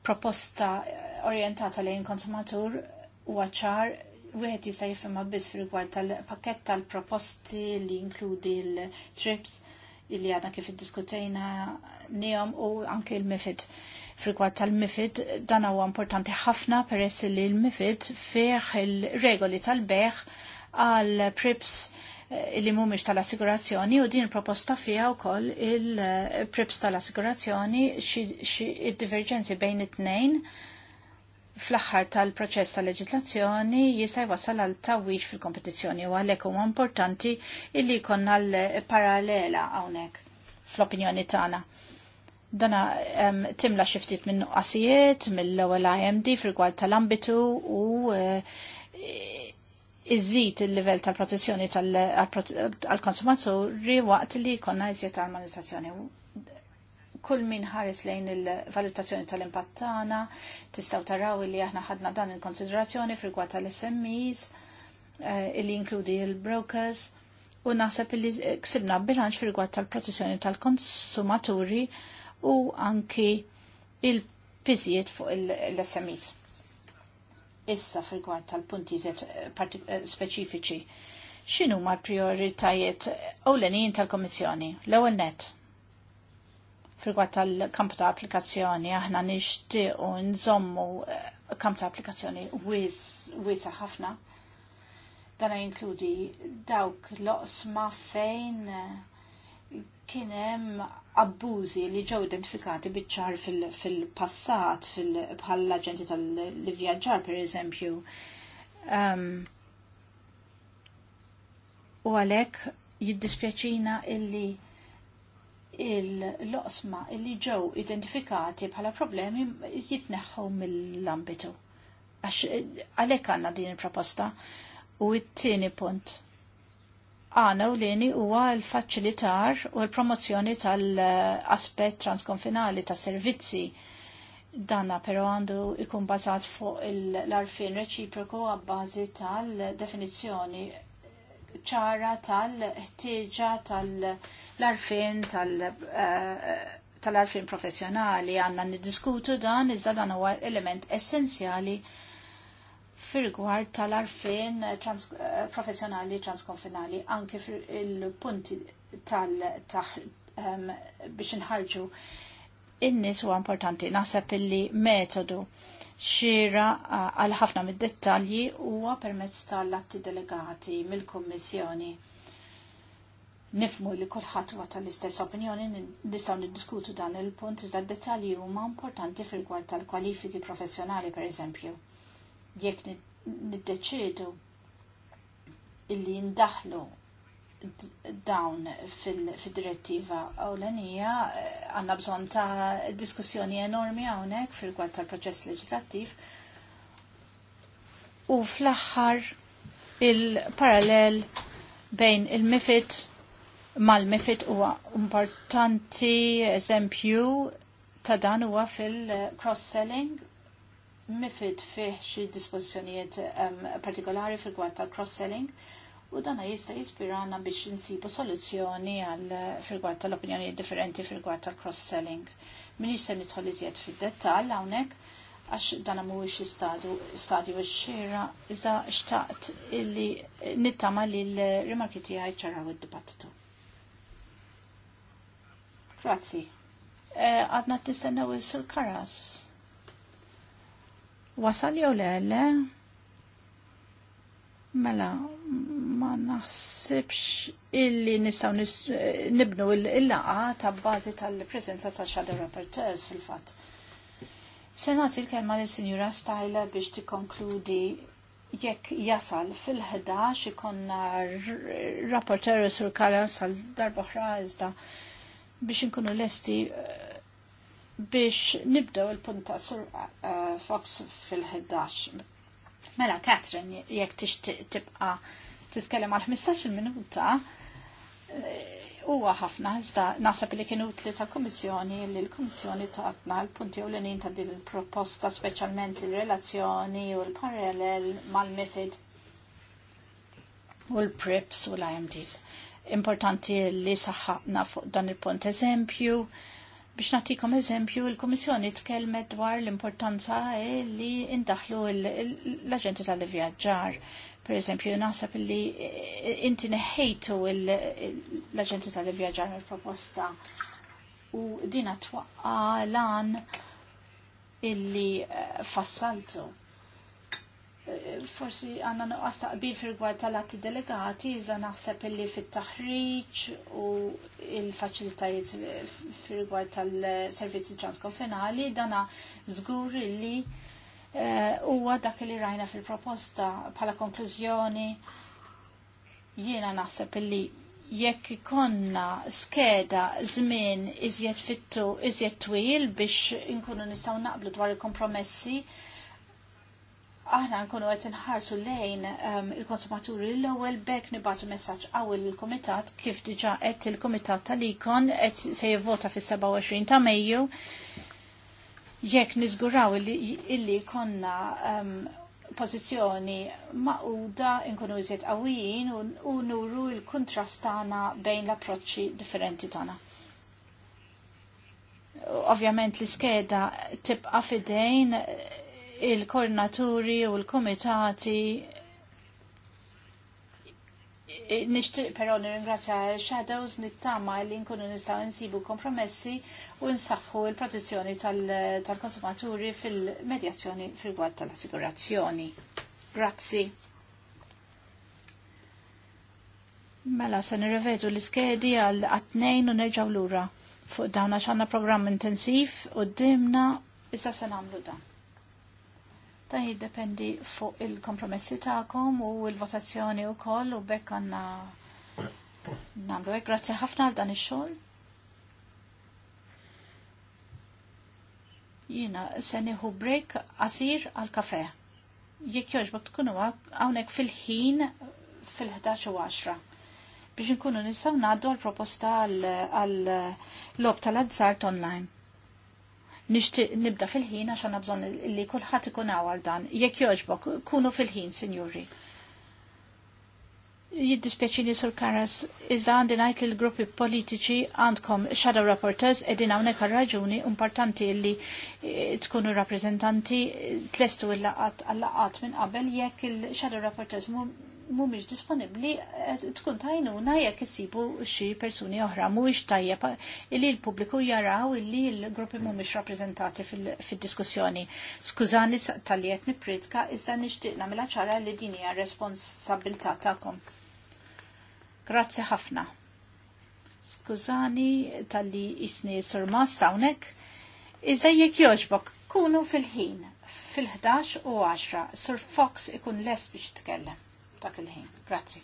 Speaker 3: proposta eh, orientata lejn konsumatur u għacħar wieħed jista' jifhimha biss fil-rigward tal-pakett tal-proposti li jinkludi l-trips illi għadna kif iddiskutejna nihom u anke l-mifid. Frigward tal-mifid dan huwa importanti ħafna peress li l-mifid fih il-regoli tal-beħ għal prips eh, li mhumiex tal-assigurazzjoni u din proposta fija u koll il-prips tal-assigurazzjoni xi d-diverġenzi bejn it-tnejn fl-aħħar tal-proċess tal leġislazzjoni jista' wasal għal tawwix fil-kompetizzjoni u għalhekk huwa importanti illi jkollna għal parallela hawnhekk fl-opinjoni tagħna. Dana timla xiftit minn nuqqasijiet mill-ewwel IMD fil-gwad tal-ambitu u uh, il-livell tal-protezzjoni tal-konsumaturi waqt li jkollna iżjed armonizzazzjoni kull min ħares lejn il-valutazzjoni tal-impatt tagħna, tistgħu taraw li aħna ħadna dan il-konsiderazzjoni fil tal-SMEs, eh, illi inkludi il-brokers, u naħseb illi ksibna bilanċ fil tal-protezzjoni tal-konsumaturi u anki il-piżijiet fuq l-SMEs. Issa fil tal-punti eh, eh, speċifiċi xinu ma prioritajiet ewlenin tal-Komissjoni, l ewwel net, Frigwat tal-kamp ta' applikazzjoni, aħna nixtiequ nżommu eh, kamp ta' applikazzjoni wiesa ħafna. Dan jinkludi dawk loqsma fejn eh, kien hemm abbużi li ġew identifikati biċ-ċar fil-passat fil bħal aġenti tal-vjaġġar pereżempju. Ehm, u għalhekk jiddispjaċina illi il-loqsma li ġew identifikati bħala problemi jitneħħu mill-ambitu. Eh, għalek għanna din il-proposta u it-tieni punt. Għana u l-ini huwa l-faċilitar u l-promozzjoni tal-aspet transkonfinali ta' servizzi danna pero għandu ikun bazat fuq l-arfin reċiproku għabbażi tal-definizjoni ċara tal-ħtieġa tal-arfin eh, tal-arfin professjonali għanna niddiskutu dan iżda dan huwa element essenzjali fir-rigward tal-arfin eh, professjonali transkonfinali anke fil punti tal-taħ ehm, biex nħarġu in-nies huwa importanti naħseb illi metodu xira għal ħafna mid-dettalji huwa permezz tal-atti delegati mill-Kummissjoni. Nifmu li kulħadd huwa tal-istess opinjoni nistgħu niddiskutu dan il-punt iżda d dettalji huma importanti fil-gwar tal-kwalifiki professjonali pereżempju. Jekk niddeċiedu illi ndaħlu dawn fil-direttiva ewlenija eh, għandna bżonn ta' diskussjoni enormi hawnhekk fil-gwad tal-proċess leġislattiv u fl-aħħar il-parallel bejn il mifit mal mifit huwa importanti eżempju ta' dan huwa fil-cross-selling mifit fih xi dispożizzjonijiet um, partikolari fil-gwad tal-cross-selling u dana jista' jispirana biex insibu soluzzjoni għal firgwad tal-opinjoni differenti firgwad tal-cross-selling. Min se nidħol iżjed fid-dettall hawnhekk għax dana mhuwiex stadju x-xira, iżda xtaqt illi nittama li l-rimarki tiegħi ċaraw id-dibattitu. Grazzi. E, għadna e, t-istennaw il-sur karas. Wasal jew le, Mela, ma naħsibx illi nistaw nibnu il-laqa ta' bazi tal-prezenza ta' Shadow Rapporteurs fil-fat. Senat il-kelma li sinjura Stajla biex tikkonkludi jekk jasal fil-11 ikonna rapporter sur kara sal darboħra iżda biex inkunu lesti eh, biex nibdew il-punta sur eh, eh, Fox fil-11 Mela, Catherine, jekk tix tibqa titkellem għal 15 minuta, eh, huwa ħafna, iżda nasab li kienu utli tal-Komissjoni, li l-Komissjoni tatna l-punti u l-nin ta' din proposta specialment il-relazzjoni u l-parallel mal-mifid u l-PRIPS u l-IMDs. Importanti li saħħaqna fuq dan il-punt eżempju Biex natikom eżempju, il-Komissjoni tkellmet dwar l-importanza eh, li indaħlu l-Aġenti tal-Vjaġġar per eżempju, nasab li eh, inti neħejtu l-agenti tal-vjaġġar il-proposta u dina twaqqa lan illi eh, fassaltu forsi għanna nuqqas taqbil fil-gwad tal-atti delegati, iżda naħseb illi fit-taħriċ u il-faċilitajiet fil-gwad tal-servizzi transkonfinali, dana zgur illi eh, huwa dak li rajna fil-proposta bħala konklużjoni jiena naħseb illi jekk ikonna skeda żmien iżjed fittu iżjed twil biex inkunu nistgħu naqblu dwar il-kompromessi aħna nkunu għet nħarsu lejn um, il-konsumaturi l-ewel bekk nibatu messaċ għawil il-komitat kif diġa għet il-komitat tal-ikon għet se jivvota fis-27 ta' Mejju. Jekk nizguraw illi, illi konna um, pozizjoni maquda nkunu iżjed qawwijin u nuru l kuntrast tagħna bejn l-approċċi differenti tagħna. Ovvjament l-iskeda tibqa' fidejn il-koordinaturi u l-komitati nishtiq però nirringrazzja Shadows nittama li nkunu nistgħu nsibu kompromessi u nsaħħu l-protezzjoni tal-konsumaturi fil-medjazzjoni fil-gwad tal-assigurazzjoni. Grazzi. Mela se nirrevedu l-iskedi għal għatnejn u nerġaw lura fuq dawn għax għandna programm intensiv u dimna issa se nagħmlu dan. Dan jiddependi fuq il-kompromessi ta'kom u il-votazzjoni u koll u bekk għanna namlu għek. Grazie ħafna għal dan il-xol. Jina, hu break għasir għal-kafe. Jek joġbok tkunu għawnek fil-ħin fil-11 u 10 biex nkunu nistaw naddu għal-proposta għal-lob tal-azzart online. Nixtieq nibda fil-ħin għax għandna bżonn li kulħadd ikun għal dan. Jekk jogħġbok, kunu fil-ħin, sinjuri. Jiddispjaċi li sur Karas, iżda għandi ngħid li l-gruppi politiċi għandkom shadow rapporters qegħdin hawnhekk raġuni importanti li eh, tkunu rappreżentanti tlestu il laqat għall-laqat minn qabel jekk il-shadow rapporters mhumiex disponibbli eh, tkun tajnuna jekk jisibu xi persuni oħra mhuwiex tajjeb illi l-pubbliku jaraw illi l-gruppi mhumiex rappreżentati fid-diskussjoni. Skużani tal liet qed nipritka iżda nixtieq nagħmilha ċara li din hija ta'kom. tagħkom. Grazzi ħafna. Skużani tal-li jisni surmas hawnhekk. Iżda jekk jogħġbok, kunu fil-ħin fil-11 u 10, Sir Fox ikun les biex tkellem ta' il Grazzi.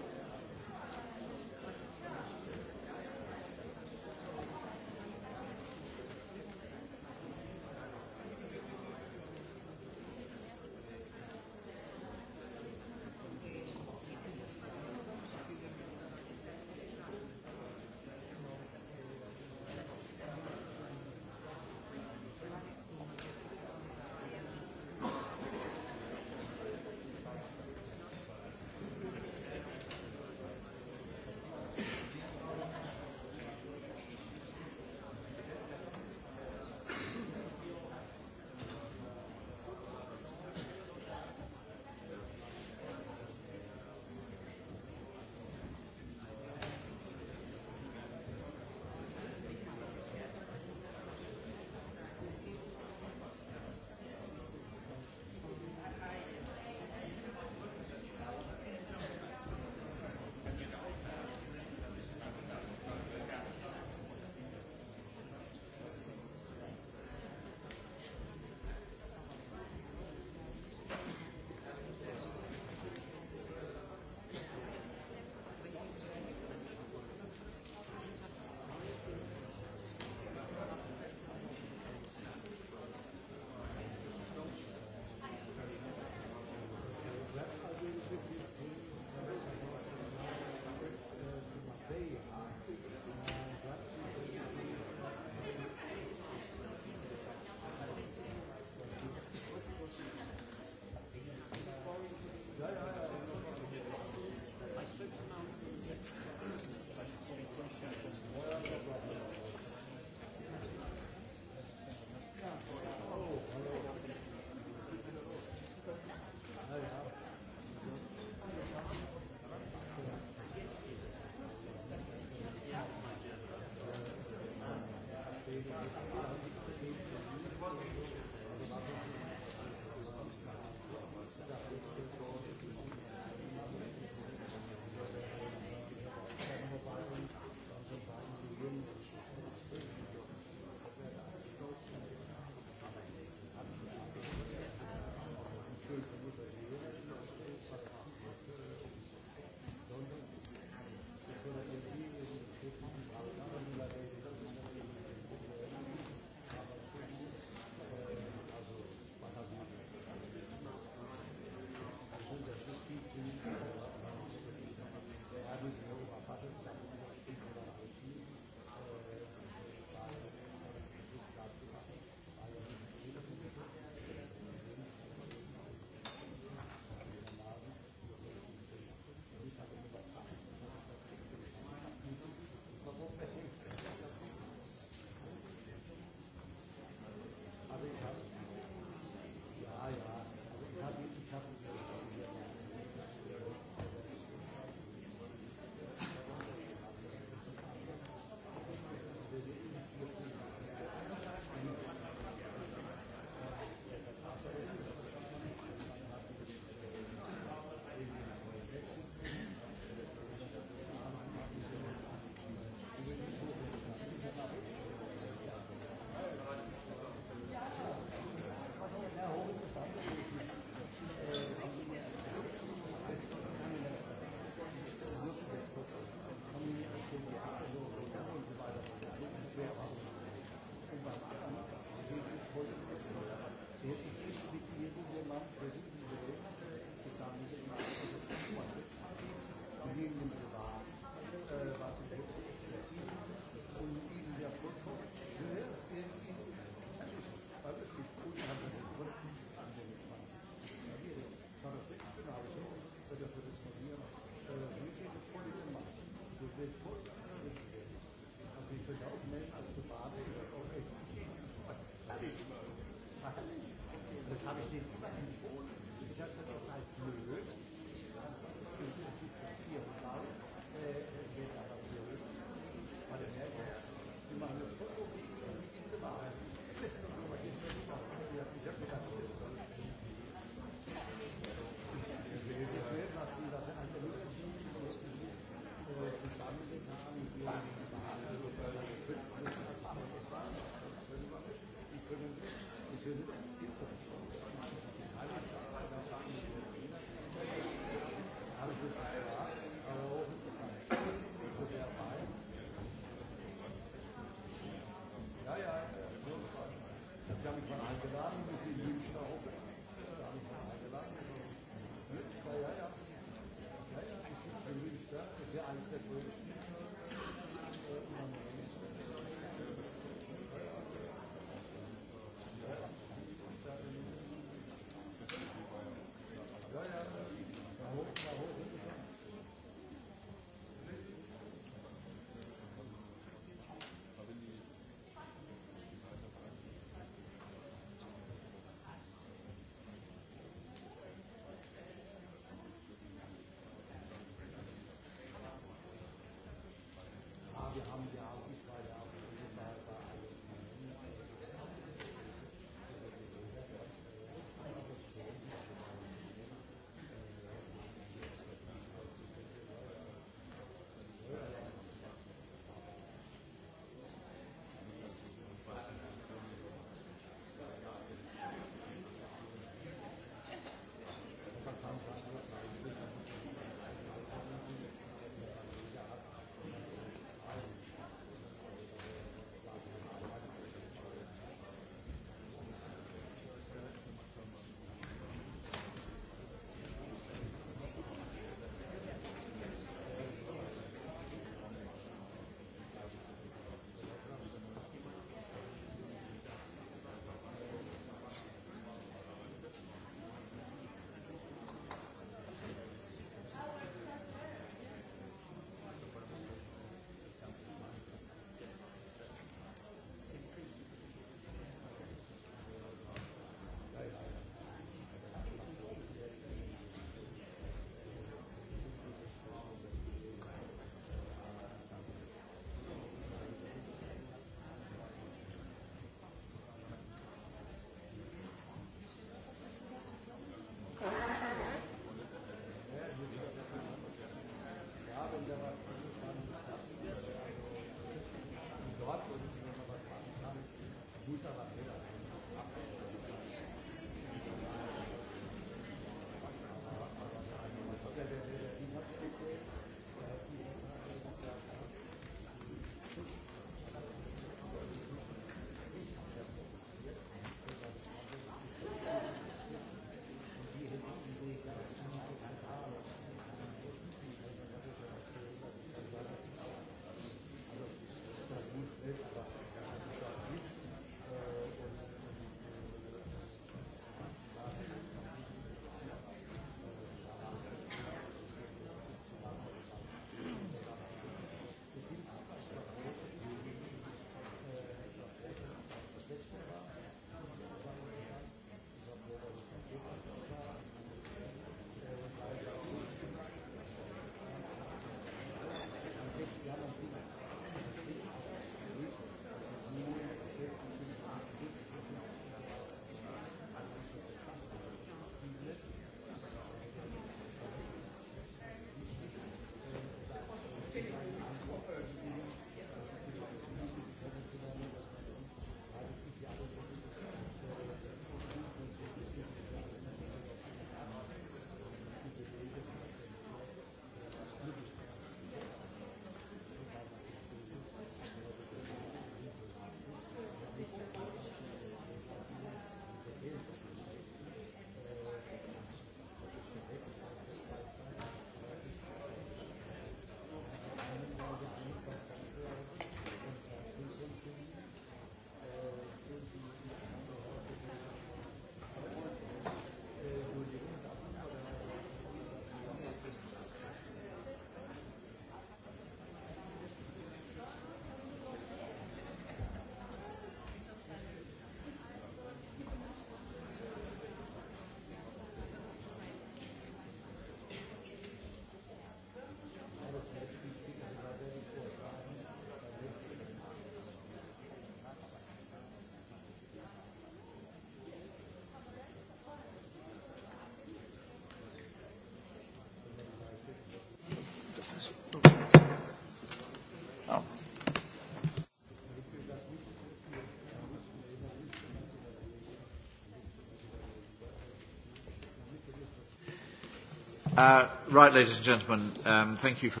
Speaker 2: Uh, right, ladies and gentlemen, um, thank you for...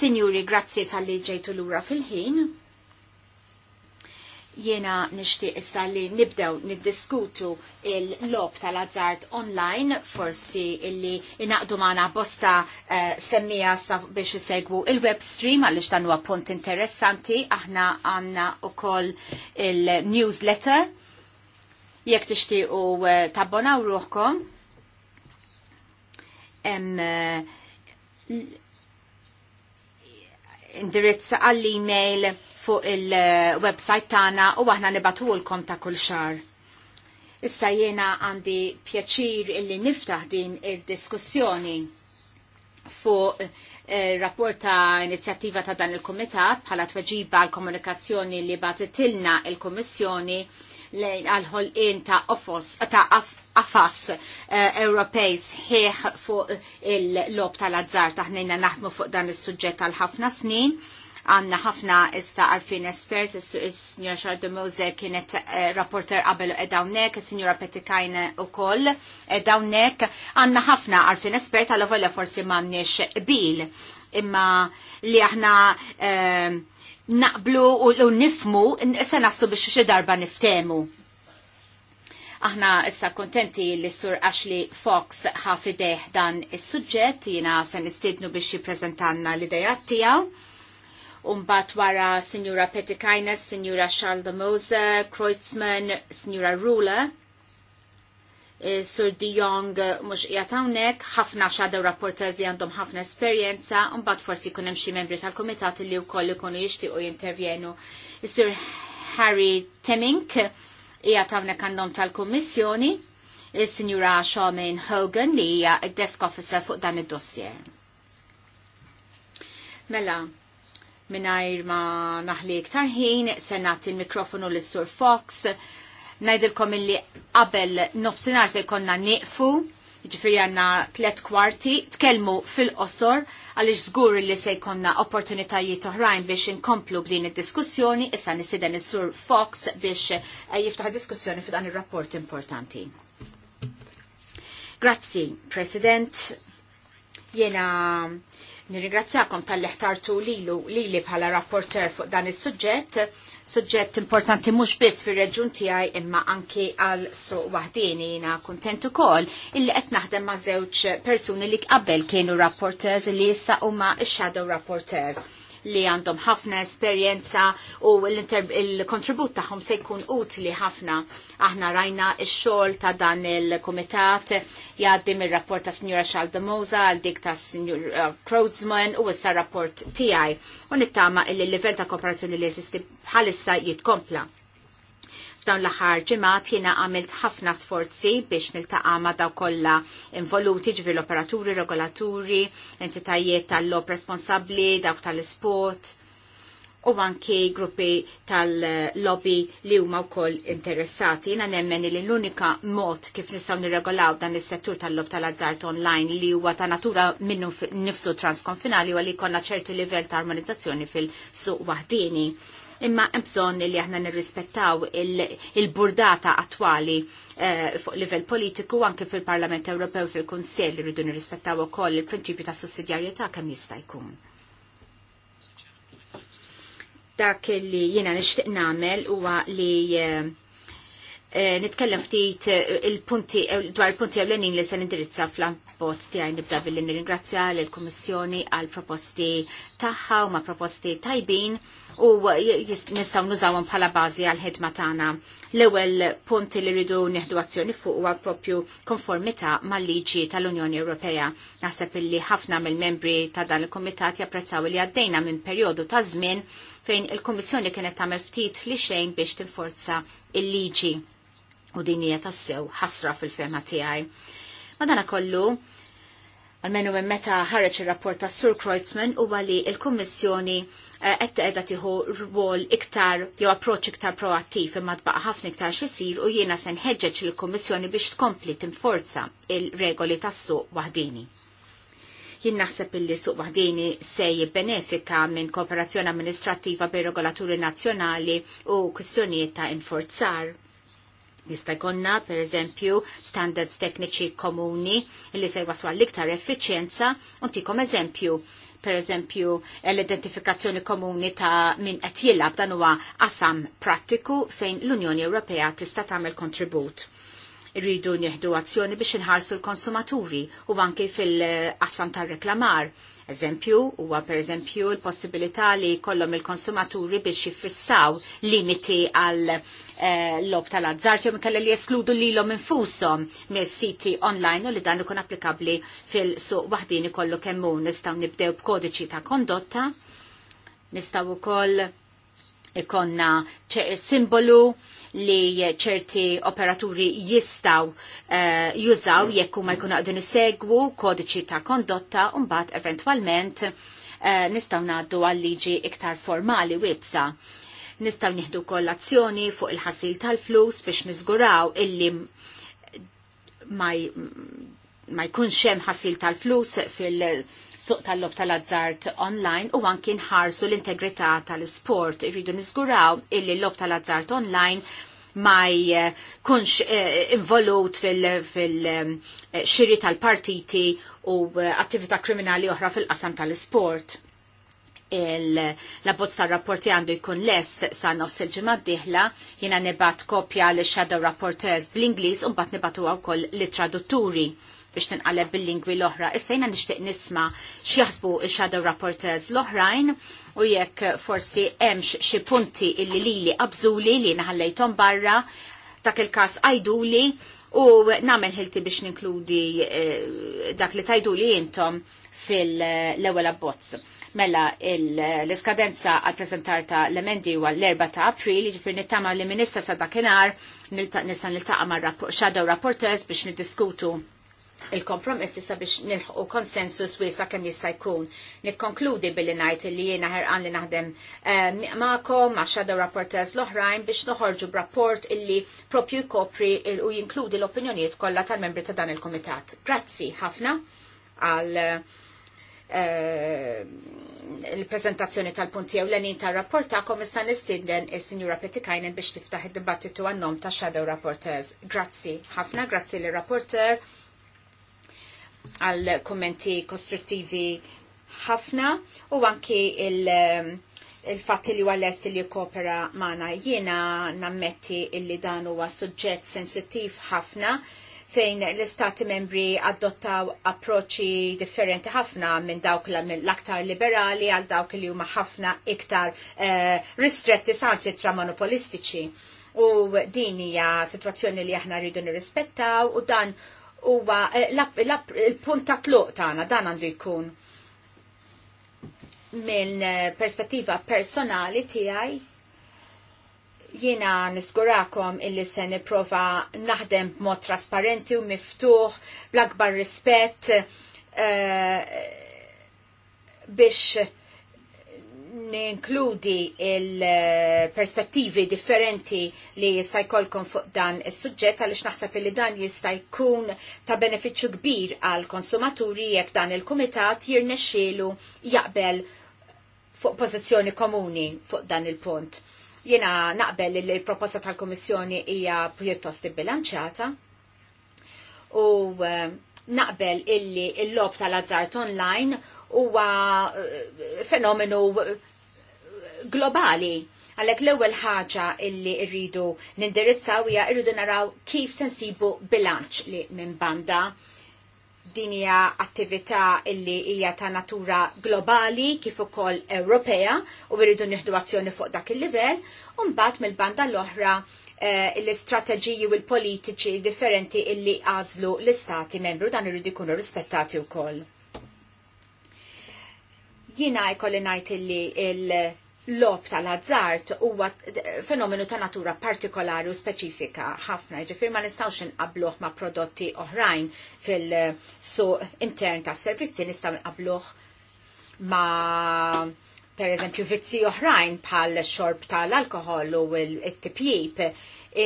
Speaker 4: Signori, grazie tal-li ġejtu l-ura fil-ħin. Jena nishti issa li nibdew niddiskutu il-lob tal-azzart online, forsi illi inaqdu maħna bosta uh, semmija biex isegwu il-web stream għalix dan huwa punt interessanti, aħna għanna u koll il-newsletter, jek tixtiqu uh, tabbonaw ruħkom indirizz għall-email fuq il-website tagħna u aħna kom ta' kull xar. Issa jiena għandi pjaċir illi niftaħ din il-diskussjoni fuq il-rapport eh, ta' inizjattiva ta' dan il-Komitat bħala tweġiba għal komunikazzjoni li batitilna il komissjoni għal-ħolqin ta' ofos ta' af uh, Ewropej sħiħ fuq il-lob tal-azzar taħnejna naħdmu fuq dan is-suġġett għal ħafna snin għanna ħafna issa għarfin espert, il-Signora Xardu Mose kienet eh, rapporter qabel edawnek, il-Signora Petikajn u koll edawnek, għanna ħafna għarfin espert għal volja forsi mamniex bil, imma li aħna eh, naqblu u nifmu, se naslu biex xi darba niftemu Aħna issa kontenti li sur Ashley Fox ħafideħ dan is suġġett jina sen istidnu biex jiprezentanna l-idejat tijaw. Umbat wara Signora Petikainas, Signora Charles de Mose, Kreutzmann, Signora Rula, eh, Sur De Jong eh, mux jatawnek, ħafna xadew rapporters li għandhom ħafna esperienza, umbat forsi kunem xie membri tal-komitat li u koll ikunu jixtiequ jintervjenu. Sur Harry Temink, hija tawnek għannom tal-Kummissjoni, il-Sinjura Shawmin Hogan li hija desk officer fuq dan id-dossier. Mela, minnajr ma naħli iktar ħin, senat il-mikrofonu l-Sur Fox, najdilkom il-li qabel nofsinar se jkonna niqfu Ġifiri għanna tlet kwarti, tkellmu fil-qosor għalix zgur li se jkonna opportunitajiet oħrajn biex inkomplu b'din id-diskussjoni, issa nisiden is-sur Fox biex eh, jiftaħ diskussjoni f'dan ir-rapport importanti. Grazzi, President. Jena Nirringrazzjakom tal-leħtartu lilu lili bħala rapporter fuq dan is-suġġett, suġġett importanti mhux biss fir-reġjun tiegħi imma anki għal suq wahdini jiena kuntent ukoll illi qed naħdem ma' żewġ persuni li qabel kienu rapporters li issa huma shadow rapporters li għandhom ħafna esperjenza u l-kontribut tagħhom se jkun utli ħafna. Aħna rajna x-xogħol ta' dan il-kumitat jgħaddim ir-rapport ta' signora Xaldamoza għal dik ta' Sinjura Crowdsman u issa rapport tiegħi u nittama il-livell ta' kooperazzjoni li jeżisti bħalissa jitkompla. F'dawn l-aħħar ġimgħat jiena għamilt ħafna sforzi biex niltaqa' ma' daw kollha involuti ġifier l-operaturi, regolaturi, entitajiet tal-lob responsabbli, dawk tal-isport u anki gruppi tal-lobby li huma wkoll interessati. Jiena nemmen li l-unika mod kif nistgħu nirregolaw dan is-settur tal-lob tal-azzart online li huwa ta' natura minnu nifsu transkonfinali u li jkollna ċertu livell ta' armonizzazzjoni fil-suq waħdini imma hemm bżonn li aħna nirrispettaw il-burdata attwali eh, fuq livell politiku anke fil-Parlament Ewropew fil kunsell irridu nirrispettaw ukoll il-prinċipju ta' sussidjarjetà kemm jista' jkun. Dak li jiena nixtieq nagħmel huwa li eh, Eh, nitkellem ftit eh, il-punti eh, dwar il-punti ewlenin li se nindirizza fl-abbozz tiegħi nibda billi nirringrazzja lill-Kummissjoni għal proposti tagħha u ma' proposti tajbin u nistgħu nużawhom bħala bażi għal ħidma tagħna. L-ewwel punti li rridu nieħdu azzjoni fuq huwa propju konformità mal-liġi tal-Unjoni Ewropea. Naħseb illi ħafna mill-membri ta' dan il-Kumitat japprezzaw li għaddejna minn perjodu ta' żmien fejn il-Kummissjoni kienet tagħmel ftit li xejn biex tinforza il-liġi u din hija tassew ħasra fil-ferma tiegħi. Madana kollu, għalmenu minn meta ħareġ ir-rapport ta' Sur Kreutzmann huwa li l-Kummissjoni eh, qed edha tieħu rwol iktar jew approċċ iktar proattiv imma tbaqa' ħafna iktar xisir u jiena se nħeġġeġ lill-Kummissjoni biex tkompli tinforza il-regoli tas-suq waħdini jien naħseb illi suq wahdini se jibbenefika minn kooperazzjoni amministrattiva bir regolaturi nazzjonali u kwistjonijiet ta' inforzar. Jista' jkollna pereżempju standards tekniċi komuni li se jwaslu għall-iktar effiċjenza u ntikom eżempju pereżempju l-identifikazzjoni komuni ta' min qed jilab dan huwa qasam prattiku fejn l-Unjoni Ewropea tista' tagħmel kontribut. Irridu nieħdu azzjoni biex inħarsu l-konsumaturi u anke fil-qasam tar-reklamar Eżempju, huwa pereżempju l-possibilità li kollom il-konsumaturi biex jiffissaw limiti għal eh, lob tal-azzar ġew kellha li jeskludu lilhom infushom mis-siti online u li dan ikun applikabbli fil-suq waħdin ikollu kemm hu nistgħu nibdew b'kodiċi ta' kondotta, nistgħu wkoll ikonna simbolu li ċerti operaturi jistaw eh, jużaw jekk huma jkunu għadun isegwu kodiċi ta' kondotta un mbagħad eventwalment eh, nistaw nistgħu ngħaddu għal liġi iktar formali websa nistaw nieħdu kollazzjoni fuq il-ħasil tal-flus biex niżguraw illi ma, jkunx hemm ħasil tal-flus fil- suq tal-lob tal-azzart online u anki nħarsu l-integrità tal-sport. Irridu niżguraw illi l-lob tal-azzart online ma jkunx eh, involut fil-xiri eh, tal-partiti u eh, attività kriminali oħra fil-qasam tal-sport l-abbozz tal-rapporti għandu jkun lest sa' nofs il-ġimgħa d-dieħla jiena nibat kopja l shadow rapporteurs bl-Ingliż u mbagħad nibatu wkoll li tradutturi biex tinqaleb bil-lingwi l-oħra. Issa jina nixtieq nisma' x'jaħsbu x-shadow rapporteurs l-oħrajn u jekk forsi hemmx xi punti illi li qabżuli li naħallejthom barra dak il-każ għajduli u nagħmel ħilti biex ninkludi eh, dak li tajduli intom fil-ewwel abbozz. Mela l-iskadenza għal prezentar ta' l-emendi huwa l-4 ta' April, ġifir nittama li minissa sa' dakinhar nista' niltaqa' ma' shadow rapporters biex niddiskutu il-kompromessi sabiex nilħu konsensus wiesa kemm jista' jkun. Nikkonkludi billi ngħid li jiena ħerqan li naħdem eh, magħkom ma' shadow rapporteurs l-oħrajn biex noħorġu b'rapport illi propju jkopri u jinkludi l-opinjonijiet kollha tal-membri ta' dan il-kumitat. Grazzi ħafna għal eh, il-prezentazzjoni tal-punti jew l-enin tal-rapport ta' komissa nistinden il-Sinjura Petikajnen biex tiftaħ id-dibattitu għannom ta' Shadow Rapporteurs. Grazzi, ħafna grazzi l-rapporter għal kommenti kostruttivi ħafna u anki il- um, il li huwa lest li jkopera maħna jiena nammetti illi dan huwa suġġett sensittiv ħafna fejn l-istati membri adottaw approċċi differenti ħafna minn dawk l-aktar liberali għal dawk li huma ħafna iktar uh, ristretti sansi tra monopolistiċi. U din hija sitwazzjoni li aħna rridu nirrispettaw u dan huwa eh, il-punt ta' tluq tagħna dan għandu jkun minn eh, perspettiva personali tiegħi jiena nisgurakom illi se nipprova naħdem b'mod trasparenti u miftuħ bl-akbar rispett eh, biex ninkludi il-perspettivi differenti li jista' jkollkom fuq dan is-suġġett għaliex naħseb li dan jista' jkun ta' benefiċċju kbir għal konsumaturi jekk dan il-kumitat jirnexxielu jaqbel fuq pożizzjoni komuni fuq dan il-punt. Jiena naqbel li l-proposta tal-Kummissjoni hija pjuttost ibbilanċjata u eh, naqbel illi l-lob tal-azzart online huwa eh, fenomenu globali Għalek l-ewwel ħaġa illi rridu nindirizzaw hija rridu naraw kif sensibu bilanċ li minn banda dinja attività illi hija ta' natura globali kif ukoll Ewropea u rridu nieħdu azzjoni fuq dak il-livell u mbagħad mill-banda l-oħra eh, l-istrateġiji u l-politiċi differenti illi għażlu l-istati membru dan irridu jkunu rispettati wkoll. Jiena jkolli ngħid illi il- l-lob tal-azzart huwa fenomenu ta' natura partikolari u speċifika ħafna, ġifir ma nistawx inqabluh ma' prodotti oħrajn fil-suq intern ta' servizzi nistaw inqabluh ma' per eżempju vizzi oħrajn bħal xorb tal-alkohol u l-tipjib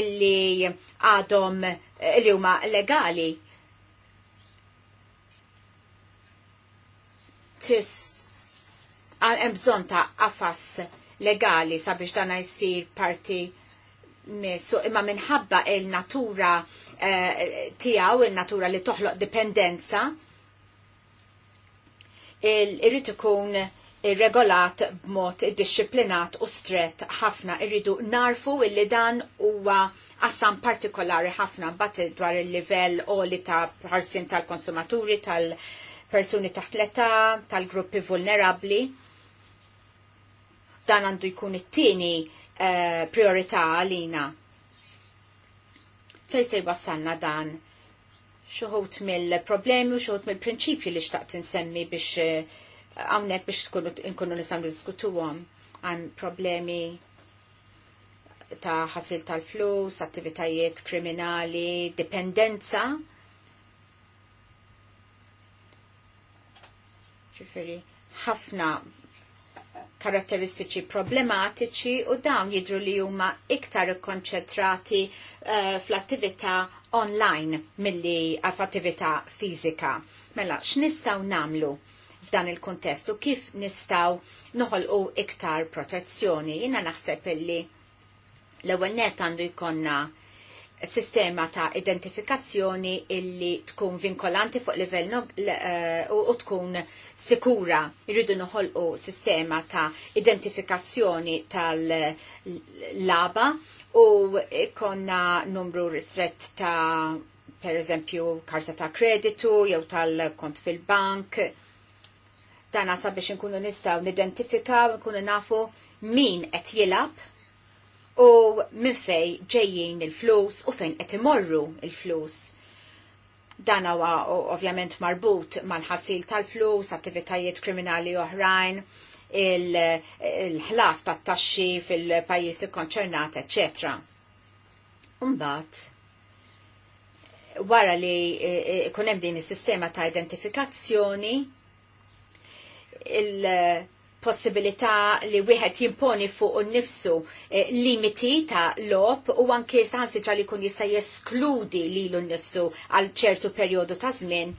Speaker 4: illi għadhom illi huma legali. Tis hemm bżonn ta' qafas legali sabiex dan jsir parti messu imma minħabba il-natura eh, tiegħu, il-natura li toħloq dipendenza, irrid ikun irregolat b'mod iddixxiplinat u stret ħafna irridu narfu illi dan huwa qassam partikolari ħafna bat dwar il-livell li ta' ħarsin tal-konsumaturi, tal-persuni taħt l tal-gruppi vulnerabbli dan għandu jkun it-tieni uh, priorità għalina. Fejn se jwassalna dan? Xuħut mill-problemi u xuħut mill-prinċipji li xtaqt insemmi biex eh, għamnek biex nkunu diskutu diskutuhom għan problemi ta' ħasil tal-flus, attivitajiet kriminali, dipendenza. Ġifiri, ħafna karatteristiċi problematiċi u dawn jidru li huma iktar ikkonċentrati uh, eh, fl-attività online milli f'attività fizika. Mela, x'nistgħu namlu f'dan il-kontestu kif nistgħu noħolqu iktar protezzjoni. Jiena naħseb illi l-ewwel net għandu jkollna sistema ta' identifikazzjoni illi tkun vinkolanti fuq livell eh, u tkun sikura. Irridu noħolqu sistema ta' identifikazzjoni tal-laba u ikonna numru ristret ta' per eżempju karta ta' kreditu jew tal-kont fil-bank. Dana sabiex nkunu nistaw nidentifikaw, nkunu nafu min qed jilab u minn fej ġejjin il-flus u fejn qed imorru il-flus. Dan huwa ovvjament marbut mal-ħassil tal-flus, attivitajiet kriminali oħrajn, il-ħlas il tat-taxxi fil-pajjiż ikkonċernat, eccetera. Umbat, wara li e, e, kunem din is-sistema ta' identifikazzjoni, il- possibilità li wieħed jimponi fuq nifsu eh, limiti ta' lob u anke tra li kun jista' jeskludi lilu nnifsu għal ċertu perjodu ta' żmien.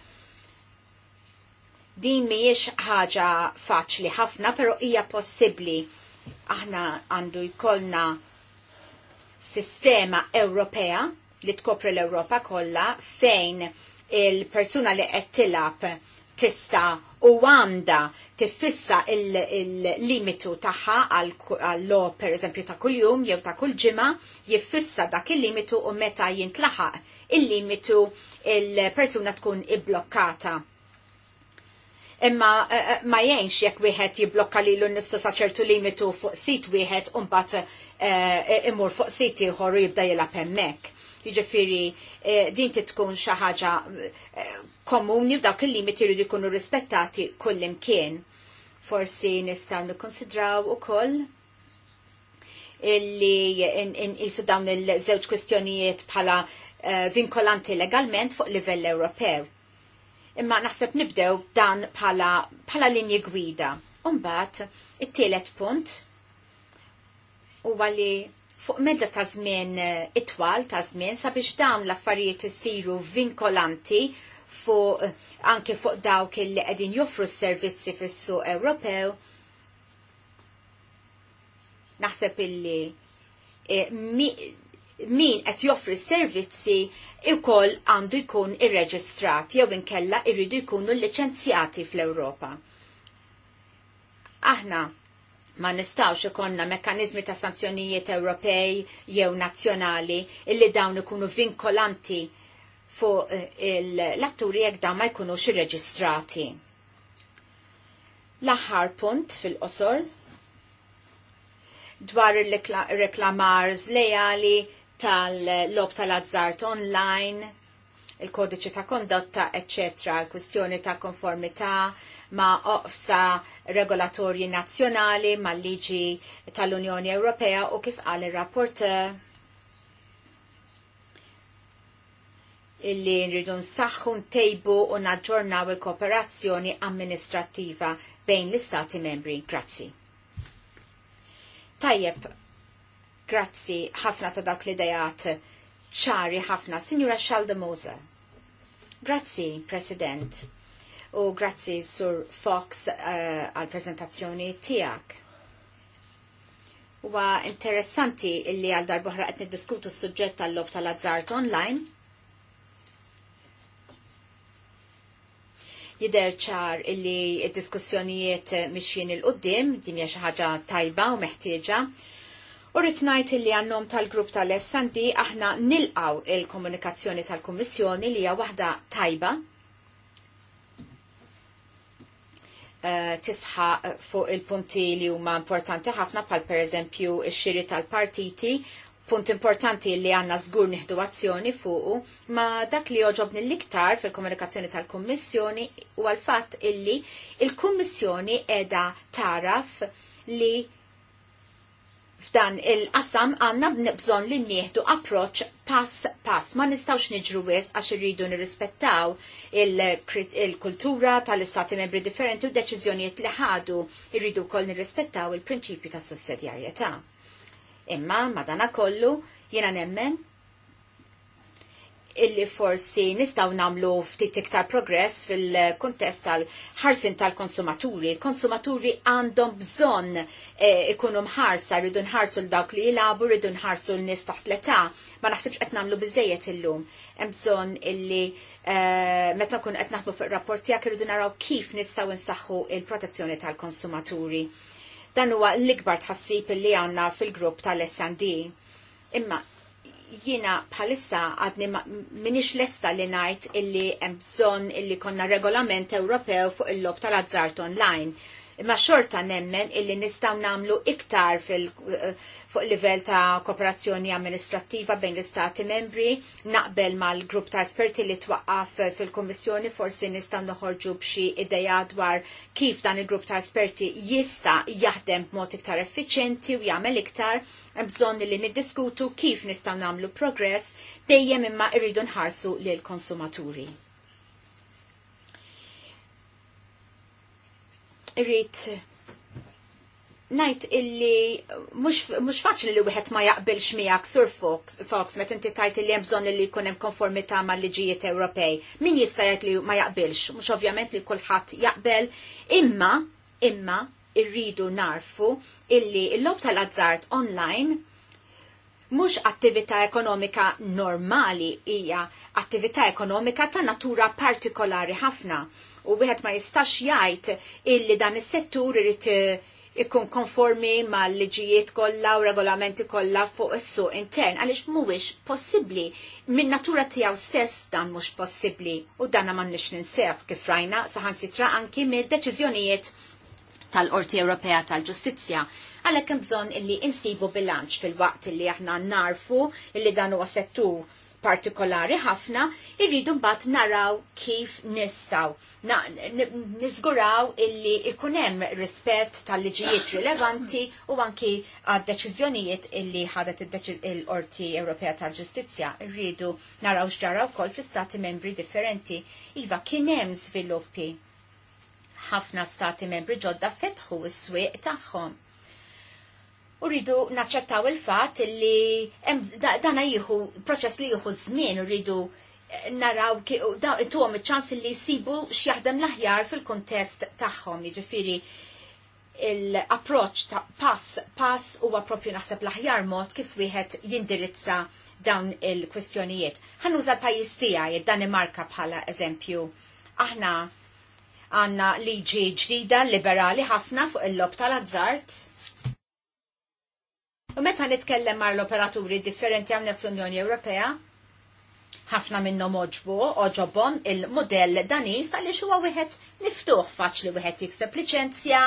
Speaker 4: Din mhijiex ħaġa faċli ħafna, però hija possibbli aħna għandu jkollna sistema Ewropea li tkopri l-Ewropa kollha fejn il-persuna li qed tilab tista' u għanda tiffissa il-limitu il taħħa għall-lo per eżempju ta' kull-jum jew ta' kull-ġimma jiffissa dak il-limitu u meta jintlaħaq il-limitu il-persuna tkun iblokkata. Imma eh, eh, ma jgħinx jekk wieħed jiblokka lilu nnifsu sa' ċertu limitu fuq sit wieħed u mbagħad eh, imur fuq sit ieħor u jibda jilab hemmhekk. Jiġifieri din titkun xi ħaġa komuni u il-limiti jridu jkunu rispettati kullimkien. Forsi nistgħu nikkonsidraw ukoll illi nqisu dawn il-żewġ kwistjonijiet bħala eh, vinkolanti legalment fuq livell Ewropew. Imma naħseb nibdew dan bħala linji gwida. Umbat, it-tielet punt huwa li fuq medda ta' żmien eh, itwal ta' żmien sabiex dawn l-affarijiet isiru vinkolanti fuq anke fuq dawk li qegħdin joffru s-servizzi fis-suq Ewropew. Naħseb illi e, min qed joffri s-servizzi ukoll għandu jkun irreġistrat jew inkella jridu jkunu liċenzjati fl-Ewropa. Aħna ma nistawx ikonna mekkanizmi ta' sanzjonijiet Ewropej jew nazzjonali illi dawn ikunu vinkolanti fuq eh, l-atturi jekk dan ma jkunux irreġistrati. L-aħħar punt fil-qosor dwar il-reklamar zlejali tal-lob tal-azzart online, il-kodiċi ta' kondotta, eccetera, l-kwistjoni ta' konformità ma' oqsa regolatorji nazzjonali, ma' liġi tal-Unjoni Ewropea u kif għal il-rapporter illi nridu nsaħħu ntejbu u naġġornaw il-kooperazzjoni amministrattiva bejn l-istati membri. Grazzi. Tajjeb, grazzi ħafna ta' dawk l-idejat ċari ħafna, Signora Xaldemosa. Grazzi, President, u grazzi Sur Fox eh, għal-prezentazzjoni uh, tijak. Huwa interessanti illi għal darbohra qed niddiskutu s-suġġett tal-lob tal-azzart online Jider ċar illi diskussjonijiet mixjien il-qoddim, din hija xi ħaġa tajba u meħtieġa. U rrit ngħid illi għannom tal-grupp tal-Essandi aħna nilqaw il-komunikazzjoni tal-Kummissjoni li hija waħda tajba eh, tisħa fuq il-punti li huma importanti ħafna pal per eżempju ix-xiri tal-partiti punt importanti li għanna zgur nieħdu azzjoni fuqu, ma dak li joġobni l-iktar fil-komunikazzjoni tal-Kummissjoni u għal-fatt illi il-Kummissjoni edha taraf li f'dan il-qasam għanna bżon li nieħdu approċ pass pass. Ma nistawx niġru wis għax irridu nirrispettaw il-kultura il kultura tal istati membri differenti u deċiżjonijiet li ħadu irridu kol nirrispettaw il-prinċipju tas sussedjarjetà. Imma madana kollu jiena nemmen illi forsi nistaw namlu ftit iktar progress fil-kontest tal-ħarsin tal-konsumaturi. Il-konsumaturi għandhom bżon eh, ikunu mħarsa, rridu nħarsu l-dawk li jilabu, rridu nħarsu l-nis taħt l-età. Ma naħsibx qed namlu biżejjed illum. Hemm bżonn illi eh, meta kun qed naħdmu fuq rapporti jak irridu naraw kif nistgħu nsaħħu il-protezzjoni tal-konsumaturi. Dan huwa l-ikbar tħassib li għanna fil-grupp tal-SND. Imma jina bħalissa għadni minix lesta li najt illi bżon illi konna regolament Ewropew fuq il-lob tal-azzart online imma xorta nemmen illi nistaw namlu iktar fil eh, fuq livell ta' kooperazzjoni amministrattiva bejn l-istati membri, naqbel mal-grupp ta' esperti li twaqqaf fil-Kommissjoni forsi nistaw noħorġu b'xi ideja dwar kif dan il-grupp ta' esperti jista' jaħdem b'mod iktar effiċenti u jagħmel iktar bżonn li niddiskutu kif nistaw nagħmlu progress dejjem imma irridu nħarsu lil konsumaturi. rrit najt illi mux faċli li wieħed ma jaqbilx miegħek sur Fox, met inti tajt illi hemm bżonn li jkun hemm konformità mal-liġijiet Ewropej. Min jista' jgħid li ma jaqbilx? Mhux ovvjament li kulħadd jaqbel, imma imma irridu narfu illi l-lob tal-azzart online mhux attività ekonomika normali hija attività ekonomika ta' natura partikolari ħafna u wieħed ma jistax jgħid illi dan is-settur irid eh, ikun konformi mal liġijiet kollha u regolamenti kollha fuq is-suq intern għaliex mhuwiex possibbli min natura tiegħu stess dan mhux possibbli u dan m'għandniex ninseb kif rajna saħansitra anki mid-deċiżjonijiet tal-Qorti Ewropea tal-Ġustizzja għalhekk hemm bżonn illi insibu bilanċ fil-waqt illi aħna narfu illi dan huwa settur partikolari ħafna, irridu mbagħad naraw kif nistaw. Na, nizguraw illi ikunem rispett tal-liġijiet rilevanti u anki għad-deċiżjonijiet illi ħadet il-Qorti Ewropea tal-Ġustizzja. Irridu naraw x'ġara wkoll fl-istati membri differenti. Iva kien hemm ħafna stati membri ġodda fetħu s-swieq tagħhom Uridu naċċettaw il-fat li dana jieħu proċess li jieħu żmien rridu eh, naraw intuhom iċ-ċans li jsibu x'jaħdem l-aħjar fil-kuntest tagħhom, jiġifieri l-approċ ta' pass pass huwa proprju naħseb l-aħjar mod kif wieħed jindirizza dawn il-kwestjonijiet. Ħannuża l-pajjiż tiegħi danimarka bħala eżempju. Aħna għandna liġi ġdida liberali ħafna fuq il-lob tal-azzart U meta nitkellem mar l-operaturi differenti għamnek fl-Unjoni Ewropea, ħafna minnhom oġbu oġobhom il-modell danis għaliex huwa wieħed miftuħ faċli wieħed jikseb liċenzja,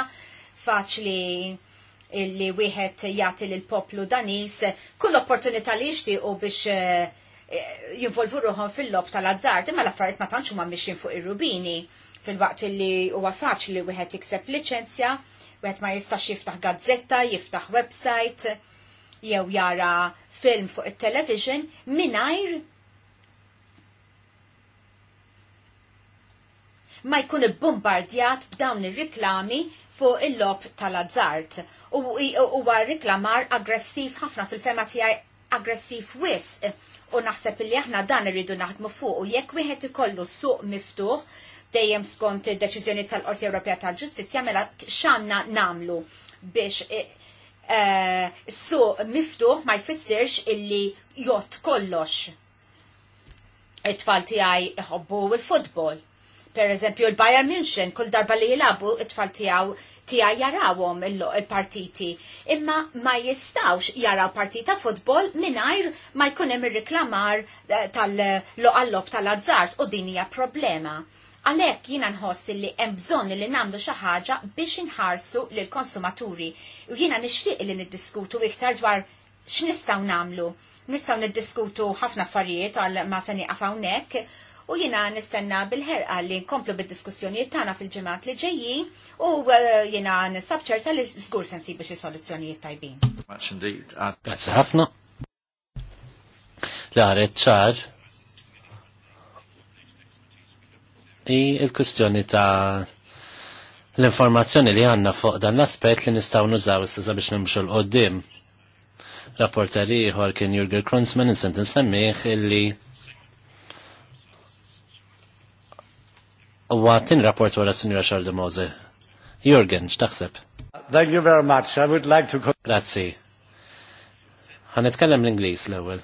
Speaker 4: faċli li wieħed jagħti lil poplu danis kull opportunità li jixtiequ biex eh, jinvolvu ruħhom fil-lob tal-azzard, imma l-affarijiet ma tantx huma mixin fuq ir-rubini fil-waqt li huwa faċli wieħed jikseb liċenzja, wieħed ma jistax jiftaħ gazzetta, jiftaħ website, jew jara film fuq it-television mingħajr ma jkun bombardjat b'dawn ir-riklami fuq il-lob tal-azzart u huwa riklamar aggressiv ħafna fil-fema tiegħi aggressiv wis u naħseb li aħna dan irridu naħdmu fuq u jekk wieħed ikollu suq miftuħ dejjem skont id-deċiżjoni tal-Qorti Ewropea tal-Ġustizzja mela x'għandna namlu biex Eh, suq miftuħ ma jfissirx illi jott kollox. It-tfal tijaj iħobbu il-futbol. Per eżempju, il-Bayern München, kull darba li jilabu, it-tfal tiegħu tijaj jarawhom il-partiti. Imma ma jistawx jaraw partita futbol mingħajr ma jkun hemm ir-riklamar eh, tal-loqallob tal-azzart u din hija problema Għalhekk jiena nħoss li hemm bżonn li nagħmlu xi ħaġa biex inħarsu lil konsumaturi u jiena nixtieq li niddiskutu iktar dwar x'nistgħu nagħmlu. Nistgħu niddiskutu ħafna affarijiet għal ma se nieqaf hawnhekk u jina nistenna bil-ħerqa li nkomplu bid-diskussjonijiet tagħna fil-ġimgħat li ġejji, u uh, jina nisab ċerta li żgur se nsib biex soluzzjonijiet tajbin.
Speaker 2: Grazzi ħafna.
Speaker 1: L-għaret ċar hi l ta' l-informazzjoni li għanna fuq dan l-aspet li nistaw nużaw issa biex nimxu l-qoddim. Rapporteri ieħor kien Jurgen Kronzman insent insemmih illi u tin rapport wara Sinjura Charles Mose. Jurgen, x'taħseb? Thank you very much. I would like to Grazzi. Ħanetkellem l-Ingliż l-ewwel.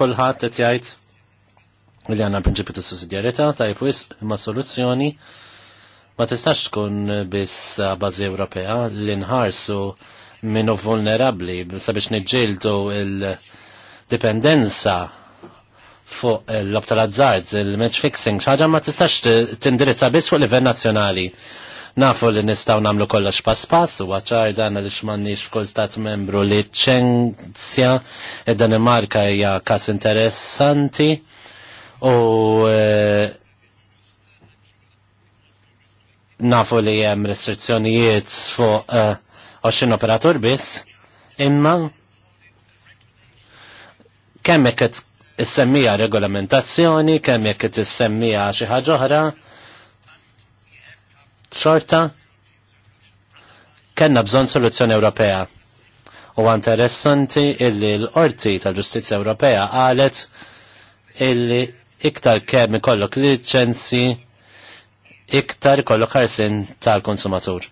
Speaker 1: Kulħadd qed jgħid li għanna prinċipju ta' sussidjarietà tajb wis ma' soluzzjoni ma tistax tkun biss bażi Ewropea li nħarsu minnu vulnerabli sabiex niġġieldu il-dipendenza fuq l-lob azzard il-match fixing, xaġa ma tistax tindirizza biss fuq livell nazzjonali. Nafu li nistaw namlu kollox pass pass u għacħar dan li xmanni f'kull stat membru li ċenzja id-Danimarka hija kas interessanti u eh, nafu li jem restrizzjonijiet fuq eh, oċin operatur biss, imma kemm jekk qed issemmija regolamentazzjoni, kemm jekk qed issemmija xi ħaġa oħra, xorta kellna bżonn soluzzjoni Ewropea. U interessanti illi l-qorti tal-Ġustizzja Ewropea qalet illi iktar kemm ikollok liċenzji, iktar ikollok ħarsin tal-konsumatur.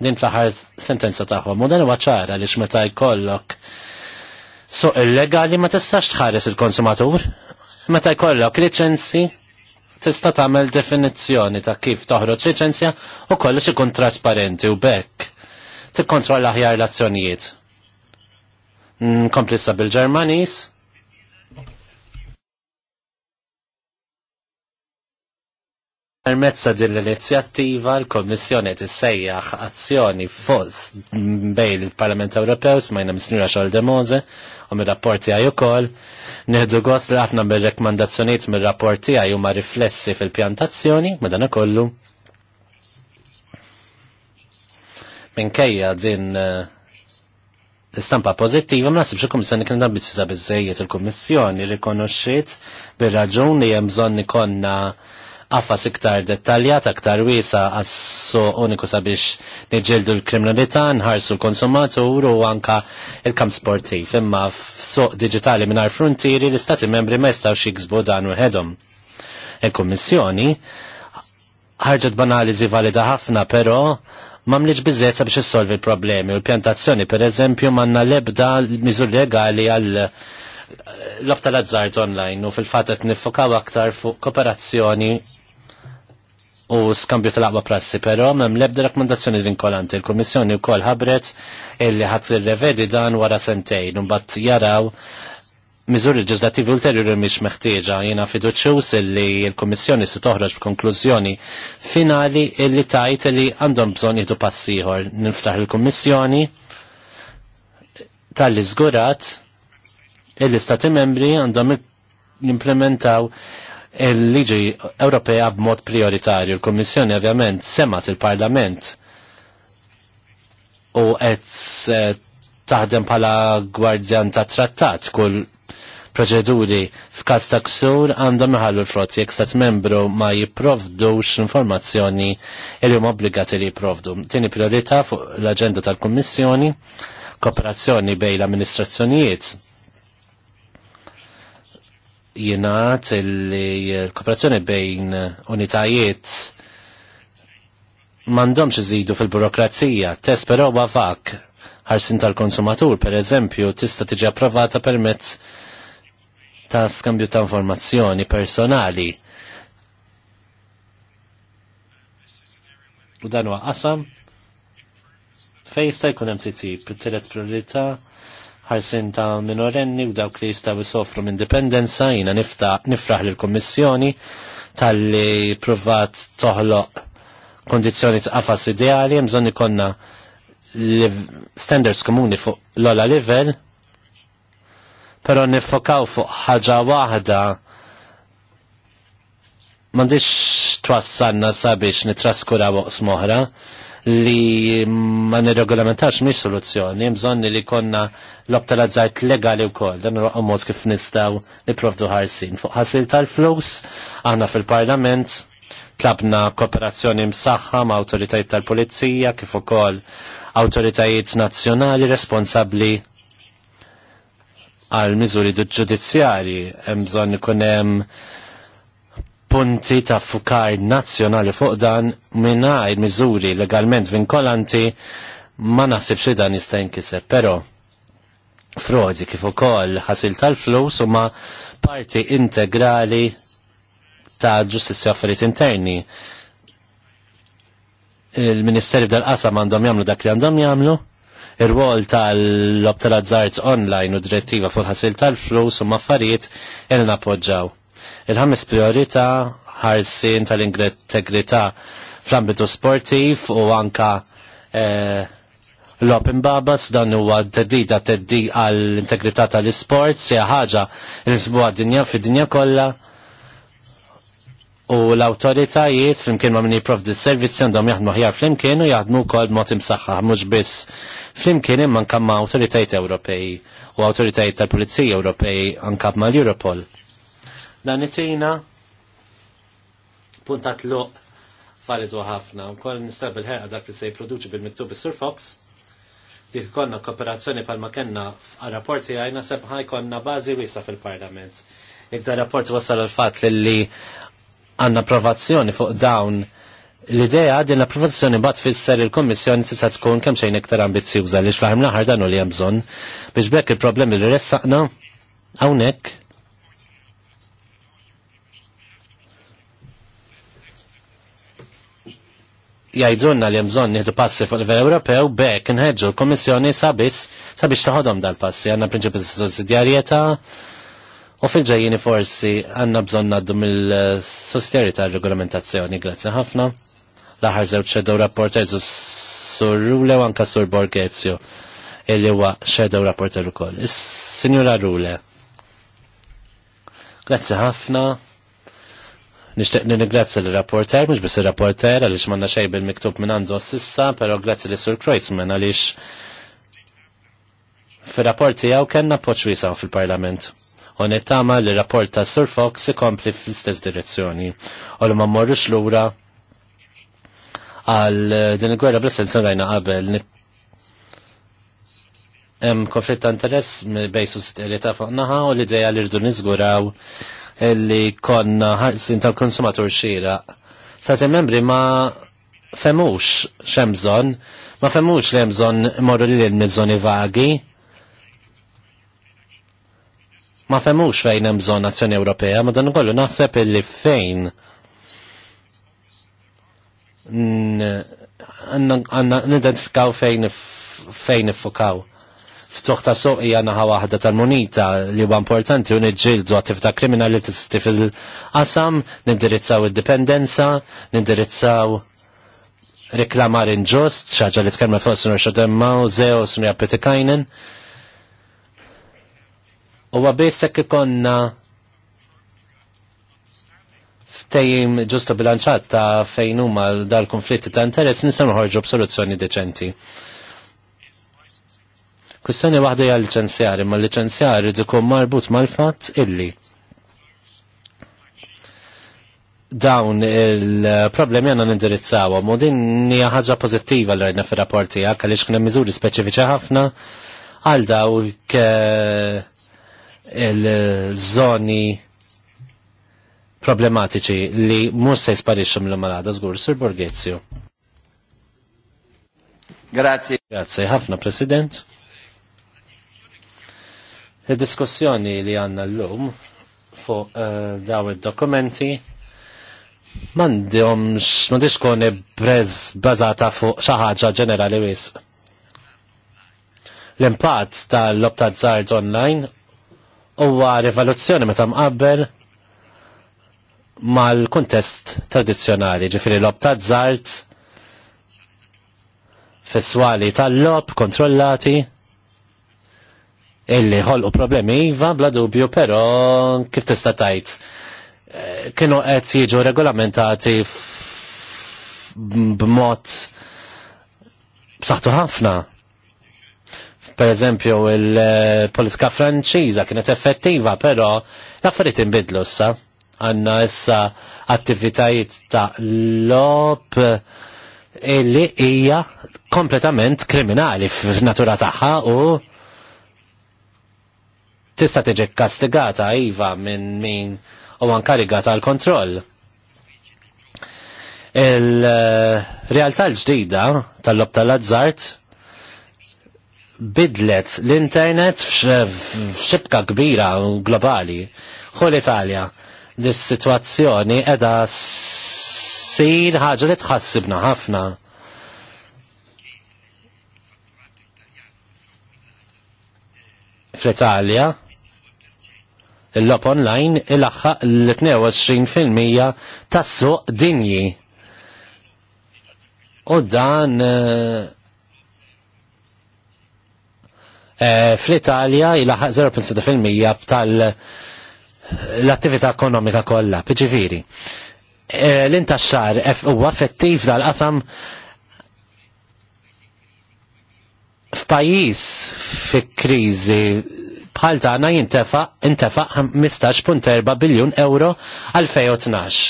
Speaker 1: din fl-ħar sentenza taħħom. U dan huwa ċara li x'meta jkollok suq illegali ma tistax tħares il-konsumatur. Meta jkollok liċenzji tista' tagħmel definizzjoni ta' kif toħroġ liċenzja u kollox ikun trasparenti u bekk tikkontrolla aħjar l-azzjonijiet. Komplissa bil-Ġermanis, Permezza din l-inizjattiva l-Kommissjoni tissejjaħ azzjoni fos bejn il-Parlament Ewropew smajna misnira xogħol de Mose u mir-rapporti għaj ukoll. Nieħdu gost li ħafna mir-rekomandazzjonijiet mir-rapporti għaj huma riflessi fil-pjantazzjoni madana kollu. Minkejja din eh, l-istampa pozittiva, ma nasibx il-Kommissjoni kien ambizjuża biżejjed il-Kummissjoni rikonoxxiet bir-raġun li hemm bżonn ikonna għaffas iktar dettaljat, aktar wiesa għasso uniku sabiex niġildu l-kriminalità, nħarsu l-konsumatur u anka il-kamp sportiv. Imma f'suq digitali minar frontieri l-istati membri ma jistaw jiksbu dan u ħedhom. Il-Kummissjoni ħarġet banaliżi valida ħafna, però mamliġ bizzet biex issolvi problemi u l-pjantazzjoni per eżempju manna lebda miżur legali għal l-obta l-azzart online u fil fatet qed nifokaw aktar fuq kooperazzjoni u skambju tal aqba prassi, pero mem lebda rakkomandazzjoni vinkolanti. Il-Kommissjoni u kol ħabret illi ħat revedi dan wara sentejn, un bat jaraw miżuri ġizlativi ulterjuri miex meħtieġa. Jena fiduċjus illi il-Kommissjoni se toħroġ konklużjoni finali illi tajt illi għandhom bżon jihdu passiħor. Niftaħ il-Kommissjoni tal-li zgurat illi stati membri għandhom jimplementaw implementaw il-liġi Ewropea b'mod prioritarju. Il-Kommissjoni ovvjament semat il-Parlament u qed eh, taħdem bħala gwardjan ta' trattat kull proċeduri f'każ ta' ksur għandhom iħallu l-frott jekk stat membru ma jipprovdux informazzjoni li huma obbligati li jipprovdu. Tieni priorità fuq l-aġenda tal-Kummissjoni, kooperazzjoni bejn l-amministrazzjonijiet jenat li l-kooperazzjoni bejn unitajiet mandomx iżidu fil-burokrazija, test però huwa ħarsin tal-konsumatur, per eżempju, tista' tiġi approvata permezz ta' skambju ta' informazzjoni personali. U dan huwa qasam fejn jista' jkun hemm titjib, it-tielet priorità' ħarsin ta' minorenni u dawk li jistaw jisofru minn dipendenza jina nifraħ l kommissjoni tal-li provat toħloq kondizjoni tqafas ideali, mżon ikonna standards komuni fuq l-ola level, pero nifokaw fuq ħaġa waħda mandiċ twassanna sabiex nitraskura waqs moħra, li ma nirregolamentax miex soluzzjoni, bżonn li konna l-obta l legali u koll, dan u mod kif nistaw niprovdu ħarsin. Fuq ħasil tal-flus, għanna fil-parlament, tlabna kooperazzjoni msaħħa ma' autoritajiet tal-polizija kif ukoll autoritajiet nazzjonali responsabbli għal miżuri ġudizzjari hemm bżonn ikun hemm punti ta' fukar nazzjonali fuq dan mingħajr miżuri legalment vinkolanti ma naħsibx li dan jista' jinkiseb, però frodi kif ukoll ħasil tal-flus huma parti integrali ta' ġustizzja affarijiet interni. Il-Ministeri f'dal-qasam għandhom jagħmlu dak li għandhom jagħmlu, ir-rwol tal-lob tal-azzart online u direttiva fuq ħasil tal-flus huma affarijiet jena nappoġġaw Il-ħames priorita ħarsin tal-integrità fl-ambitu sportiv u anka eh, l-Open Babas dan huwa teddida teddi għall-integrità tal-isports hija ħaġa għad dinja fid-dinja kollha u l-autoritajiet flimkien ma' minni prof servizzi għandhom jaħdmu ħjar flimkien u jaħdmu kol mod imsaxħa mhux biss flimkien imma nkam Awtoritajiet Ewropej u autoritajiet tal-Pulizija Ewropej ankab mal Europol. Dan itina puntat tluq validu ħafna. U koll nistab il-ħerqa dak li se jproduċi bil-miktub Sir Fox li konna kooperazzjoni palma kenna rapporti għajna sebħaj konna bazi wisa fil-parlament. Iktar rapport wasal l-fat li għanna approvazzjoni fuq dawn l-idea din l-approvazzjoni bat fisser il-Kommissjoni tista' tkun kemm xejn iktar ambizzjuża li xfaħim l-aħħar dan u li hemm bżonn biex bekk il-problemi li ressaqna hawnhekk jajdunna li jemżon nieħdu passi fuq livell Ewropew bekk nħedġu l komissjoni sabiex sabiex taħodhom dal-passi għandna prinċipi ta' sussidjarjetà u fil-ġejjini forsi għandna bżonn għaddu mill-sussidjarjetà regolamentazzjoni grazzi ħafna. L-aħħar żewġ rapporter rapporters u sur Rule u anka sur Borgezio illi huwa shadow rapporter ukoll. Is-Sinjura Rule. Grazzi ħafna. Nishtiq nirringrazzja l-rapporter, mhux biss ir-rapporter għaliex manna xej bil-miktub minn għandu s'issa, però grazzi li Sur Kreuzman għaliex fir rapporti għaw kena poċ wisa fil-Parlament. U nittama li rapport ta' Sur Fox ikompli fl-istess direzzjoni. U li ma mmorrux lura għal din il-gwerra bl-essenza għajna qabel hemm konflitt ta' interess bejn sussidjarjetà fuq naħa u l-idea li rdu niżguraw illi konna ħarsin tal-konsumatur xira. Stati membri ma femux xemżon, ma femux li jemżon morru li l-mizzoni vagi, ma femux fejn hemm bżonn azzjoni Ewropea, ma dan ukollu naħseb illi fejn għanna nidentifikaw fejn fejn ifukaw ftuħ ta' suq hija naħa waħda tal-munita li huwa importanti u niġġieldu attività kriminali tisti fil-qasam, nindirizzaw id-dipendenza, nindirizzaw reklamar inġust, xaġa li tkellma fuq sunu xodemma u zew sunu jappetikajnen. U għabisek ikonna ftejim ġustu bilanċat ta' fejn huma dal-konflitti ta' interess nisan ħorġu b'soluzzjoni deċenti. Kwistjoni waħda hija liċenzjari ma liċenzjari l marbut mal-fatt illi dawn il-problemi għanna nindirizzawa, u din hija ħaġa pożittiva l rajna fir rapporti tiegħek għaliex kien hemm miżuri speċifiċi ħafna għal dawk eh, il-żoni problematiċi li mhux se jisparixxu mill-malada żgur Sir Borghezio. Grazie. Grazie ħafna President. Il-diskussjoni li għanna l-lum fuq uh, daw id-dokumenti mandomx, mandiġ koni brez bazata fuq xaħġa ġenerali wis. L-impatt tal-lobta zard online huwa rivoluzzjoni meta mqabbel mal-kontest tradizjonali, ġifiri l-lobta zard fisswali tal-lob kontrollati illi ħolqu problemi iva bla dubju, però kif tista' tajt eh, kienu qed jiġu regolamentati b'mod b'saħħtu ħafna. Per eżempju, il poliska franċiża kienet effettiva, però l-affarijiet inbidlu issa. Għanna issa attivitajiet ta' lob illi hija kompletament kriminali f'natura tagħha u tista' tiġi kastigata iva minn min u ankarigata għal kontroll. Il-realtà l-ġdida tal-lob tal-azzart bidlet l-internet f'xibka kbira u globali. Xol Italja, dis situazzjoni edha sir ħaġa li tħassibna ħafna. Fl-Italja, l lop online il-axħa l-22% tassu dinji. U dan eh, eh, fl-Italja il-axħa 0.7% tal l-attività ekonomika kollha, piġifieri. Eh, l-intaxxar huwa effettiv dal-qasam f'pajjiż fi kriżi bħal tagħna jintefa' intefa' 15.4 biljun euro għal 2012.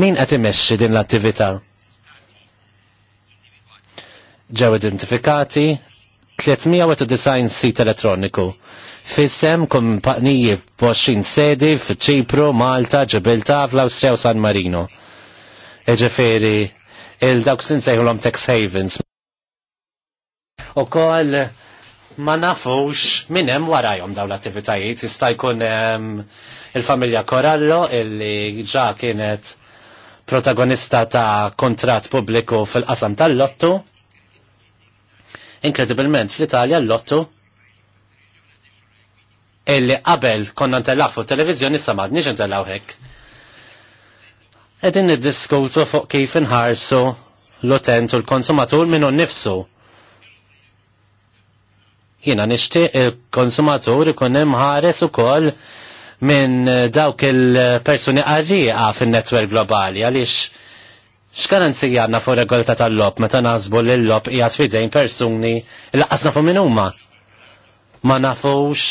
Speaker 1: Min qed imexxi din l-attività? Ġew identifikati 390 sit elettroniku. Fissem kumpaniji b'20 sedi f-ċipru, Malta, Ġibilta, fl-Awstrija u San Marino. Eġeferi, il-dawk sejħu l-om tax havens u koll ma nafux minnem warajom daw l-attivitajiet. Jista' jkun ehm, il-familja Korallo illi ġa kienet protagonista ta' kontrat pubbliku fil-qasam tal-lottu. Inkredibilment fl-Italja l-lottu illi qabel konna fuq televizjoni sa madni ntellaw hekk. Edin id-diskutu fuq kif inħarsu l-utent u l-konsumatur minnu nifsu Jiena nixtieq il-konsumatur ikun ħares u ukoll minn dawk il-persuni għarriqa fin-netwerk globali għaliex x'garanzija għandna fuq regolta tal-lob meta nażbu li l-lob qiegħed fidejn persuni il qas nafu minn huma. Ma nafux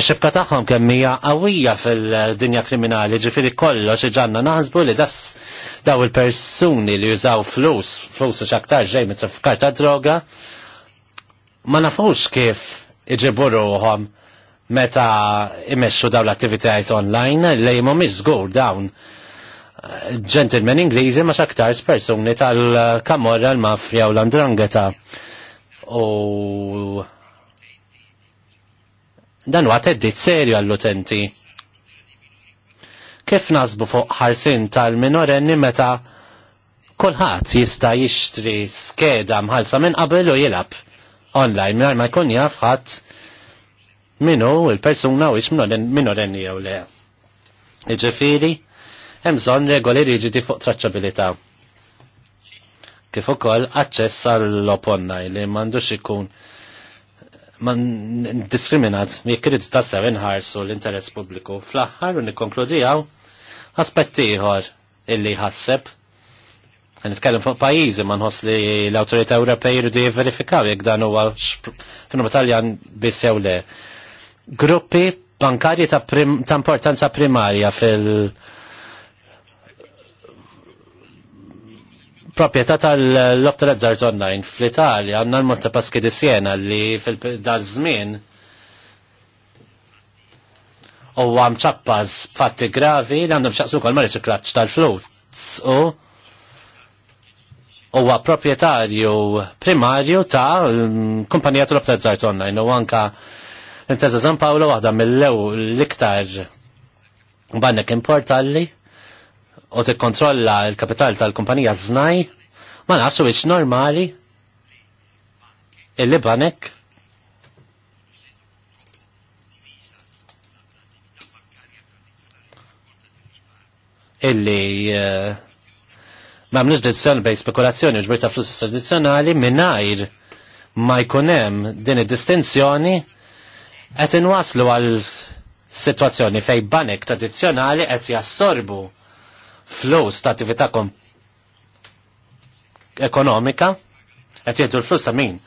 Speaker 1: eċebka eh, taħħom kemmija għawija fil-dinja kriminali, ġifiri kollo xieġanna naħsbu li das daw il-persuni li jużaw flus, flus xaktar ġej mit-trafikar ta' droga, ma nafux kif iġiburuhom meta imessu daw l-attivitajiet online li mhumiex żgur dawn gentleman Ingliżi ma xaktar persuni tal-kamorra l-mafja u l-andrangeta. U dan huwa eddit serju għall-utenti. Kif nasbu fuq ħarsin tal-minorenni meta kulħadd jista' jixtri skeda mħalsa minn qabel u jilab online, ma jkun jaf ħadd minnu il-persuna u minnu renni jew le. Iġifieri, hemm bżonn regoli riġidi fuq traċċabilità. Kif ukoll aċċess għall oponna li m'għandux ikun man diskriminat jekk irid tassew inħarsu l-interess pubbliku fl-aħħar u nikkonkludijaw aspetti ieħor illi ħasseb Nitkellem fuq pajjiżi ma nħoss li l-Awtorità Ewropej jridu jivverifikaw jekk dan huwa f'numa Taljan biss jew le. Gruppi bankarji ta', ta importanza primarja fil- propieta tal-Lobter Azzart Online fl-Italja għandna l-Monte Paschi di Siena li fil-dal-żmien u għam ċappaz fatti gravi li għandhom xaqsu kol marriċ klaċ tal-flus u huwa proprietarju primarju ta' mm, kumpanija tal ta' żart online u anka l-Intesa San Paolo waħda mill-lew l-iktar bannek importalli u tikkontrolla l-kapital tal-kumpanija żnaj ma nafsu iċ normali illi banek illi uh, ma mnux deċizjoni bej spekulazzjoni u ta' flus tradizjonali minnajr ma jkunem din id-distinzjoni qed inwaslu għal situazzjoni fej banek tradizjonali qed jassorbu flus ta' attività ekonomika qed jgħidu l-flus ta' min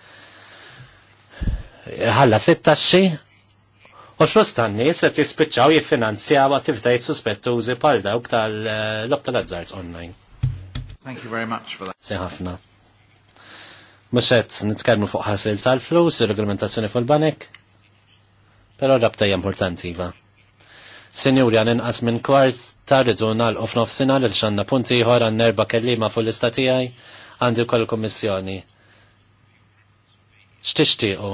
Speaker 1: ħalla sittaxxi u l-flus ta' nies qed jispiċċaw jiffinanzjaw attivitajiet suspettużi bħal dawk tal-lob eh, tal-azzards online. Thank you very much for that. Seħafna. Muxet, nitkellmu fuq ħasil tal-flus, il reglementazzjoni fuq il-banek, pero rabtaj importanti va. Senjuri għan inqas minn kwart tarridu nal-qof nofsina l-xanna punti ħor għan nerba kellima fuq l-istati għaj għandi kol kommissjoni. u?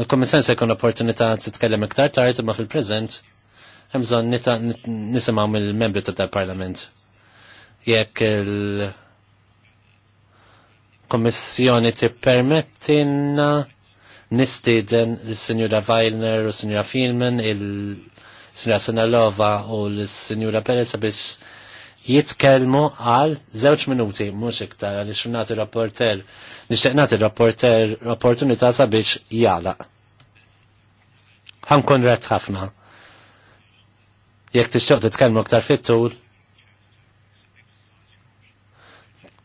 Speaker 1: Il-kommissjoni se jkun opportunità titkellem iktar tard imma fil-prezent Hemżon nisimaw mill-membri ta' tal parlament Jekk il-kommissjoni ti permettinna nistiden l-Sinjura Weilner u Sinjura Filmen, il-Sinjura Sanalova u l-Sinjura Peresa biex jitkelmu għal zewċ minuti, mux iktar, għal xunati rapporter, nishtiqnati rapporter opportunità sabiex jala. Għankun rat ħafna. Jekk tixtieq titkellmu aktar fit-tul,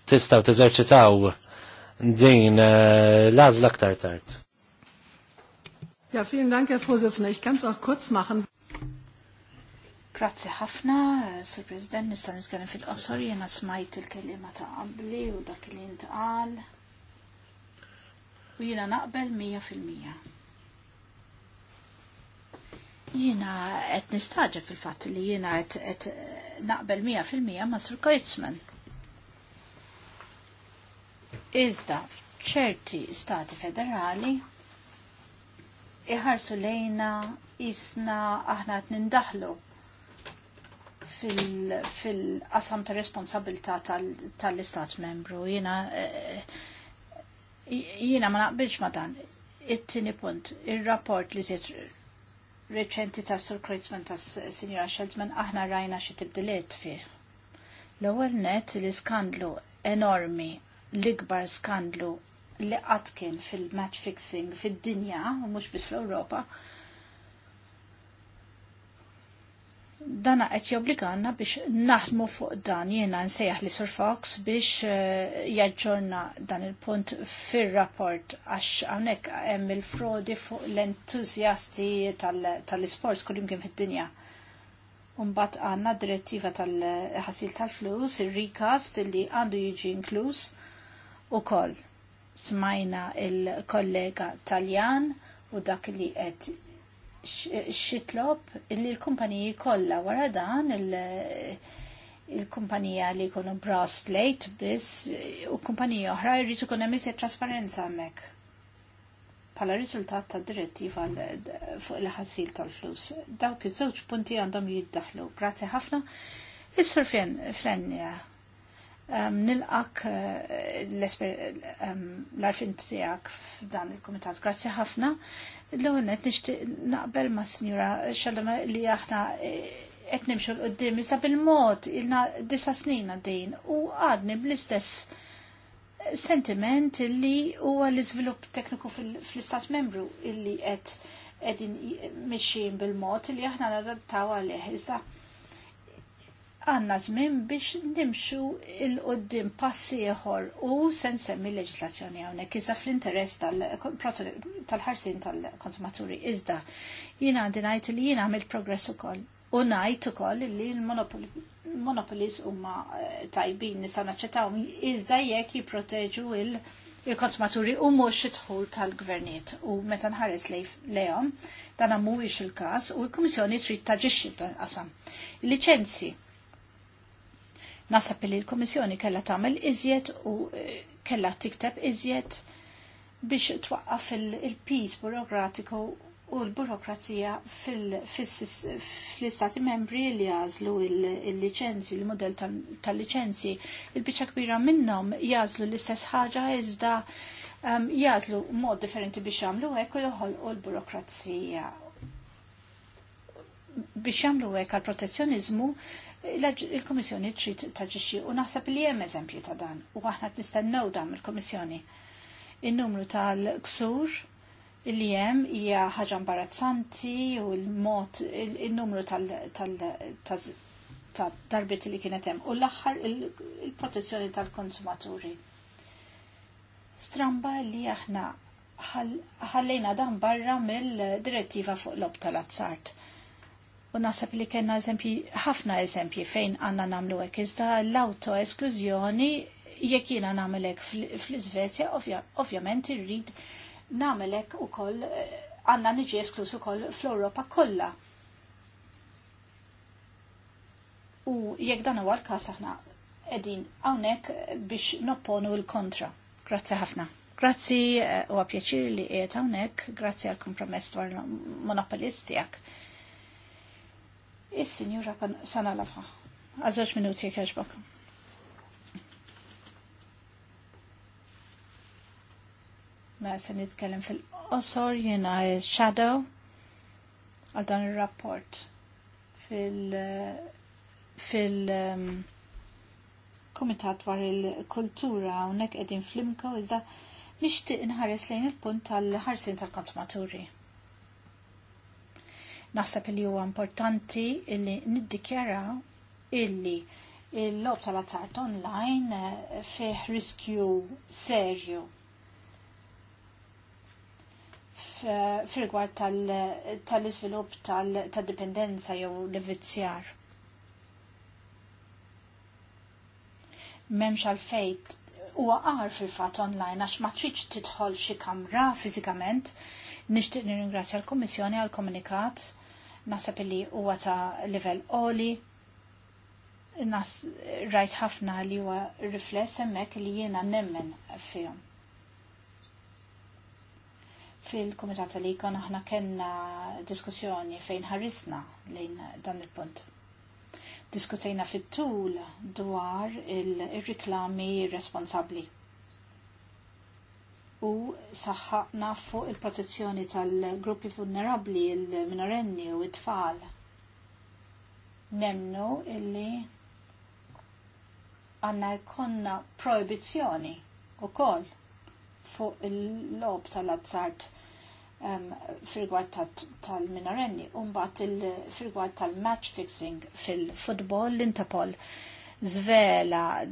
Speaker 1: tistgħu teżerċitaw din eh, l-għażla aktar tard.
Speaker 3: Ja, vielen Dank, Herr Vorsitzender. Ich kann es auch kurz machen. Grazie ħafna, eh, Sir President, nista' nitkellem fil-qosor, jena smajt il kelima ta' qabli u dak li intqal. U jena naqbel mija fil-mija. Jina qed nistaġa fil-fatt li jina qed naqbel 100% ma' Sir Koitzman. Iżda ċerti stati federali iħarsu lejna jisna aħna qed nindahlu fil-qasam fil ta' responsabilità tal-istat tal membru. Jina eh, jina ma naqbilx ma dan. It-tini punt, il-rapport li zietr reċenti ta' Sur Kreutzmann ta' Sinjora Sheldman aħna rajna xi tibdiliet fih. L-ewwel net li skandlu enormi l-ikbar skandlu li qatt kien fil-match fixing fid-dinja u mhux biss fl-Ewropa dana qed jobbligana biex naħdmu fuq dan jiena nsejjaħ li Sir Fox biex eh, jaġġorna dan il-punt fir-rapport għax hawnhekk hemm il-frodi fuq l-entużjasti tal-isports kull imkien fid-dinja. Umbat għanna direttiva tal-ħasil tal-flus, il-recast li għandu jiġi inkluż u koll. Smajna il-kollega Taljan u dak li qed xitlob li l-kumpaniji kollha wara dan il-kumpanija li jkunu brass plate biss u kumpanija oħra jrid ikun hemm trasparenza hemmhekk pala riżultat ta' direttiva fuq il-ħassil tal-flus. Dawk iż-żewġ punti għandhom jiddaħlu. Grazzi ħafna. Is-sur flenja um, nilqak uh, um, l-arfin tijak f'dan il-komitat. Grazzi ħafna L-għonet nishtiq naqbel ma' snjura xalama li aħna eh, qed nimxu l-qoddim, issa bil-mod ilna disa snin għaddin u għadni bl-istess sentiment li huwa l-iżvilupp tekniku fl-istat membru illi qed qegħdin mixjin bil-mod li aħna nadattaw għalih għanna żmien biex nimxu il-qoddim passi u se nsemmi leġislazzjoni hawnhekk iżda fl-interess tal-ħarsin tal-konsumaturi iżda jina għandi ngħid li jina għamil progress ukoll u ngħid ukoll li l u huma eh, tajbin nistgħu naċċettaw iżda jekk jipproteġu il-konsumaturi u mux id-dħul tal-gvernijiet u meta nħares lejom, dan mhuwiex il-każ u l-Kummissjoni trid taġixxi f'dan qasam. Il-liċenzji Nasab li l-Komissjoni kella tagħmel iżjed u eh, kella tikteb iżjed biex twaqqaf il-pis burokratiku u l-burokrazija fil-istati membri li jazlu il-licenzi, il-model tal-licenzi, il-bicċa kbira minnom jazlu l-istess ħaġa iżda ehm, jazlu mod differenti biex jamlu hekk u joħol u l-burokrazija. Biex jamlu hekk għal protezzjonizmu il-Komissjoni trid taġixxi u naħseb li hemm eżempju ta' dan u aħna nistennew dan mill-Komissjoni. In-numru tal-ksur li hemm hija ħaġa imbarazzanti u l-mod in-numru tal darbiet li kienet hemm u l-aħħar il-protezzjoni tal-konsumaturi. Stramba li aħna ħallejna dan barra mill-direttiva fuq l-ob tal-azzart U nasab li kena eżempji, ħafna eżempji fejn għanna namlu għek, iżda l-auto-esklużjoni jekk jina namelek fl-Svezja, ovvjament irrid namelek u koll eh, għanna niġi esklus u koll fl-Europa kolla. U jekk dan huwa l-każ aħna qegħdin hawnhekk biex nopponu l-kontra. Grazzi ħafna. Grazzi eh, u għapjaċir li qiegħed hawnhekk, grazzi għal kompromess dwar monopolistijak. Is-sinjura sana lafa. Għazzax minuti kħeġbak. Ma mela, se nitkellem fil-qosor jena shadow għal dan il-rapport fil- fil- um, komitat dwar il-kultura unnek edin flimko iżda nishtiq nħares lejn il-punt tal-ħarsin tal-konsumaturi Naħseb li huwa importanti illi niddikjaraw illi il-lob tal-azzart online eh, fih riskju serju fil tal-izvilup tal-dipendenza jew l-vizzjar. Memx għal-fejt u għar fil-fat online għax ma tridx tidħol xi kamra fiżikament. Nixtieq nirringrazzja l-Kummissjoni għal komunikat Nasab li huwa ta' level oli. Nas rajt ħafna li huwa rifless hemmhekk li jiena nemmen fihom. Fil-Kumitat li kon aħna kellna diskussjoni fejn ħarisna lejn dan il-punt. Diskutejna fit-tul dwar il-riklami responsabbli u saħħaqna fuq il-protezzjoni tal-gruppi vulnerabli, il-minorenni u it-tfal. Nemnu illi għanna jkonna proibizjoni u kol fuq il-lob tal-azzart um, firgwad tal-minorenni, un bat il-firgwad tal-match fixing fil-futbol l-Interpol. fil futbol l interpol zvela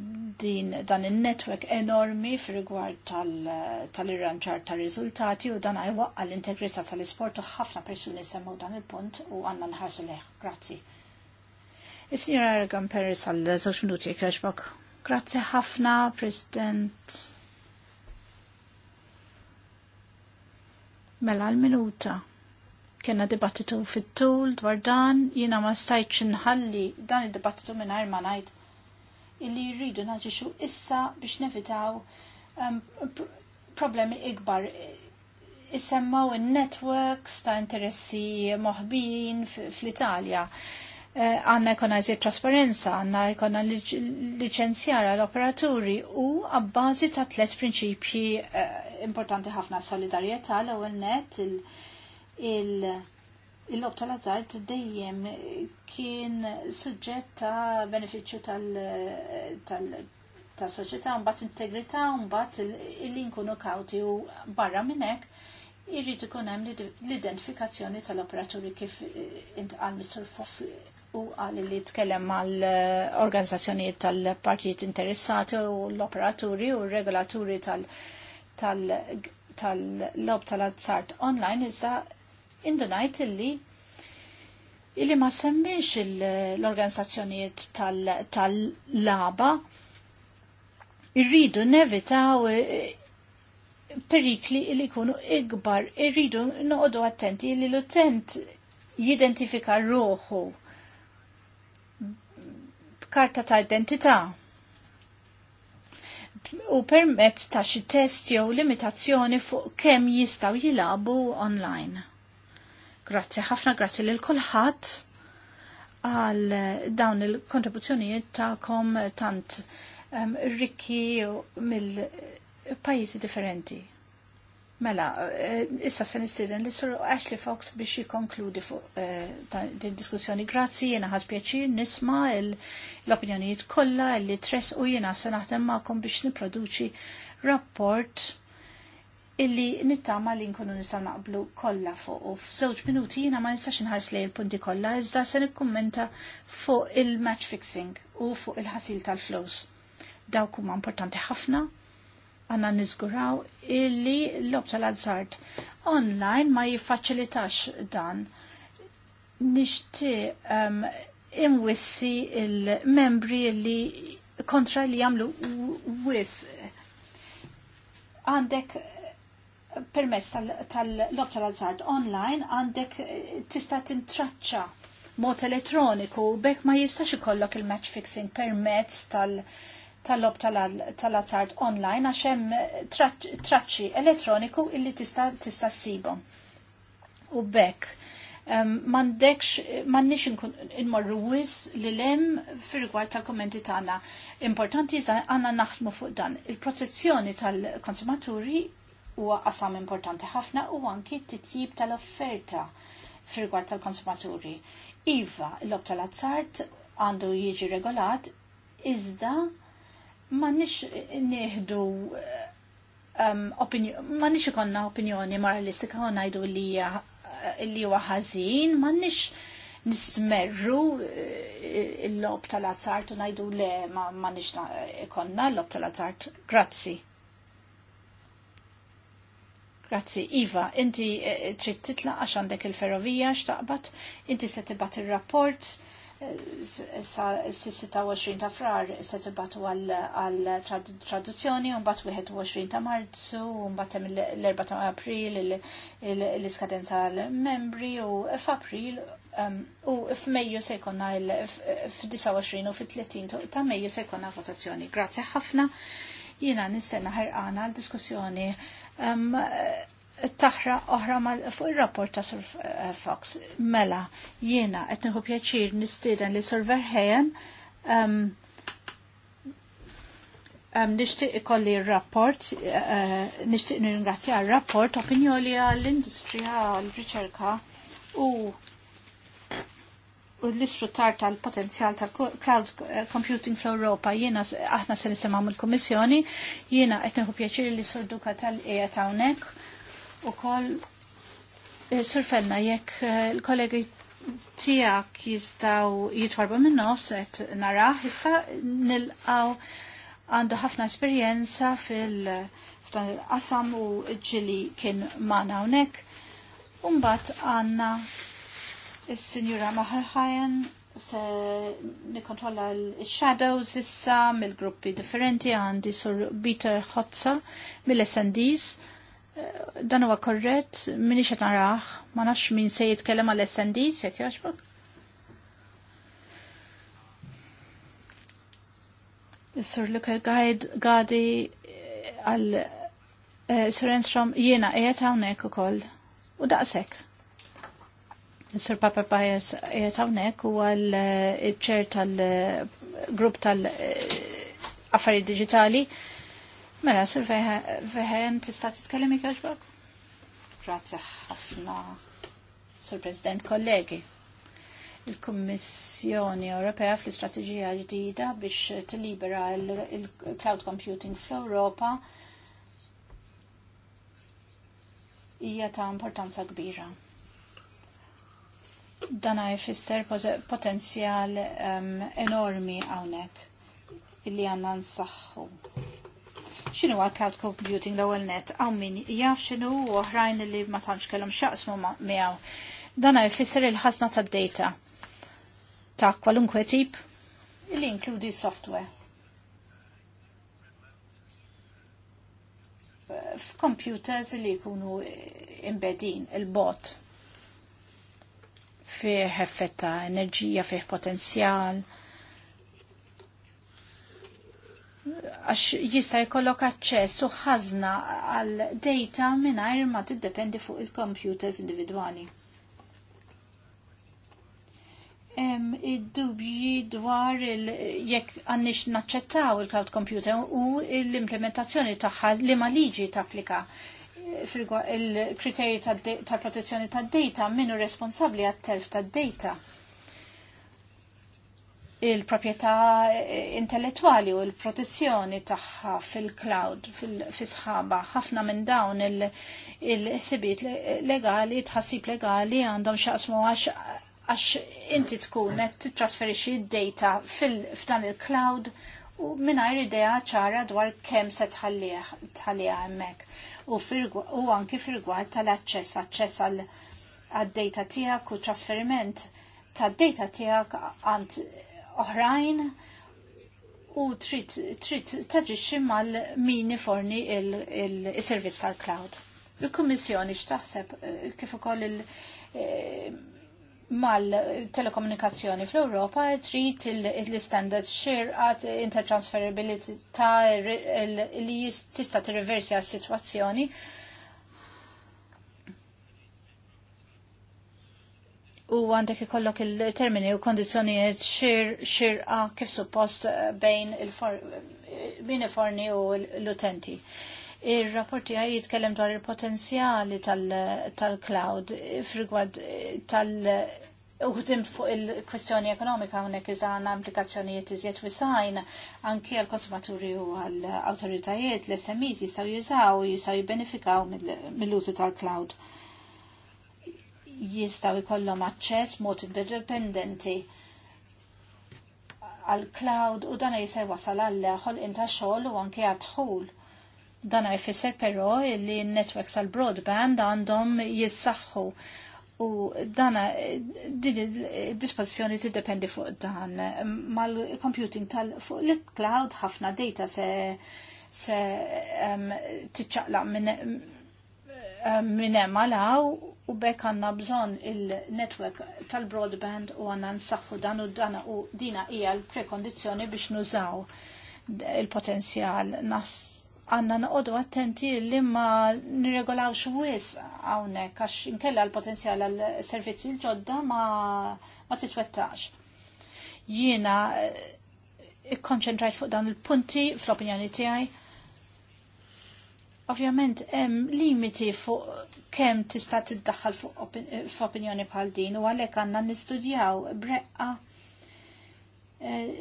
Speaker 3: din dan il-network enormi fil-rigward tal-irranġar tal irranċar tal tal rizultati u dan għajwaqqa l-integrità tal-isport u ħafna persuni semmu dan il-punt u għanna nħarsu leħ. Grazzi. is signor Aragon Peris għal żewġ minuti kħeġbok. Grazzi ħafna, President. Mela l-minuta kena dibattitu fit-tul dwar dan, jina ma stajċin ħalli dan id-dibattitu minn ma najt illi jridu naġixu issa biex nevitaw um, problemi ikbar. Issemmaw il-networks ta' interessi moħbin fl-Italja. Eh, għanna uh, jkun għazir trasparenza, għanna jkun licenzjara l-operaturi u għabbażi ta' tlet prinċipji uh, importanti ħafna solidarieta l-ewel net il-, il il-lob tal-azzard dejjem kien suġġett ta' beneficju tal-soċieta, mbagħad integrità, mbagħad illi nkunu kawti u barra minn hekk irrid ikun hemm l-identifikazzjoni tal-operaturi kif intqal Mr. Foss u qal li tkellem mal organizzazzjonijiet tal-partijiet interessati u l-operaturi u r-regolaturi tal-lob tal-azzard online iżda indunajt illi illi ma semmix l-organizzazzjonijiet tal-laba irridu nevitaw eh, perikli li jkunu ikbar, irridu noqogħdu attenti li l-utent jidentifika roħu b'karta ta' identità u permezz ta' xi test jew limitazzjoni fuq kemm jistgħu jilabu online. Grazzi ħafna, grazzi lil kulħadd għal dawn il-kontribuzzjonijiet ta'kom tant um, rikki mill-pajjiżi differenti. Mela, eh, issa se nistieden li sur Ashley Fox biex jikonkludi fuq uh, din diskussjoni. Grazzi, jiena ħad pjaċir nisma l-opinjonijiet kollha li tres u jiena se naħdem magħkom biex niproduċi rapport illi nittama li nkunu nisa naqblu kollha fuq u f'żewġ minuti jiena ma nistax inħares lej il-punti kollha iżda se nikkummenta fuq il-match fixing u fuq il-ħasil tal-flows. Dawk huma importanti ħafna għanna niżguraw illi l-lob tal-azzard online ma jiffaċilitax dan. Nixti um, imwissi il-membri li kontra li jamlu wis għandek permess tal-lob tal-azzard online għandek eh, tista' tintraċċa mod elettroniku bekk ma jistax ikollok il-match fixing permezz tal- tal-lob tal-azzard online għax hemm eh, traċċi elettroniku illi tista' tista' ssibhom. U bekk ehm, m'għandekx m'għandniex inmorru wis li lem fir-rigward tal-kommenti tagħna. Importanti għandna naħdmu fuq dan. Il-protezzjoni tal-konsumaturi huwa qasam importanti ħafna u anki t-titjib tal-offerta fil-rigward tal-konsumaturi. Iva, l-lob tal-azzart għandu jiġi regolat, iżda ma nix nieħdu um, ma nix ikonna opinjoni moralistika u najdu li huwa ħażin, ma nix nistmerru eh, l-lob tal-azzart u najdu le ma, ma nix ikonna l-lob tal-azzart. Grazzi. Grazzi, Iva, inti eh, eh, trid titlaq għax għandek il-ferrovija x'taqbad, inti se tibgħat ir-rapport eh, sa 26 ta' frar se tibgħatu għal traduzzjoni u mbagħad 21 ta' Marzu u mbagħad hemm l-4 ta' April l-iskadenza għall-membri u f'April ehm, u f'Mejju se jkollna f'29 u fit-30 ta' Mejju se jkollna votazzjoni. Grazzi ħafna. Jiena nistenna ħerqana għal diskussjoni um, taħra oħra mal fuq il-rapport ta' Sir Fox. Mela, jiena qed nieħu pjaċir nistieden li Sir Verheyen um, um, nixtieq ikolli r-rapport, uh, nixtieq nirringrazzja r-rapport opinjoli għall-industrija għall-riċerka u u l-istruttar tal-potenzjal tal-cloud eh, computing fl-Europa jiena aħna se nisimgħu mill-Kummissjoni, jiena qed nieħu pjaċir li surduka tal-qiegħed hawnhekk ukoll eh, surfenna jekk eh, il-kollegi tiegħek jistgħu jitwarbu minn nofs qed narah issa nilqgħu għandu ħafna esperjenza fil- dan il-qasam u ġili kien hawnhekk, un-bat għanna Is-Sinjura Maħarħajan se nikontrolla l-shadows issa mill-gruppi differenti għandi sur Peter Hotza mill-SNDs. Eh, dan huwa korrett, minix qed naraħ, ma nafx min se jitkellem għal SNDs jekk jogħġbok. Is-Sur Luke Gadi eh, għal eh, Sur Enstrom jiena qiegħed hawnhekk ukoll u daqshekk Sir Papa Pajas jgħet hawnhekk u għal ċer tal-grupp tal affari digitali. Mela, Sir Feħen, tista' titkellem jkaġbok? Grazie ħafna, Sir President, kollegi. Il-Kummissjoni Ewropea fl-istrateġija ġdida biex t-libera il-cloud computing fl-Ewropa hija ta' importanza kbira Dan jfisser potenzjal um, enormi hawnhekk illi għandna nsaħħu. ċinu għal-cloud computing l-ewwel net hawn min jaf x'inhu oħrajn li ma tantx kellhom x'jaqsmu miegħu. Dana jfisser il-ħasna tad-data ta' kwalunkwe tip illi inkludi software. F'computers li jkunu imbedin il-bot fih effett ta' enerġija, fih potenzjal. Għax jista' jkollok aċċess u ħazna għal data mingħajr ma tiddependi fuq il-computers individwali. Hemm id-dubji dwar jekk għandix naċċettaw il-cloud computer u l-implementazzjoni tagħha li ma liġi tapplika il-kriterji ta' protezzjoni ta' data minnu responsabli għat-telf ta' data il-propieta eh, intellettuali u l-protezzjoni tagħha fil-cloud, fil-sħaba. ħafna minn dawn il-sibiet legali, tħassib legali għandhom xaqsmu għax għax inti tkun qed titrasferixxi d-data f'dan il-cloud u mingħajr idea ċara dwar kemm se tħalliha hemmhekk u, u anki fil-gwad tal-access, access għal-data tijak u trasferiment tal-data tijak għant oħrajn u trid taġiċi mal min forni il-servizz il tal-cloud. Il-Kummissjoni x'taħseb eh, kif ukoll il- eh, mal-telekomunikazzjoni fl-Europa trid l-standard xirqat intertransferabilità li tista' tirriversja s-sitwazzjoni. U għandek ikollok il-termini u kondizjonijiet xirqa kif suppost bejn il-miniforni u l-utenti. il forni u l utenti Ir-rapporti għaj jitkellem dwar il-potenzjali tal-cloud frigwad tal- Uħdim fuq il-kwestjoni ekonomika għonek iżana applikazzjonijiet iżjed wisajn anki għal-konsumaturi u għal-autoritajiet l-SMEs jistaw jużaw, jistaw jibbenifikaw mill-użu tal-cloud jistaw jikollom aċċess mod indipendenti għal cloud u dan jisaj wasal għal ħol inta xogħol u anke għadħol. Dan jfisser però li n-networks għal-broadband għandhom jissaxħu u dan dispożizzjoni tiddependi fuq dan. Mal-computing tal fuq l-cloud ħafna data se se um, tiċċaqlaq minn um, hemm u bekk għandna bżonn il-network tal-broadband u għanna nsaħħu dan u dan u dina hija l-prekondizzjoni biex nużaw il-potenzjal nas għanna noqodu attenti li ma nirregolawx xwis għawne, għax inkella l-potenzjal għal-servizzi l-ġodda ma, ma titwettax. Jiena eh, ikkonċentrajt fuq dawn il-punti fl-opinjoni tiegħi. Ovvjament hemm limiti fuq kemm tista' tiddaħħal f'opinjoni bħal din u għalhekk għandna nistudjaw breqqa eh,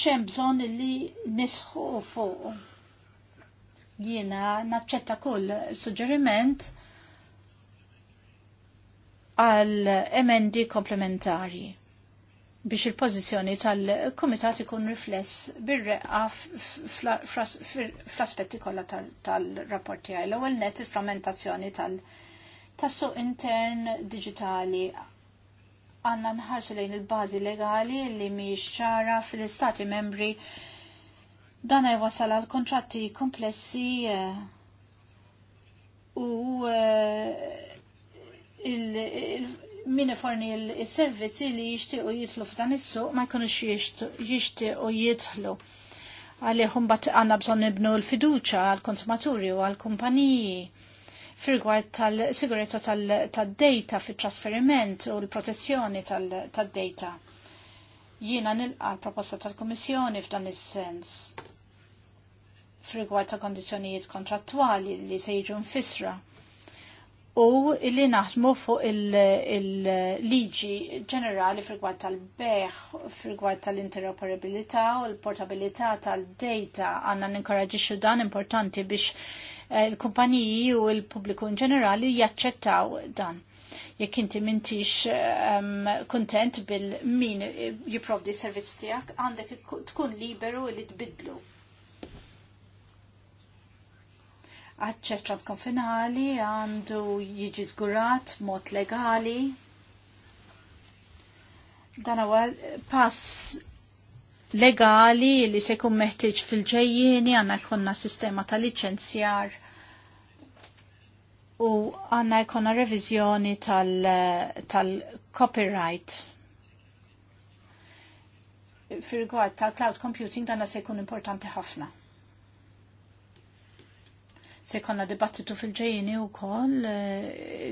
Speaker 3: xem bżonn li nisħu fuq jiena naċċetta kull suġġeriment għal emendi komplementari biex il-pozizjoni tal-Komitat ikun rifless bir-reqqa fl-aspetti kollha tal rapporti għaj. L-ewwel net il-frammentazzjoni tas-suq intern digitali għandna nħarsu lejn il-bażi legali li mhix ċara fl-istati membri Dan jwasal għal kontratti komplessi eh, u eh, min forni il-servizzi li u jitlu f'dan is-suq ma jkunux u jitlu. Għalihum bat għanna bżon nibnu l-fiduċa għal-konsumaturi u għal-kumpaniji firgwajt tal-sigurezza tal-data fit trasferiment u l-protezzjoni tal-data. Jiena nilqa l-proposta tal-Komissjoni f'dan is-sens f'rigward ta' kondizzjonijiet kontrattwali li se jiġu nfisra u illi naħdmu fuq il-liġi il ġenerali frigward tal-beħ, f'rigward tal-interoperabilità u l-portabilità tal-data għanna ninkoraġiċu dan importanti biex il-kumpaniji eh, u l-pubbliku in ġenerali jaċċettaw dan. Jekk inti mintix um, ehm, kontent bil-min jiprovdi servizz tijak, għandek tkun liberu li tbidlu aċċess transkonfinali għandu jiġi żgurat mod legali. Dan huwa pass legali li se jkun meħtieġ fil-ġejjieni għandna jkollna sistema ta' liċenzjar u għandna jkollna reviżjoni tal-copyright. tal copyright tal fil tal-cloud computing dana se jkun importanti ħafna se konna dibattitu fil-ġejjini wkoll eh,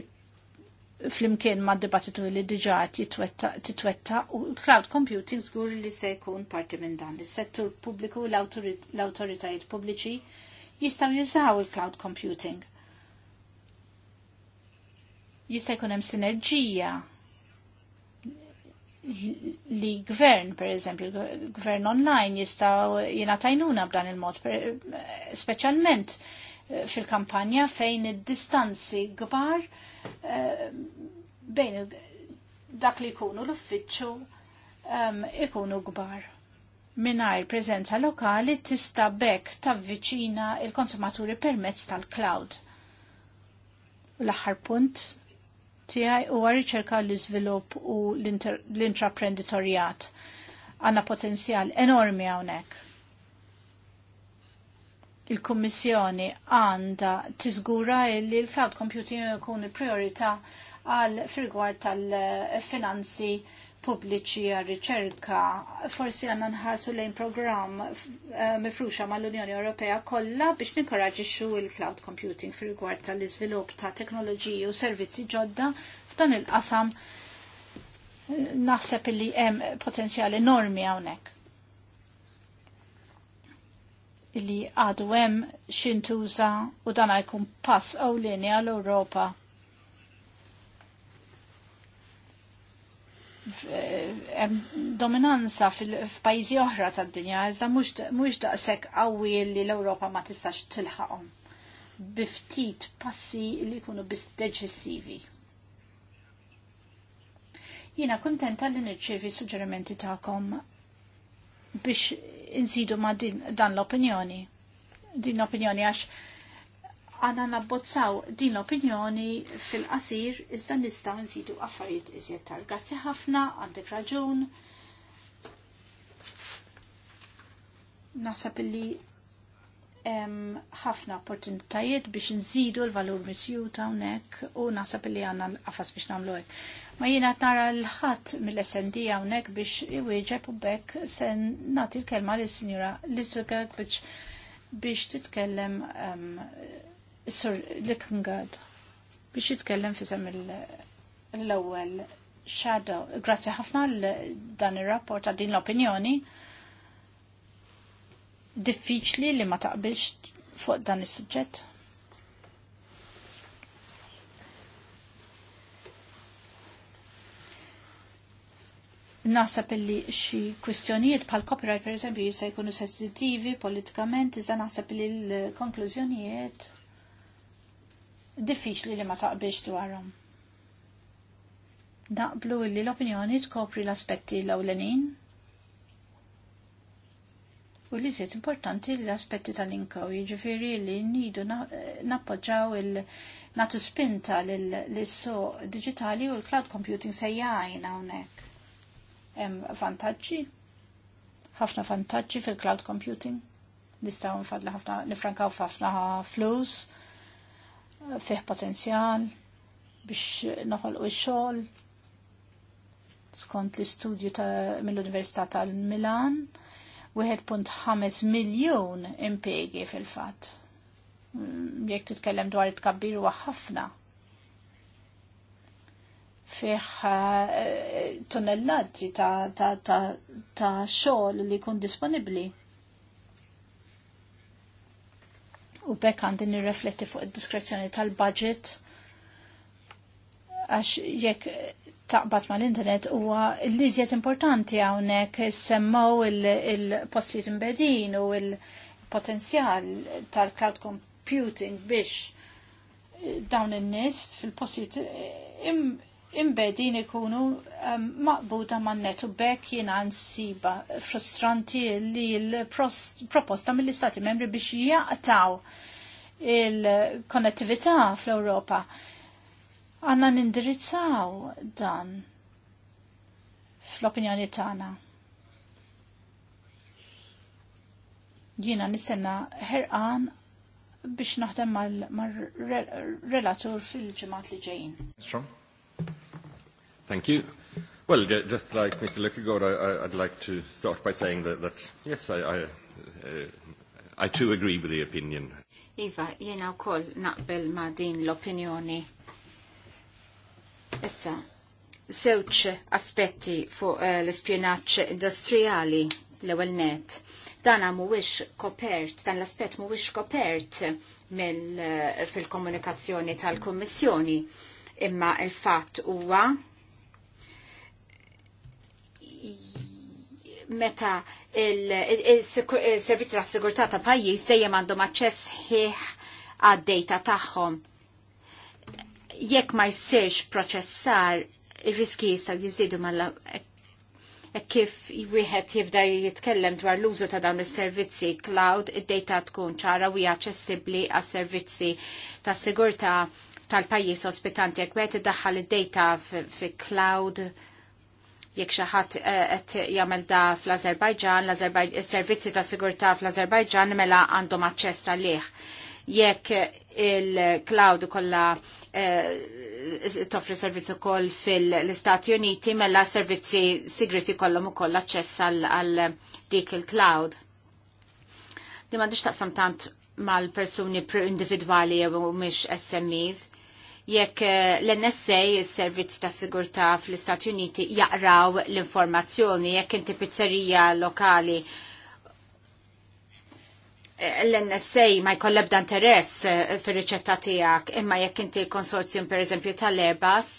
Speaker 3: flimkien ma' dibattitu li diġa titwetta u cloud computing żgur li se jkun parti minn dan. Is-settur pubbliku u l-awtoritajiet pubbliċi jistgħu jużaw il-cloud computing. Jista' jkun hemm sinerġija li gvern, per eżempju, gvern online jistaw jina tajnuna b'dan il-mod, specialment fil-kampanja fejn id-distanzi kbar eh, bejn dak li jkunu l-uffiċċju ehm, ikunu kbar. Minar prezenza lokali tista bekk tavviċina il-konsumaturi permezz tal-cloud. L-aħħar punt tiegħi huwa riċerka l-iżvilupp u l-intraprenditorjat. Għanna potenzjal enormi hawnhekk il-Kommissjoni għanda tiżgura li l-cloud computing jkun il-priorità għal firgward tal-finanzi pubbliċi għal riċerka. Forsi għanna nħarsu lejn program eh, mifruxa mal-Unjoni Ewropea kollha biex ninkoraġixxu il-cloud computing firgward tal-iżvilupp ta' teknoloġiji u servizzi ġodda f'dan il-qasam eh, naħseb li hemm potenzjal enormi hawnhekk li għadu hemm xintuża u dan jkun pass ewlieni għall Ewropa. dominanza f'pajjiżi oħra tad-dinja iżda mhux daqshekk qawwi li l-Ewropa ma tistax tilħaqhom biftit passi li jkunu biss deċissivi. Jiena kuntenta li nirċievi suġġerimenti tagħkom biex Insidu ma din, dan l-opinjoni. Din l-opinjoni għax għana nabbozzaw din l-opinjoni fil-qasir iżda nistaw nżidu affarijiet iżjettar. Grazzi ħafna, għandek raġun. Nasab li ħafna opportunitajiet biex nżidu l-valur misju ta' unek u nasab li għanna għafas biex namluwek. Ma jiena tara l-ħadd mill-SND hawnhekk biex iwieġeb u bekk se nati l-kelma lis-Sinjura Lizugak biex biex titkellem um, sur l-Kungad biex jitkellem fisem l-ewwel shadow. Grazzi ħafna l dan ir-rapport għaddin din l-opinjoni. Diffiċli li ma taqbilx fuq dan is-suġġett Nasab illi xi kwistjonijiet bħal copyright per eżempju jista' jkunu sensittivi politikament, iżda naħseb li l-konklużjonijiet diffiċli li ma taqbilx dwarhom. Naqblu li l-opinjoni tkopri l-aspetti l-ewlenin U li siet importanti l-aspetti tal inkow jiġifieri li nidu nappoġġaw il- natu spinta l-so digitali u l-cloud computing se jgħajna hawnhekk hemm vantaġġi, ħafna vantaġġi fil-cloud computing. Nistgħu nfadli ħafna nifrankaw ħafna flus fih potenzjal biex noħolqu x-xogħol skont l-istudju mill-Università tal-Milan, punt ħames miljun impiegi fil-fatt. Mm, jekk titkellem dwar it-kabbir huwa ħafna fiħ eh, tonnellaġġi ta', ta, ta, ta xogħol li jkun disponibbli. U bekk għandi nirrefletti fuq id-diskrezzjoni tal-budget għax jekk taqbad mal-internet huwa l-liżjet importanti hawnhekk semmaw il-postijiet imbedin u il-potenzjal tal-cloud computing biex eh, dawn in-nies fil-postijiet imbedin ikunu um, maqbuda man netu bekk jina nsiba frustranti li l-proposta mill-istati membri biex jaqtaw il-konnettività fl-Europa. Għanna nindirizzaw dan fl-opinjoni tagħna. Jiena nistenna ħerqan biex naħdem mal-relatur fil-ġimgħat li ġejjin.
Speaker 2: Thank you. Well, just like Mr. Lukagod, I, I'd like to start by saying that, that yes, I, I, uh, I too agree with the opinion.
Speaker 4: Iva, jena u koll naqbel ma din l-opinjoni. Issa, zewċ aspetti fuq uh, eh, l-spionaċ industrijali l-ewel net. Dan mhuwiex kopert, dan l-aspett mhuwiex kopert eh, fil-komunikazzjoni tal-Kummissjoni. Imma il-fatt huwa meta il-servizzi ta' sigurtà ta' pajjiż dejjem għandhom aċċess ħieħ għad-data tagħhom. Jekk ma jsirx proċessar, ir-riski jistgħu jiżdiedu mal e kif wieħed jibda jitkellem dwar l-użu ta' dawn is-servizzi cloud, id-data tkun ċara u aċċessibbli għas-servizzi ta' sigurtà tal-pajjiż ospitanti jekk wieħed iddaħħal id-data fi cloud jekk xi ħadd eh, qed jagħmel da fl-Azerbajġan, is-servizzi ta' sigurtà fl-Azerbajġan mela għandhom aċċess għalih. Jekk il-cloud kollha eh, toffri servizzi ukoll fil-Istati Uniti mela servizzi sigriti kollhom ukoll aċċess għal dik il-cloud. Li m'għandix taqsam tant mal-persuni individwali jew mhix SMEs jekk eh, l-NSA, il-Servizz ta' Sigurtà fl-Istati Uniti, jaqraw l-informazzjoni, jekk inti pizzerija lokali eh, l-NSA ma jkollab dan interess eh, fir-riċetta tiegħek, imma jekk inti konsorzjum pereżempju tal-Airbus,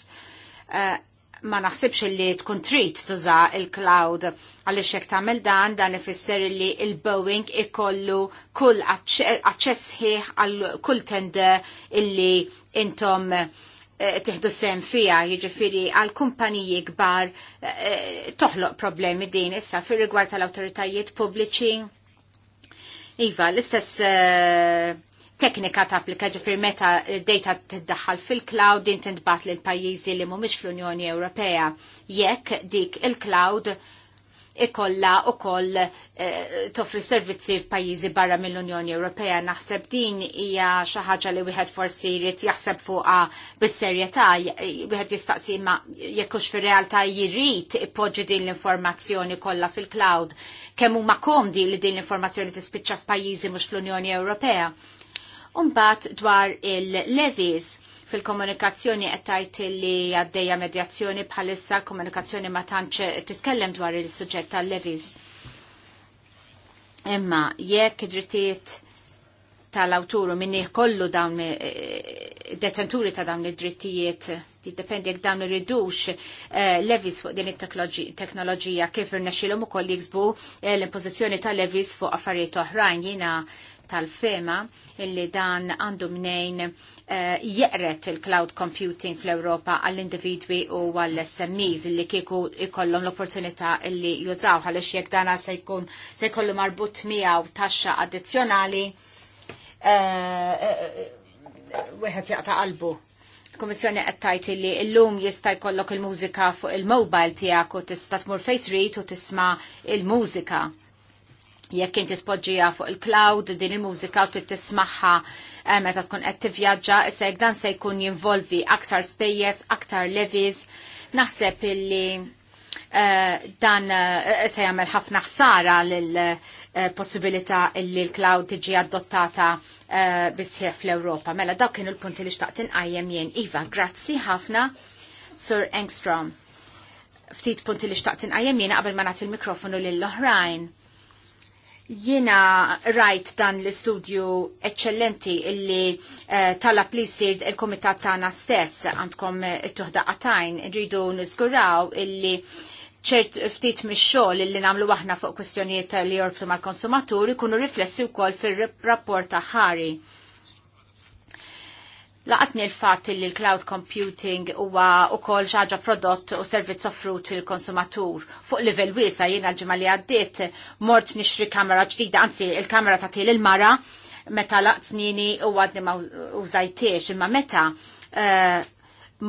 Speaker 4: ma naħsibx li tkun trid tuża il-cloud għaliex xek tagħmel dan dan ifisser li il-Boeing ikollu kull aċċess ħieħ għal kull tender illi intom eh, tiħdu sem fija, jiġifiri għal kumpaniji kbar eh, eh, toħloq problemi din issa fir rigward tal-autoritajiet pubbliċi. Iva, l-istess teknika ta' applika ġifir meta data tiddaħħal fil-cloud din tintbat l pajjiżi li mhumiex fl-Unjoni Ewropea. Jekk dik il-cloud ikolla u koll eh, toffri servizzi f'pajjiżi barra mill-Unjoni Ewropea naħseb din hija xi ħaġa li wieħed forsi jrid jaħseb fuqha bis-serjetà wieħed jistaqsi ma jekkux fir-realtà jrid ipoġġi din l-informazzjoni kollha fil-cloud kemm huma komdi li din l-informazzjoni tispiċċa f'pajjiżi mhux fl-Unjoni Ewropea Umbat dwar il levis fil-komunikazzjoni qed li għaddejja medjazzjoni bħalissa komunikazzjoni ma tantx titkellem dwar il-suġġett tal-levies. Imma jekk id-drittijiet tal-awturu minni kollu dawn eh, detenturi ta' dawn id-drittijiet jiddependi jekk dawn irridux eh, levis fuq din it-teknoloġija kif irnexxilhom ukoll jiksbu eh, l-impożizzjoni ta' levis fuq affarijiet oħrajn jiena tal-fema illi dan għandu mnejn uh, jeqret il-cloud computing fl-Europa għall-individwi u għall-SMEs illi kieku ikollhom l-opportunità illi jużaw għalix jekk dana se jkun se jkollu marbut miegħu taxxa addizzjonali eh, eh, wieħed jaqta' qalbu il-Komissjoni qed tgħid li llum jista' jkollok il-mużika fuq il-mobile tiegħek u tista' tmur fejn trid u tisma' il-mużika. il mużika jekk inti tpoġġija fuq il-cloud din il-mużika u tismaħħa eh, meta tkun qed tivvjaġġa issa dan se jkun jinvolvi aktar spejjeż, aktar levies. Naħseb illi eh, dan eh, se jagħmel ħafna ħsara lil possibilità li l-cloud tiġi adottata bisħieħ fl-Ewropa. Mela dawk kienu l-punti li xtaqt inqajjem jien. Iva, grazzi ħafna, Sir Engstrom. Ftit punti li xtaqt inqajjem jien qabel ma nagħti l-mikrofonu lill-oħrajn Jina rajt dan l-istudju eccellenti illi uh, talab li sir il-komitat tana stess għandkom it-tuħda eh, għatajn rridu nizguraw illi ċert ftit mix-xogħol illi nagħmlu aħna fuq kwestjonijiet li jorbtu mal-konsumaturi kunu riflessi wkoll fir-rapport ta' ħari Laqatni l-fat li l-cloud computing huwa kol xaġa prodott u servizz offrut il-konsumatur. Fuq livell wiesa jiena l-ġimgħa li għaddiet mort nixri kamera ġdida, anzi il-kamera ta' til il-mara meta snini u għadni ma użajtiex, imma meta uh,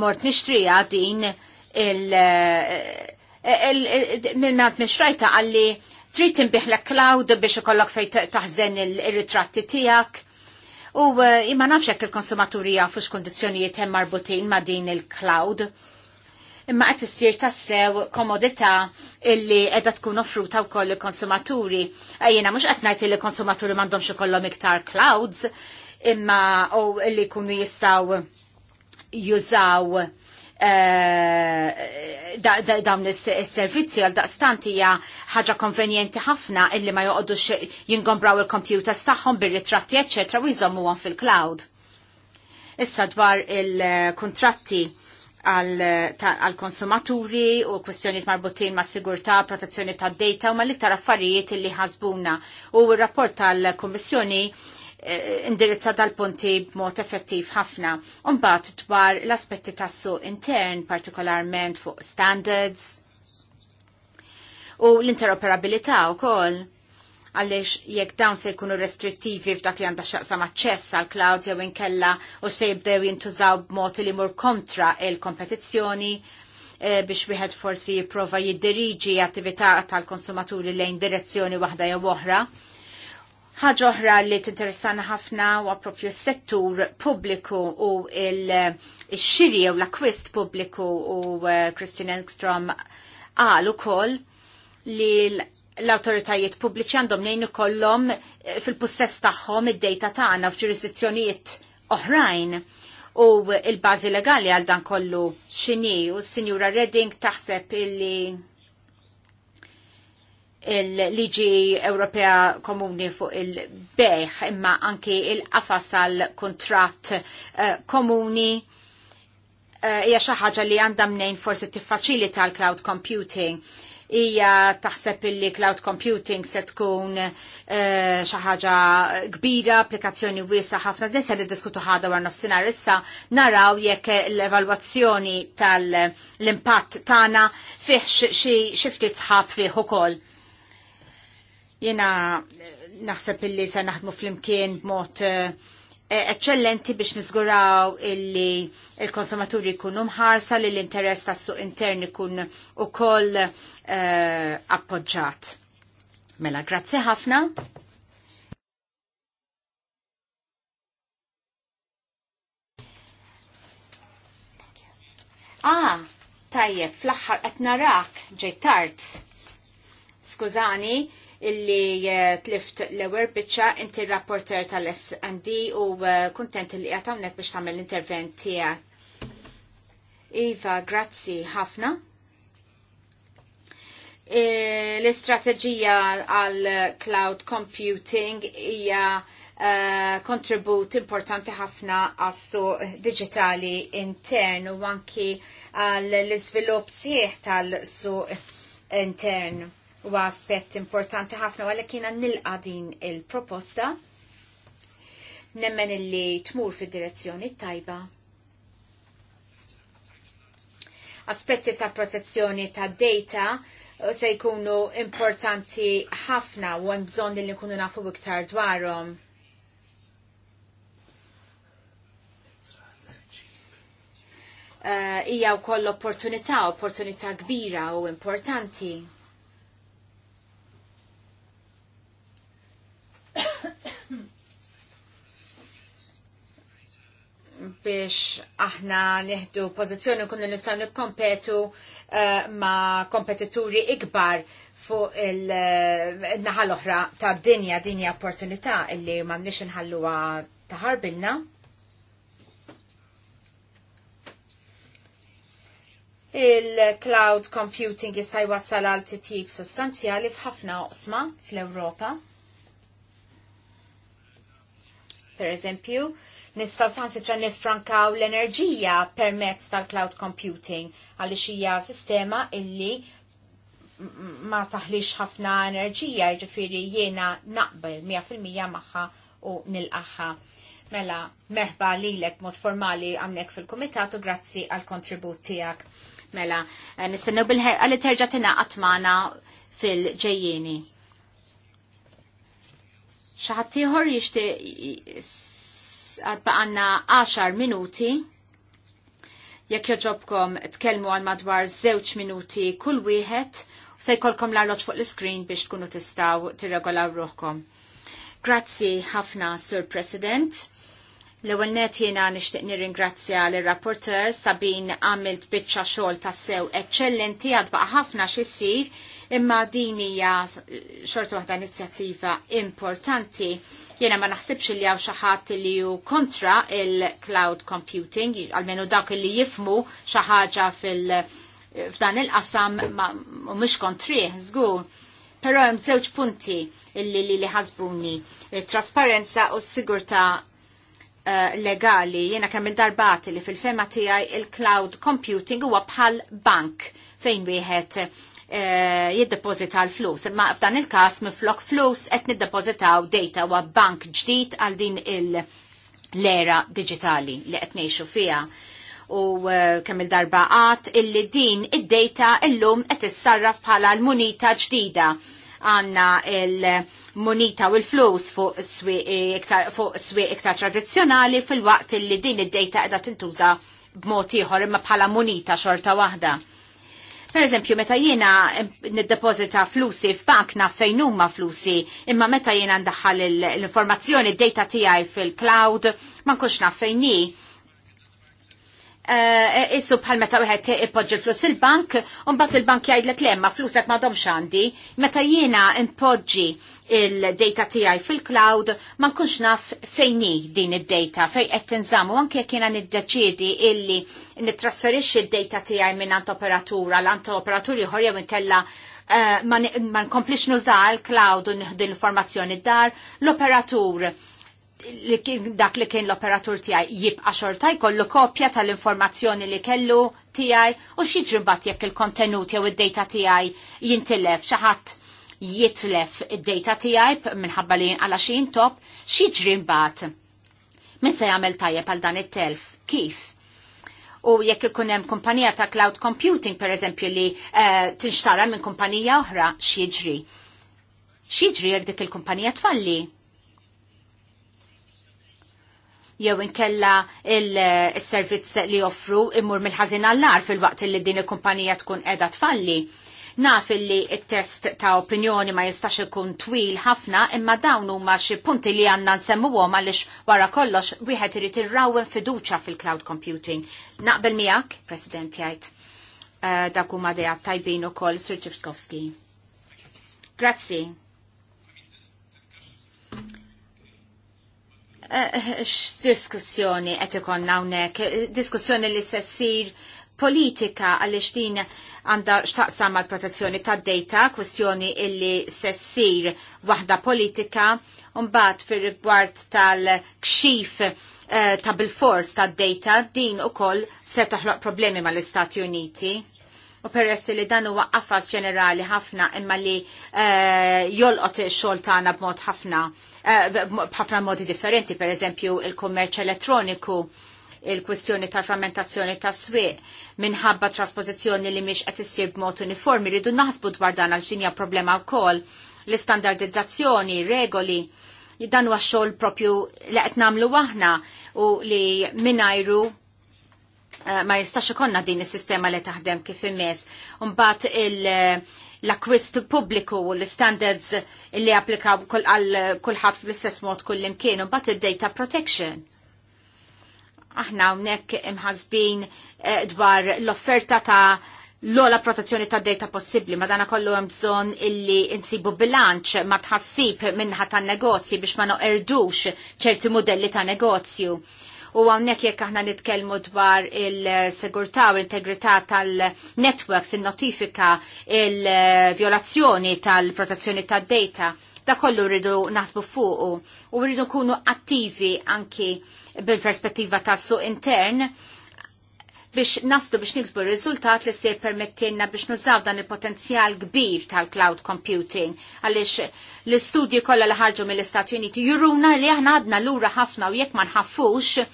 Speaker 4: mort nixri din il- eh, eh, Minn rajta għalli trid biħla cloud biex ikollok fejn taħżen ir ritratti tiegħek U eh, imma nafxek il-konsumaturi jafu x'kondizzjonijiet hemm marbutin ma' din il-cloud. Imma qed issir tassew komodità illi qiegħda tkun offruta wkoll il-konsumaturi. Ejjena eh, mhux qed ngħid li konsumaturi m'għandhomx ikollhom iktar clouds, imma u illi jkunu jistgħu jużaw Eh, dawn is-servizzi għal daqstant hija ħaġa konvenjenti ħafna illi ma joqgħodux jingombraw il-computers tagħhom bir-ritratti eċċetra u jżommuhom fil-cloud. Issa dwar il-kontratti għal konsumaturi u kwestjoniet marbutin ma' sigurtà protezzjoni ta' data u ma' liktar affarijiet illi ħasbuna. U r-rapport tal-Kommissjoni Eh, indirizza dal-punti b'mod effettiv ħafna. Umbat dwar l-aspetti tassu intern, partikolarment fuq standards u l-interoperabilità u koll għalix jekk dawn se jkunu restrittivi f'dak li għandha xaqsa maċċess għal cloud jew inkella u se jibdew jintużaw b'mod li mur kontra il-kompetizzjoni eh, biex wieħed forsi jipprova jiddiriġi attività tal-konsumaturi lejn direzzjoni waħda jew oħra. Ħaġa oħra li tinteressana ħafna u proprju settur pubbliku u il-xiri u l-akwist pubbliku u eh, Christian Engstrom qal ukoll li l-autoritajiet pubbliċi għandhom lejn ikollhom eh, fil-pussess tagħhom id-dejta tagħna f'ġurisdizzjonijiet oħrajn u l-bażi legali għal dan kollu x'inhi u s-Sinjura Redding taħseb illi il-liġi Ewropea komuni fuq il-beħ imma anki il-qafas għal kontrat eh, komuni eh, hija xaħġa xi ħaġa li għandha mnejn forsi tiffaċilita l-cloud computing hija taħseb li cloud computing se tkun xaħġa eh, xi ħaġa kbira, applikazzjoni wiesa ħafna din se diskutu ħada wara nofsina issa naraw jekk l-evalwazzjoni tal-impatt tagħna fiħx xi ftit sħab fih ukoll Jena eh, naħseb illi se naħdmu fl-imkien b'mod eh, eh, eccellenti biex nizguraw illi il-konsumaturi jkunu mħarsa li l-interess tas suq intern ikun u koll appoġġat. Mela, grazzi ħafna. Ah, tajjeb, fl-axħar qed narak ġej tard. Skużani, illi eh, tlift l-ewer bicċa inti rapporter tal snd u eh, kontent illi għatamnek biex tamil l-intervent tijak. Iva, grazzi ħafna. Eh, l-istrateġija għal cloud computing hija kontribut importanti ħafna għassu digitali intern u anki għal l-izvilup sieħ tal-su intern u aspett importanti ħafna għalli kiena nilqa din il-proposta nemmen illi tmur fid direzzjoni tajba. Aspetti ta' protezzjoni ta' data uh, se jkunu importanti ħafna u hemm bżonn li nkunu nafu iktar dwarhom. Uh, hija uh, wkoll opportunità, opportunità kbira u importanti. biex aħna neħdu pozizjoni kunu nistaw nikkompetu uh, ma kompetituri ikbar fuq il-naħa eh, l-oħra ta' dinja, dinja opportunità illi ma' nix nħalluwa taħarbilna. Il-cloud computing jista' jwassal għal titjib sostanzjali f'ħafna oqsma fl-Ewropa. per eżempju, nistaw sansitra nifrankaw l-enerġija permezz tal-cloud computing għalli xija sistema illi ma taħlix ħafna enerġija ġifiri jiena naqbel 100% maħħa u nil-qaħħa. Mela, merħba li l-ek mod formali għamnek fil-komitatu grazzi għal-kontribut tijak. Mela, eh, nistennu bil-ħerqa li terġa tina għatmana fil-ġejjeni xaħtiħor tiħor jishti għadba għanna 10 minuti. Jekk joġobkom tkellmu għal madwar 0 minuti kull wieħed, se jkollkom l-arloġ fuq l-screen biex tkunu tistaw tirregolaw ruħkom. Grazzi ħafna, Sur President. L-ewwel net jiena nixtieq nirringrazzja l rapporteur Sabin għamilt biċċa xogħol tassew eċċellenti għad ħafna x'isir imma din hija xorta waħda inizjattiva importanti. Jena ma naħsibx li hawn xi ħadd li hu kontra il-cloud computing, għalmenu dawk li jifmu xi ħaġa fil- f'dan il-qasam u mux kontrih, żgur. Però hemm żewġ punti illi li li ħazbuni. trasparenza u s-sigurta uh, eh, legali, jena kemm il-darbati li fil-fema tiegħi il-cloud computing huwa bħal bank fejn wieħed Eh, jiddepozita l-flus. Imma f'dan il-kas miflok flus qed niddepozitaw data wa bank ġdid għal din l-era digitali li qed ngħixu fiha u eh, kemm il-darba għat illi din id-data illum qed issarraf bħala l-munita ġdida għanna il-munita u l-flus fuq swi eh, iktar tradizzjonali fil-waqt illi din id-data qiegħda tintuża b'mod ieħor imma bħala munita xorta waħda. Per eżempju, meta jiena niddepozita flusi f'bankna fejn huma flusi, imma meta jiena ndaħħal l-informazzjoni d-data tiegħi fil-cloud, ma nkunx naf fejn Eh, issu bħal meta wieħed ipoġġi flus il-bank, u mbagħad il-bank jgħidlek ma flusek m'għadhomx għandi. Meta jiena impoġġi il-data tiegħi fil-cloud, ma nkunx naf fejn hi din id-data, fejn qed tinżammu anke jekk jiena niddeċiedi illi nittrasferixxi id-data tiegħi minn ant operatura l ant operatur ieħor jew inkella eh, ma nkomplix nuża l-cloud u nieħdu l-informazzjoni d-dar, l-operatur dak li kien l-operatur tijaj jibqa xorta kollu kopja tal-informazzjoni li kellu tijaj u xieġrimbat jekk il-kontenut jew id-data tijaj jintilef xaħat jitlef id-data tijaj minħabba li għala xin top xieġrimbat min se jgħamil tajjeb għal dan it-telf kif u jekk ikun hemm kumpanija ta' cloud computing per eżempju li uh, tinxtara minn kumpanija oħra xieġri xieġri jekk dik il-kumpanija tfalli jew inkella il-servizz li joffru immur mill-ħażin għall-ar fil-waqt li din il-kumpanija tkun qiegħda tfalli. Naf li il-test ta' opinjoni ma jistax ikun twil ħafna imma dawn huma xi punti li għandna għom għaliex wara kollox wieħed irid irrawen fiduċa fil-cloud computing. Naqbel miegħek, President jgħid. Uh, Dak huma dejja tajbin ukoll Sir Ġifskowski. Grazzi. Eh, eh, x-diskussjoni qed ikonna hawnhekk, eh, diskussjoni li se ssir politika għaliex din għandha x'taqsam għal protezzjoni tad-data, kwestjoni illi se ssir waħda politika, mbagħad fir-rigward tal-kxif ta' bil-fors tad-data din ukoll se toħloq problemi mal-Istati Uniti u peress li dan huwa qafas ġenerali ħafna imma li uh, jolqot xogħol tagħna b'mod ħafna eh, b'ħafna modi differenti, pereżempju il-kummerċ elettroniku il-kwestjoni ta' frammentazzjoni ta' swieq minħabba traspożizzjoni li mhix qed issir b'mod uniformi rridu naħsbu dwar dan għal xinja problema wkoll l-istandardizzazzjoni, regoli dan huwa xogħol propju li qed nagħmlu aħna u li minajru Eh, ma jistax ikonna din is-sistema li taħdem kif imess. Mbagħad l-akwist pubbliku u l-standards li applikaw għal kulħadd fl-istess mod kullimkien u mbagħad id-data protection. Aħna hawnhekk imħasbin eh, dwar l-offerta ta' l-ola protezzjoni ta' data possibli, ma dana kollu hemm bżonn illi insibu bilanċ ma tħassib minħa ta' negozji biex ma noqerdux ċerti modelli ta' negozju u għawnek jekk aħna nitkelmu dwar il-segurtà u l-integrità tal-networks, il-notifika, il-violazzjoni tal-protezzjoni tad-data. Da kollu rridu nasbu fuqu u rridu kunu attivi anki bil-perspettiva tas-suq intern biex naslu biex niksbu r-riżultat li se permettinna biex nużaw dan il-potenzjal kbir tal-cloud computing għaliex l-istudji kollha li ħarġu mill-Istati Uniti juruna li aħna għadna lura ħafna u jekk ma nħaffux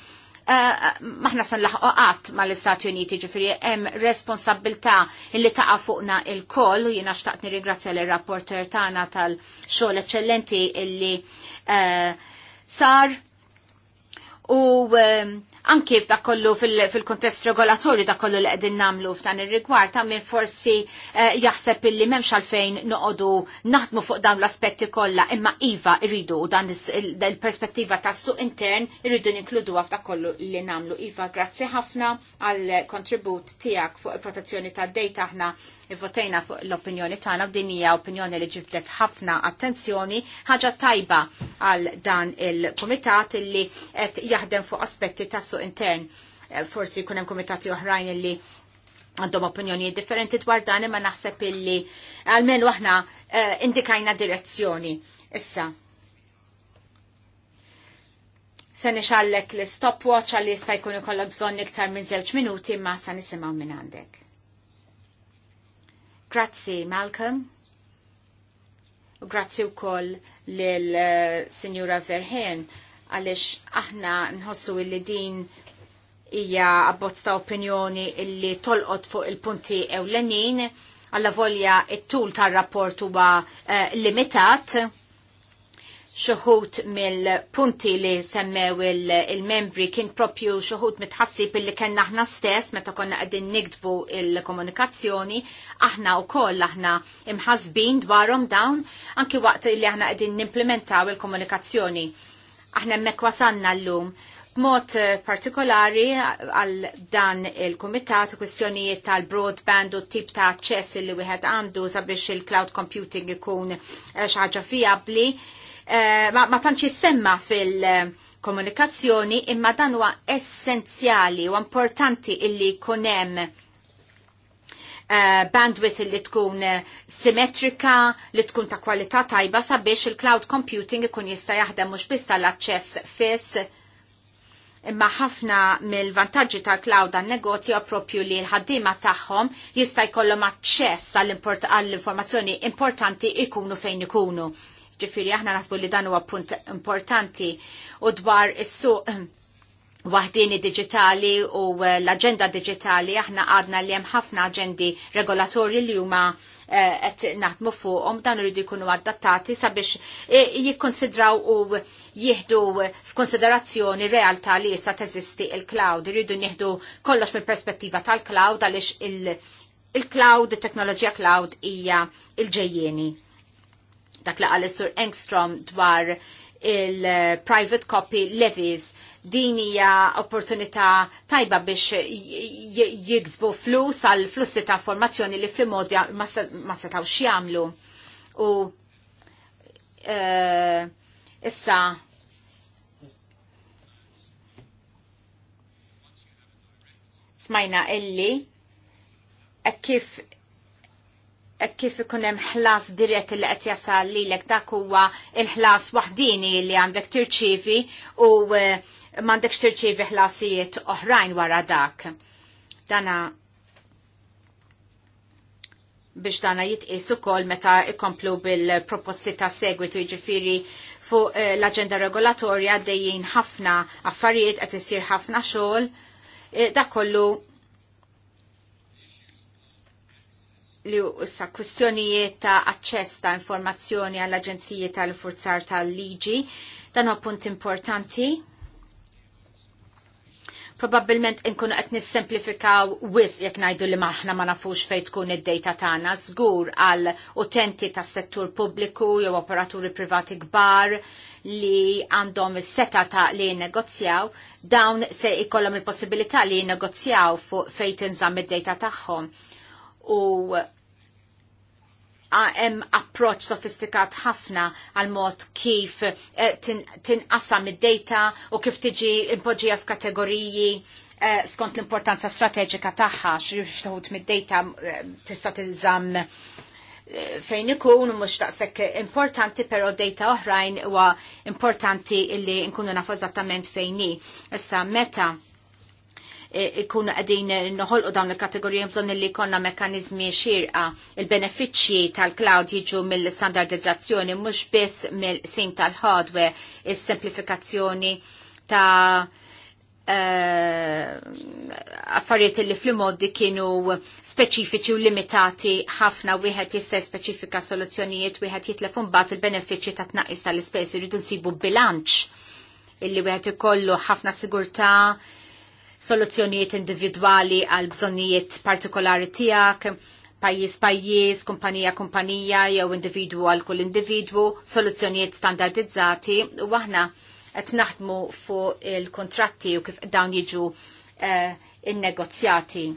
Speaker 4: maħna eh, eh, san għat ma l-Istati Uniti ġifiri hemm responsabilta li taqa fuqna il-koll u jina xtaqt nirringrazzja l-rapporter tagħna tal-xogħol eċċellenti illi eh, sar u anki dak kollu fil-kontest regolatorju dak kollu li qegħdin nagħmlu f'dan ir-rigward ta' forsi eh, jaħseb illi m'hemmx għalfejn noqogħdu naħdmu fuq dawn l-aspetti kollha imma iva irridu dan il-perspettiva tas suq intern irridu ninkludu f'dak kollu li nagħmlu. Iva, grazzi ħafna għal kontribut tiegħek fuq il-protezzjoni tad-dejta aħna votajna fuq l-opinjoni tagħna u hija opinjoni li ġibdet ħafna attenzjoni, ħaġa tajba għal dan il-kumitat illi qed jaħdem fuq aspetti tas suq intern. Eh, forsi jkun hemm kumitati oħrajn illi għandhom opinjoni differenti dwar dan imma naħseb illi għalmen aħna uh, indikajna direzzjoni. Issa. Se nixallek l-stopwatch għalli jista' jkun ikollok bżonn iktar minn żewġ minuti imma sa nisimgħu minn għandek. Grazzi, Malcolm. U grazzi wkoll lil eh, Signora Verheen għalix aħna nħossu illi din hija abbozz ta' opinjoni illi tolqot fuq il-punti ewlenin għalla volja it-tul tar-rapport huwa uh, limitat xoħut mill-punti li semmew il-membri kien propju xoħut mitħassi li kenna aħna stess meta konna għedin nigdbu il-komunikazzjoni aħna u koll aħna imħasbin dwarom dawn anki waqt li aħna għedin nimplementaw il-komunikazzjoni Aħna mek wasanna l-lum. B'mod eh, partikolari għal dan il-Kumitat kwistjonijiet tal-broadband u tip ta' ċess li wieħed għandu sabiex il-cloud computing ikun eh, xaġa fiabli. E, ma, tantx semma fil- komunikazzjoni imma dan huwa essenzjali u importanti illi kunem hemm uh, bandwidth li tkun eh, simmetrika, li tkun ta' kwalità tajba sabiex il-cloud computing ikun jista' jaħdem mhux biss tal-aċċess fis. imma ħafna mill-vantaġġi tal-cloud għan negozju propju li l-ħaddima tagħhom jista' jkollhom aċċess għall-informazzjoni importanti ikunu fejn ikunu. Ġifieri aħna nasbu li dan huwa punt importanti u dwar is-suq waħdini digitali u eh, l-agenda digitali aħna għadna li hemm ħafna agendi regolatorji li huma eh, qed naħdmu fuqhom dan iridu jkunu adattati sabiex eh, jikkonsidraw u jieħdu f'konsiderazzjoni realtà li issa teżisti il-cloud. Iridu nieħdu kollox mill-perspettiva tal-cloud għaliex il-cloud, il-teknoloġija cloud hija il-ġejjeni. Dak li għal sur Engstrom dwar il-private copy levies din hija opportunità tajba biex jiksbu flus għal flussi ta' formazzjoni li fl-modi ma setaw jagħmlu. U eh, issa smajna illi e kif e kif ikun hemm ħlas dirett li qed jasal lilek dak huwa il-ħlas waħdini li għandek tirċivi u eh, m'għandekx tirċievi ħlasijiet oħrajn wara dak. Dana biex dana jitqis ukoll meta ikomplu bil-proposti ta' segwitu jiġifieri fuq eh, l-agenda regolatorja dejjin ħafna affarijiet qed isir ħafna xogħol. Eh, dak kollu li issa kwistjonijiet ta' aċċess ta' informazzjoni għall aġenziji tal furzar tal-liġi dan huwa punt importanti Probabilment inkunu qed nissemplifikaw wis jekk ngħidu li maħna ma nafux fejn tkun id-dejta tagħna żgur għal utenti tas-settur pubbliku jew operaturi privati kbar li għandhom is-seta ta' li jinnegozjaw, dawn se jkollhom il-possibilità li jinnegozjaw fuq fejn tinżamm id-dejta tagħhom. U hemm approċ sofistikat ħafna għal mod kif eh, tinqasam id-data u kif tiġi impoġija f'kategoriji eh, skont l-importanza strateġika tagħha x'rif taħud mid-data eh, tista' tilżamm fejn ikun mhux daqshekk importanti però data oħrajn huwa importanti illi nkunu nafu eżattament fejn hi. Issa meta E, Ikun għadin noħolqu dawn il-kategorija bżon li konna mekanizmi xirqa il-benefiċċji tal-cloud jiġu mill-standardizzazzjoni mhux biss mill-sim tal-hardware is-semplifikazzjoni ta' e, affarijiet li fl-modi kienu speċifiċi u limitati ħafna wieħed jisser speċifika soluzzjonijiet wieħed jitlef bat il-benefiċċji ta' tnaqqis tal-ispejs iridu nsibu bilanċ illi wieħed ikollu ħafna sigurtà soluzzjonijiet individwali għal bżonnijiet partikolari tiegħek, pajjiż pajjiż, kumpanija kumpanija jew individwu għal kull individwu, soluzzjonijiet standardizzati u aħna qed naħdmu fuq il-kontratti u kif dawn jiġu eh, innegozjati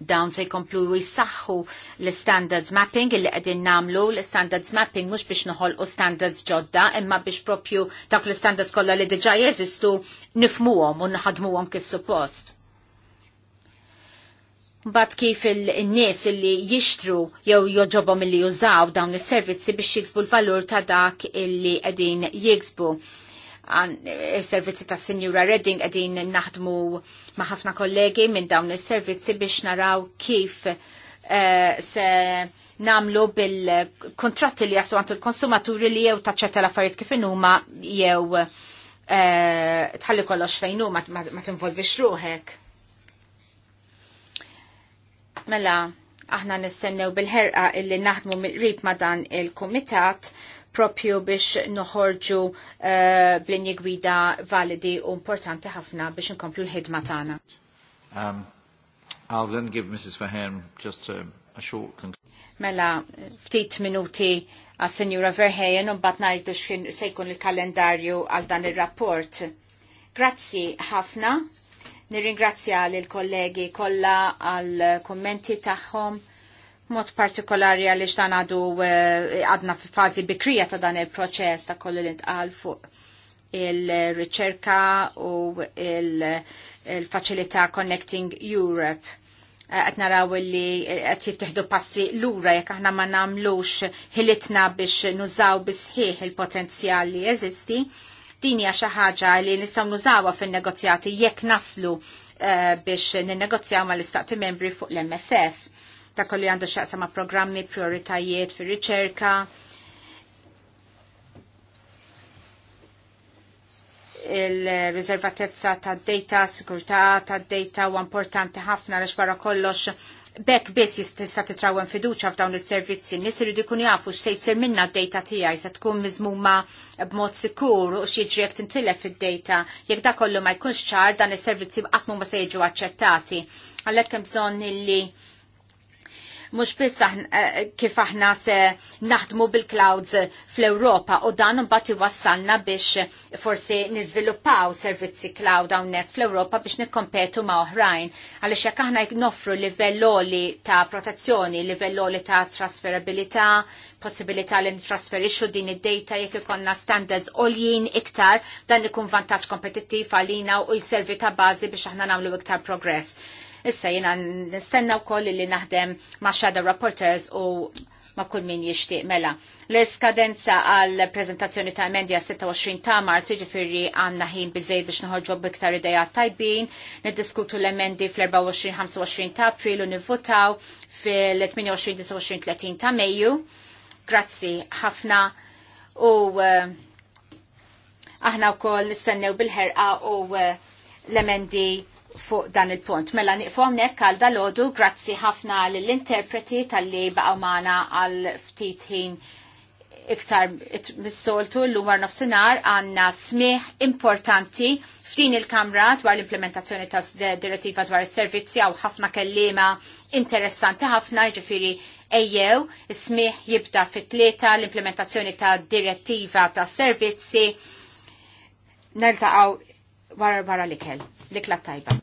Speaker 4: dawn se jkomplu jisaxħu l-standards mapping illi qegħdin namlu l-standards mapping mhux biex noħolqu standards ġodda imma biex propju dak l-standards kollha li diġà jeżistu nifmuhom u naħadmuhom kif suppost. Mbagħad kif il-nies illi jixtru jew joġobhom illi jużaw dawn is-servizzi biex jiksbu l-valur ta' dak illi qegħdin jiksbu il-servizzi eh, ta' Sinjura Redding għedin naħdmu ma' ħafna kollegi minn dawn il-servizzi biex naraw kif uh, se namlu bil-kontratti li jassu għantu l-konsumaturi li jew taċċetta l-affarijiet kif huma jew uh, tħalli kollox fejn huma ma, tinvolvix ruħek. Mela, aħna nistennew bil-ħerqa illi naħdmu mill-rib ma dan il-komitat propju biex noħorġu uh, blinji gwida validi u importanti ħafna biex nkomplu l-ħidma tagħna.
Speaker 2: Um, I'll then give Mrs. Fahem just a, a short
Speaker 4: Mela, ftit minuti għas Senjura Verheyen un bat najdu se jkun il-kalendarju għal dan il-rapport. Grazzi ħafna. Nirringrazzja l-kollegi kollha għal kommenti tagħhom mod partikolari għaliex dan għadu eh, għadna fi fazi bikrija ta' dan il-proċess ta' kollu l-intqal fuq il-riċerka u il facilita Connecting Europe eh, qed naraw li qed jittieħdu passi lura jekk aħna ma nagħmlux ħilitna biex nużaw bisħiħ il-potenzjal li jeżisti. Din hija xi ħaġa li nistgħu nużawha fin-negozjati jekk naslu eh, biex ninnegozjaw mal istaqti membri fuq l-MFF ta' kolli għandu xaqsa ma' programmi, prioritajiet fir riċerka il-riservatezza ta' data, sigurta ta' data u importanti ħafna għax barra kollox bekk biss jistessa titrawen fiduċa f'dawn is-servizzi. Nies irid ikun jafu x'se jsir minna d-data tiegħi se tkun miżmuma b'mod sikur u x'jiġri jekk tintilef id-data. Jekk da kollu ma jkunx ċar dan is-servizzi qatt ma se jiġu aċċettati. Għalhekk hemm bżonn illi mhux biss eh, kif aħna se naħdmu bil-clouds fl-Ewropa u dan mbagħad iwassalna biex forsi niżviluppaw servizzi cloud hawnhekk fl-Ewropa biex nikkompetu ma' oħrajn għaliex jekk aħna noffru livelloli ta' protezzjoni, livelloli ta' trasferabilità, possibilità li ntrasferixxu din id-data jekk ikonna standards oljin iktar dan ikun vantaġġ kompetittiv għalina u jservi ta' bażi biex aħna nagħmlu iktar progress. Issa jina nistenna wkoll li naħdem ma' Shadow Reporters u ma' kull min jixtieq mela. L-iskadenza għal prezentazzjoni ta' emendja 26 ta' marzu ġifiri għanna ħin bizzejt biex nħorġu b'iktar ideja tajbin, niddiskutu l-emendi fl-24-25 ta' april u nivvotaw fil-28-29-30 ta' Mejju. Grazzi ħafna u eh, aħna u koll nistennew bil-ħerqa u eh, l-emendi fuq dan il-punt. Mela niqfom nek għalda lodu, grazzi ħafna l-interpreti tal-li baqaw maħna għal ftit ħin iktar mis-soltu l-lumar nofsinar għanna smieħ importanti f'din il-kamra dwar l-implementazzjoni ta' direttiva dwar il-servizzi għaw ħafna kellima interessanti ħafna ġifiri ejjew, smieħ jibda fit-tlieta l-implementazzjoni ta' direttiva ta' servizzi naltaqaw wara wara l-ikel, l-ikla tajba.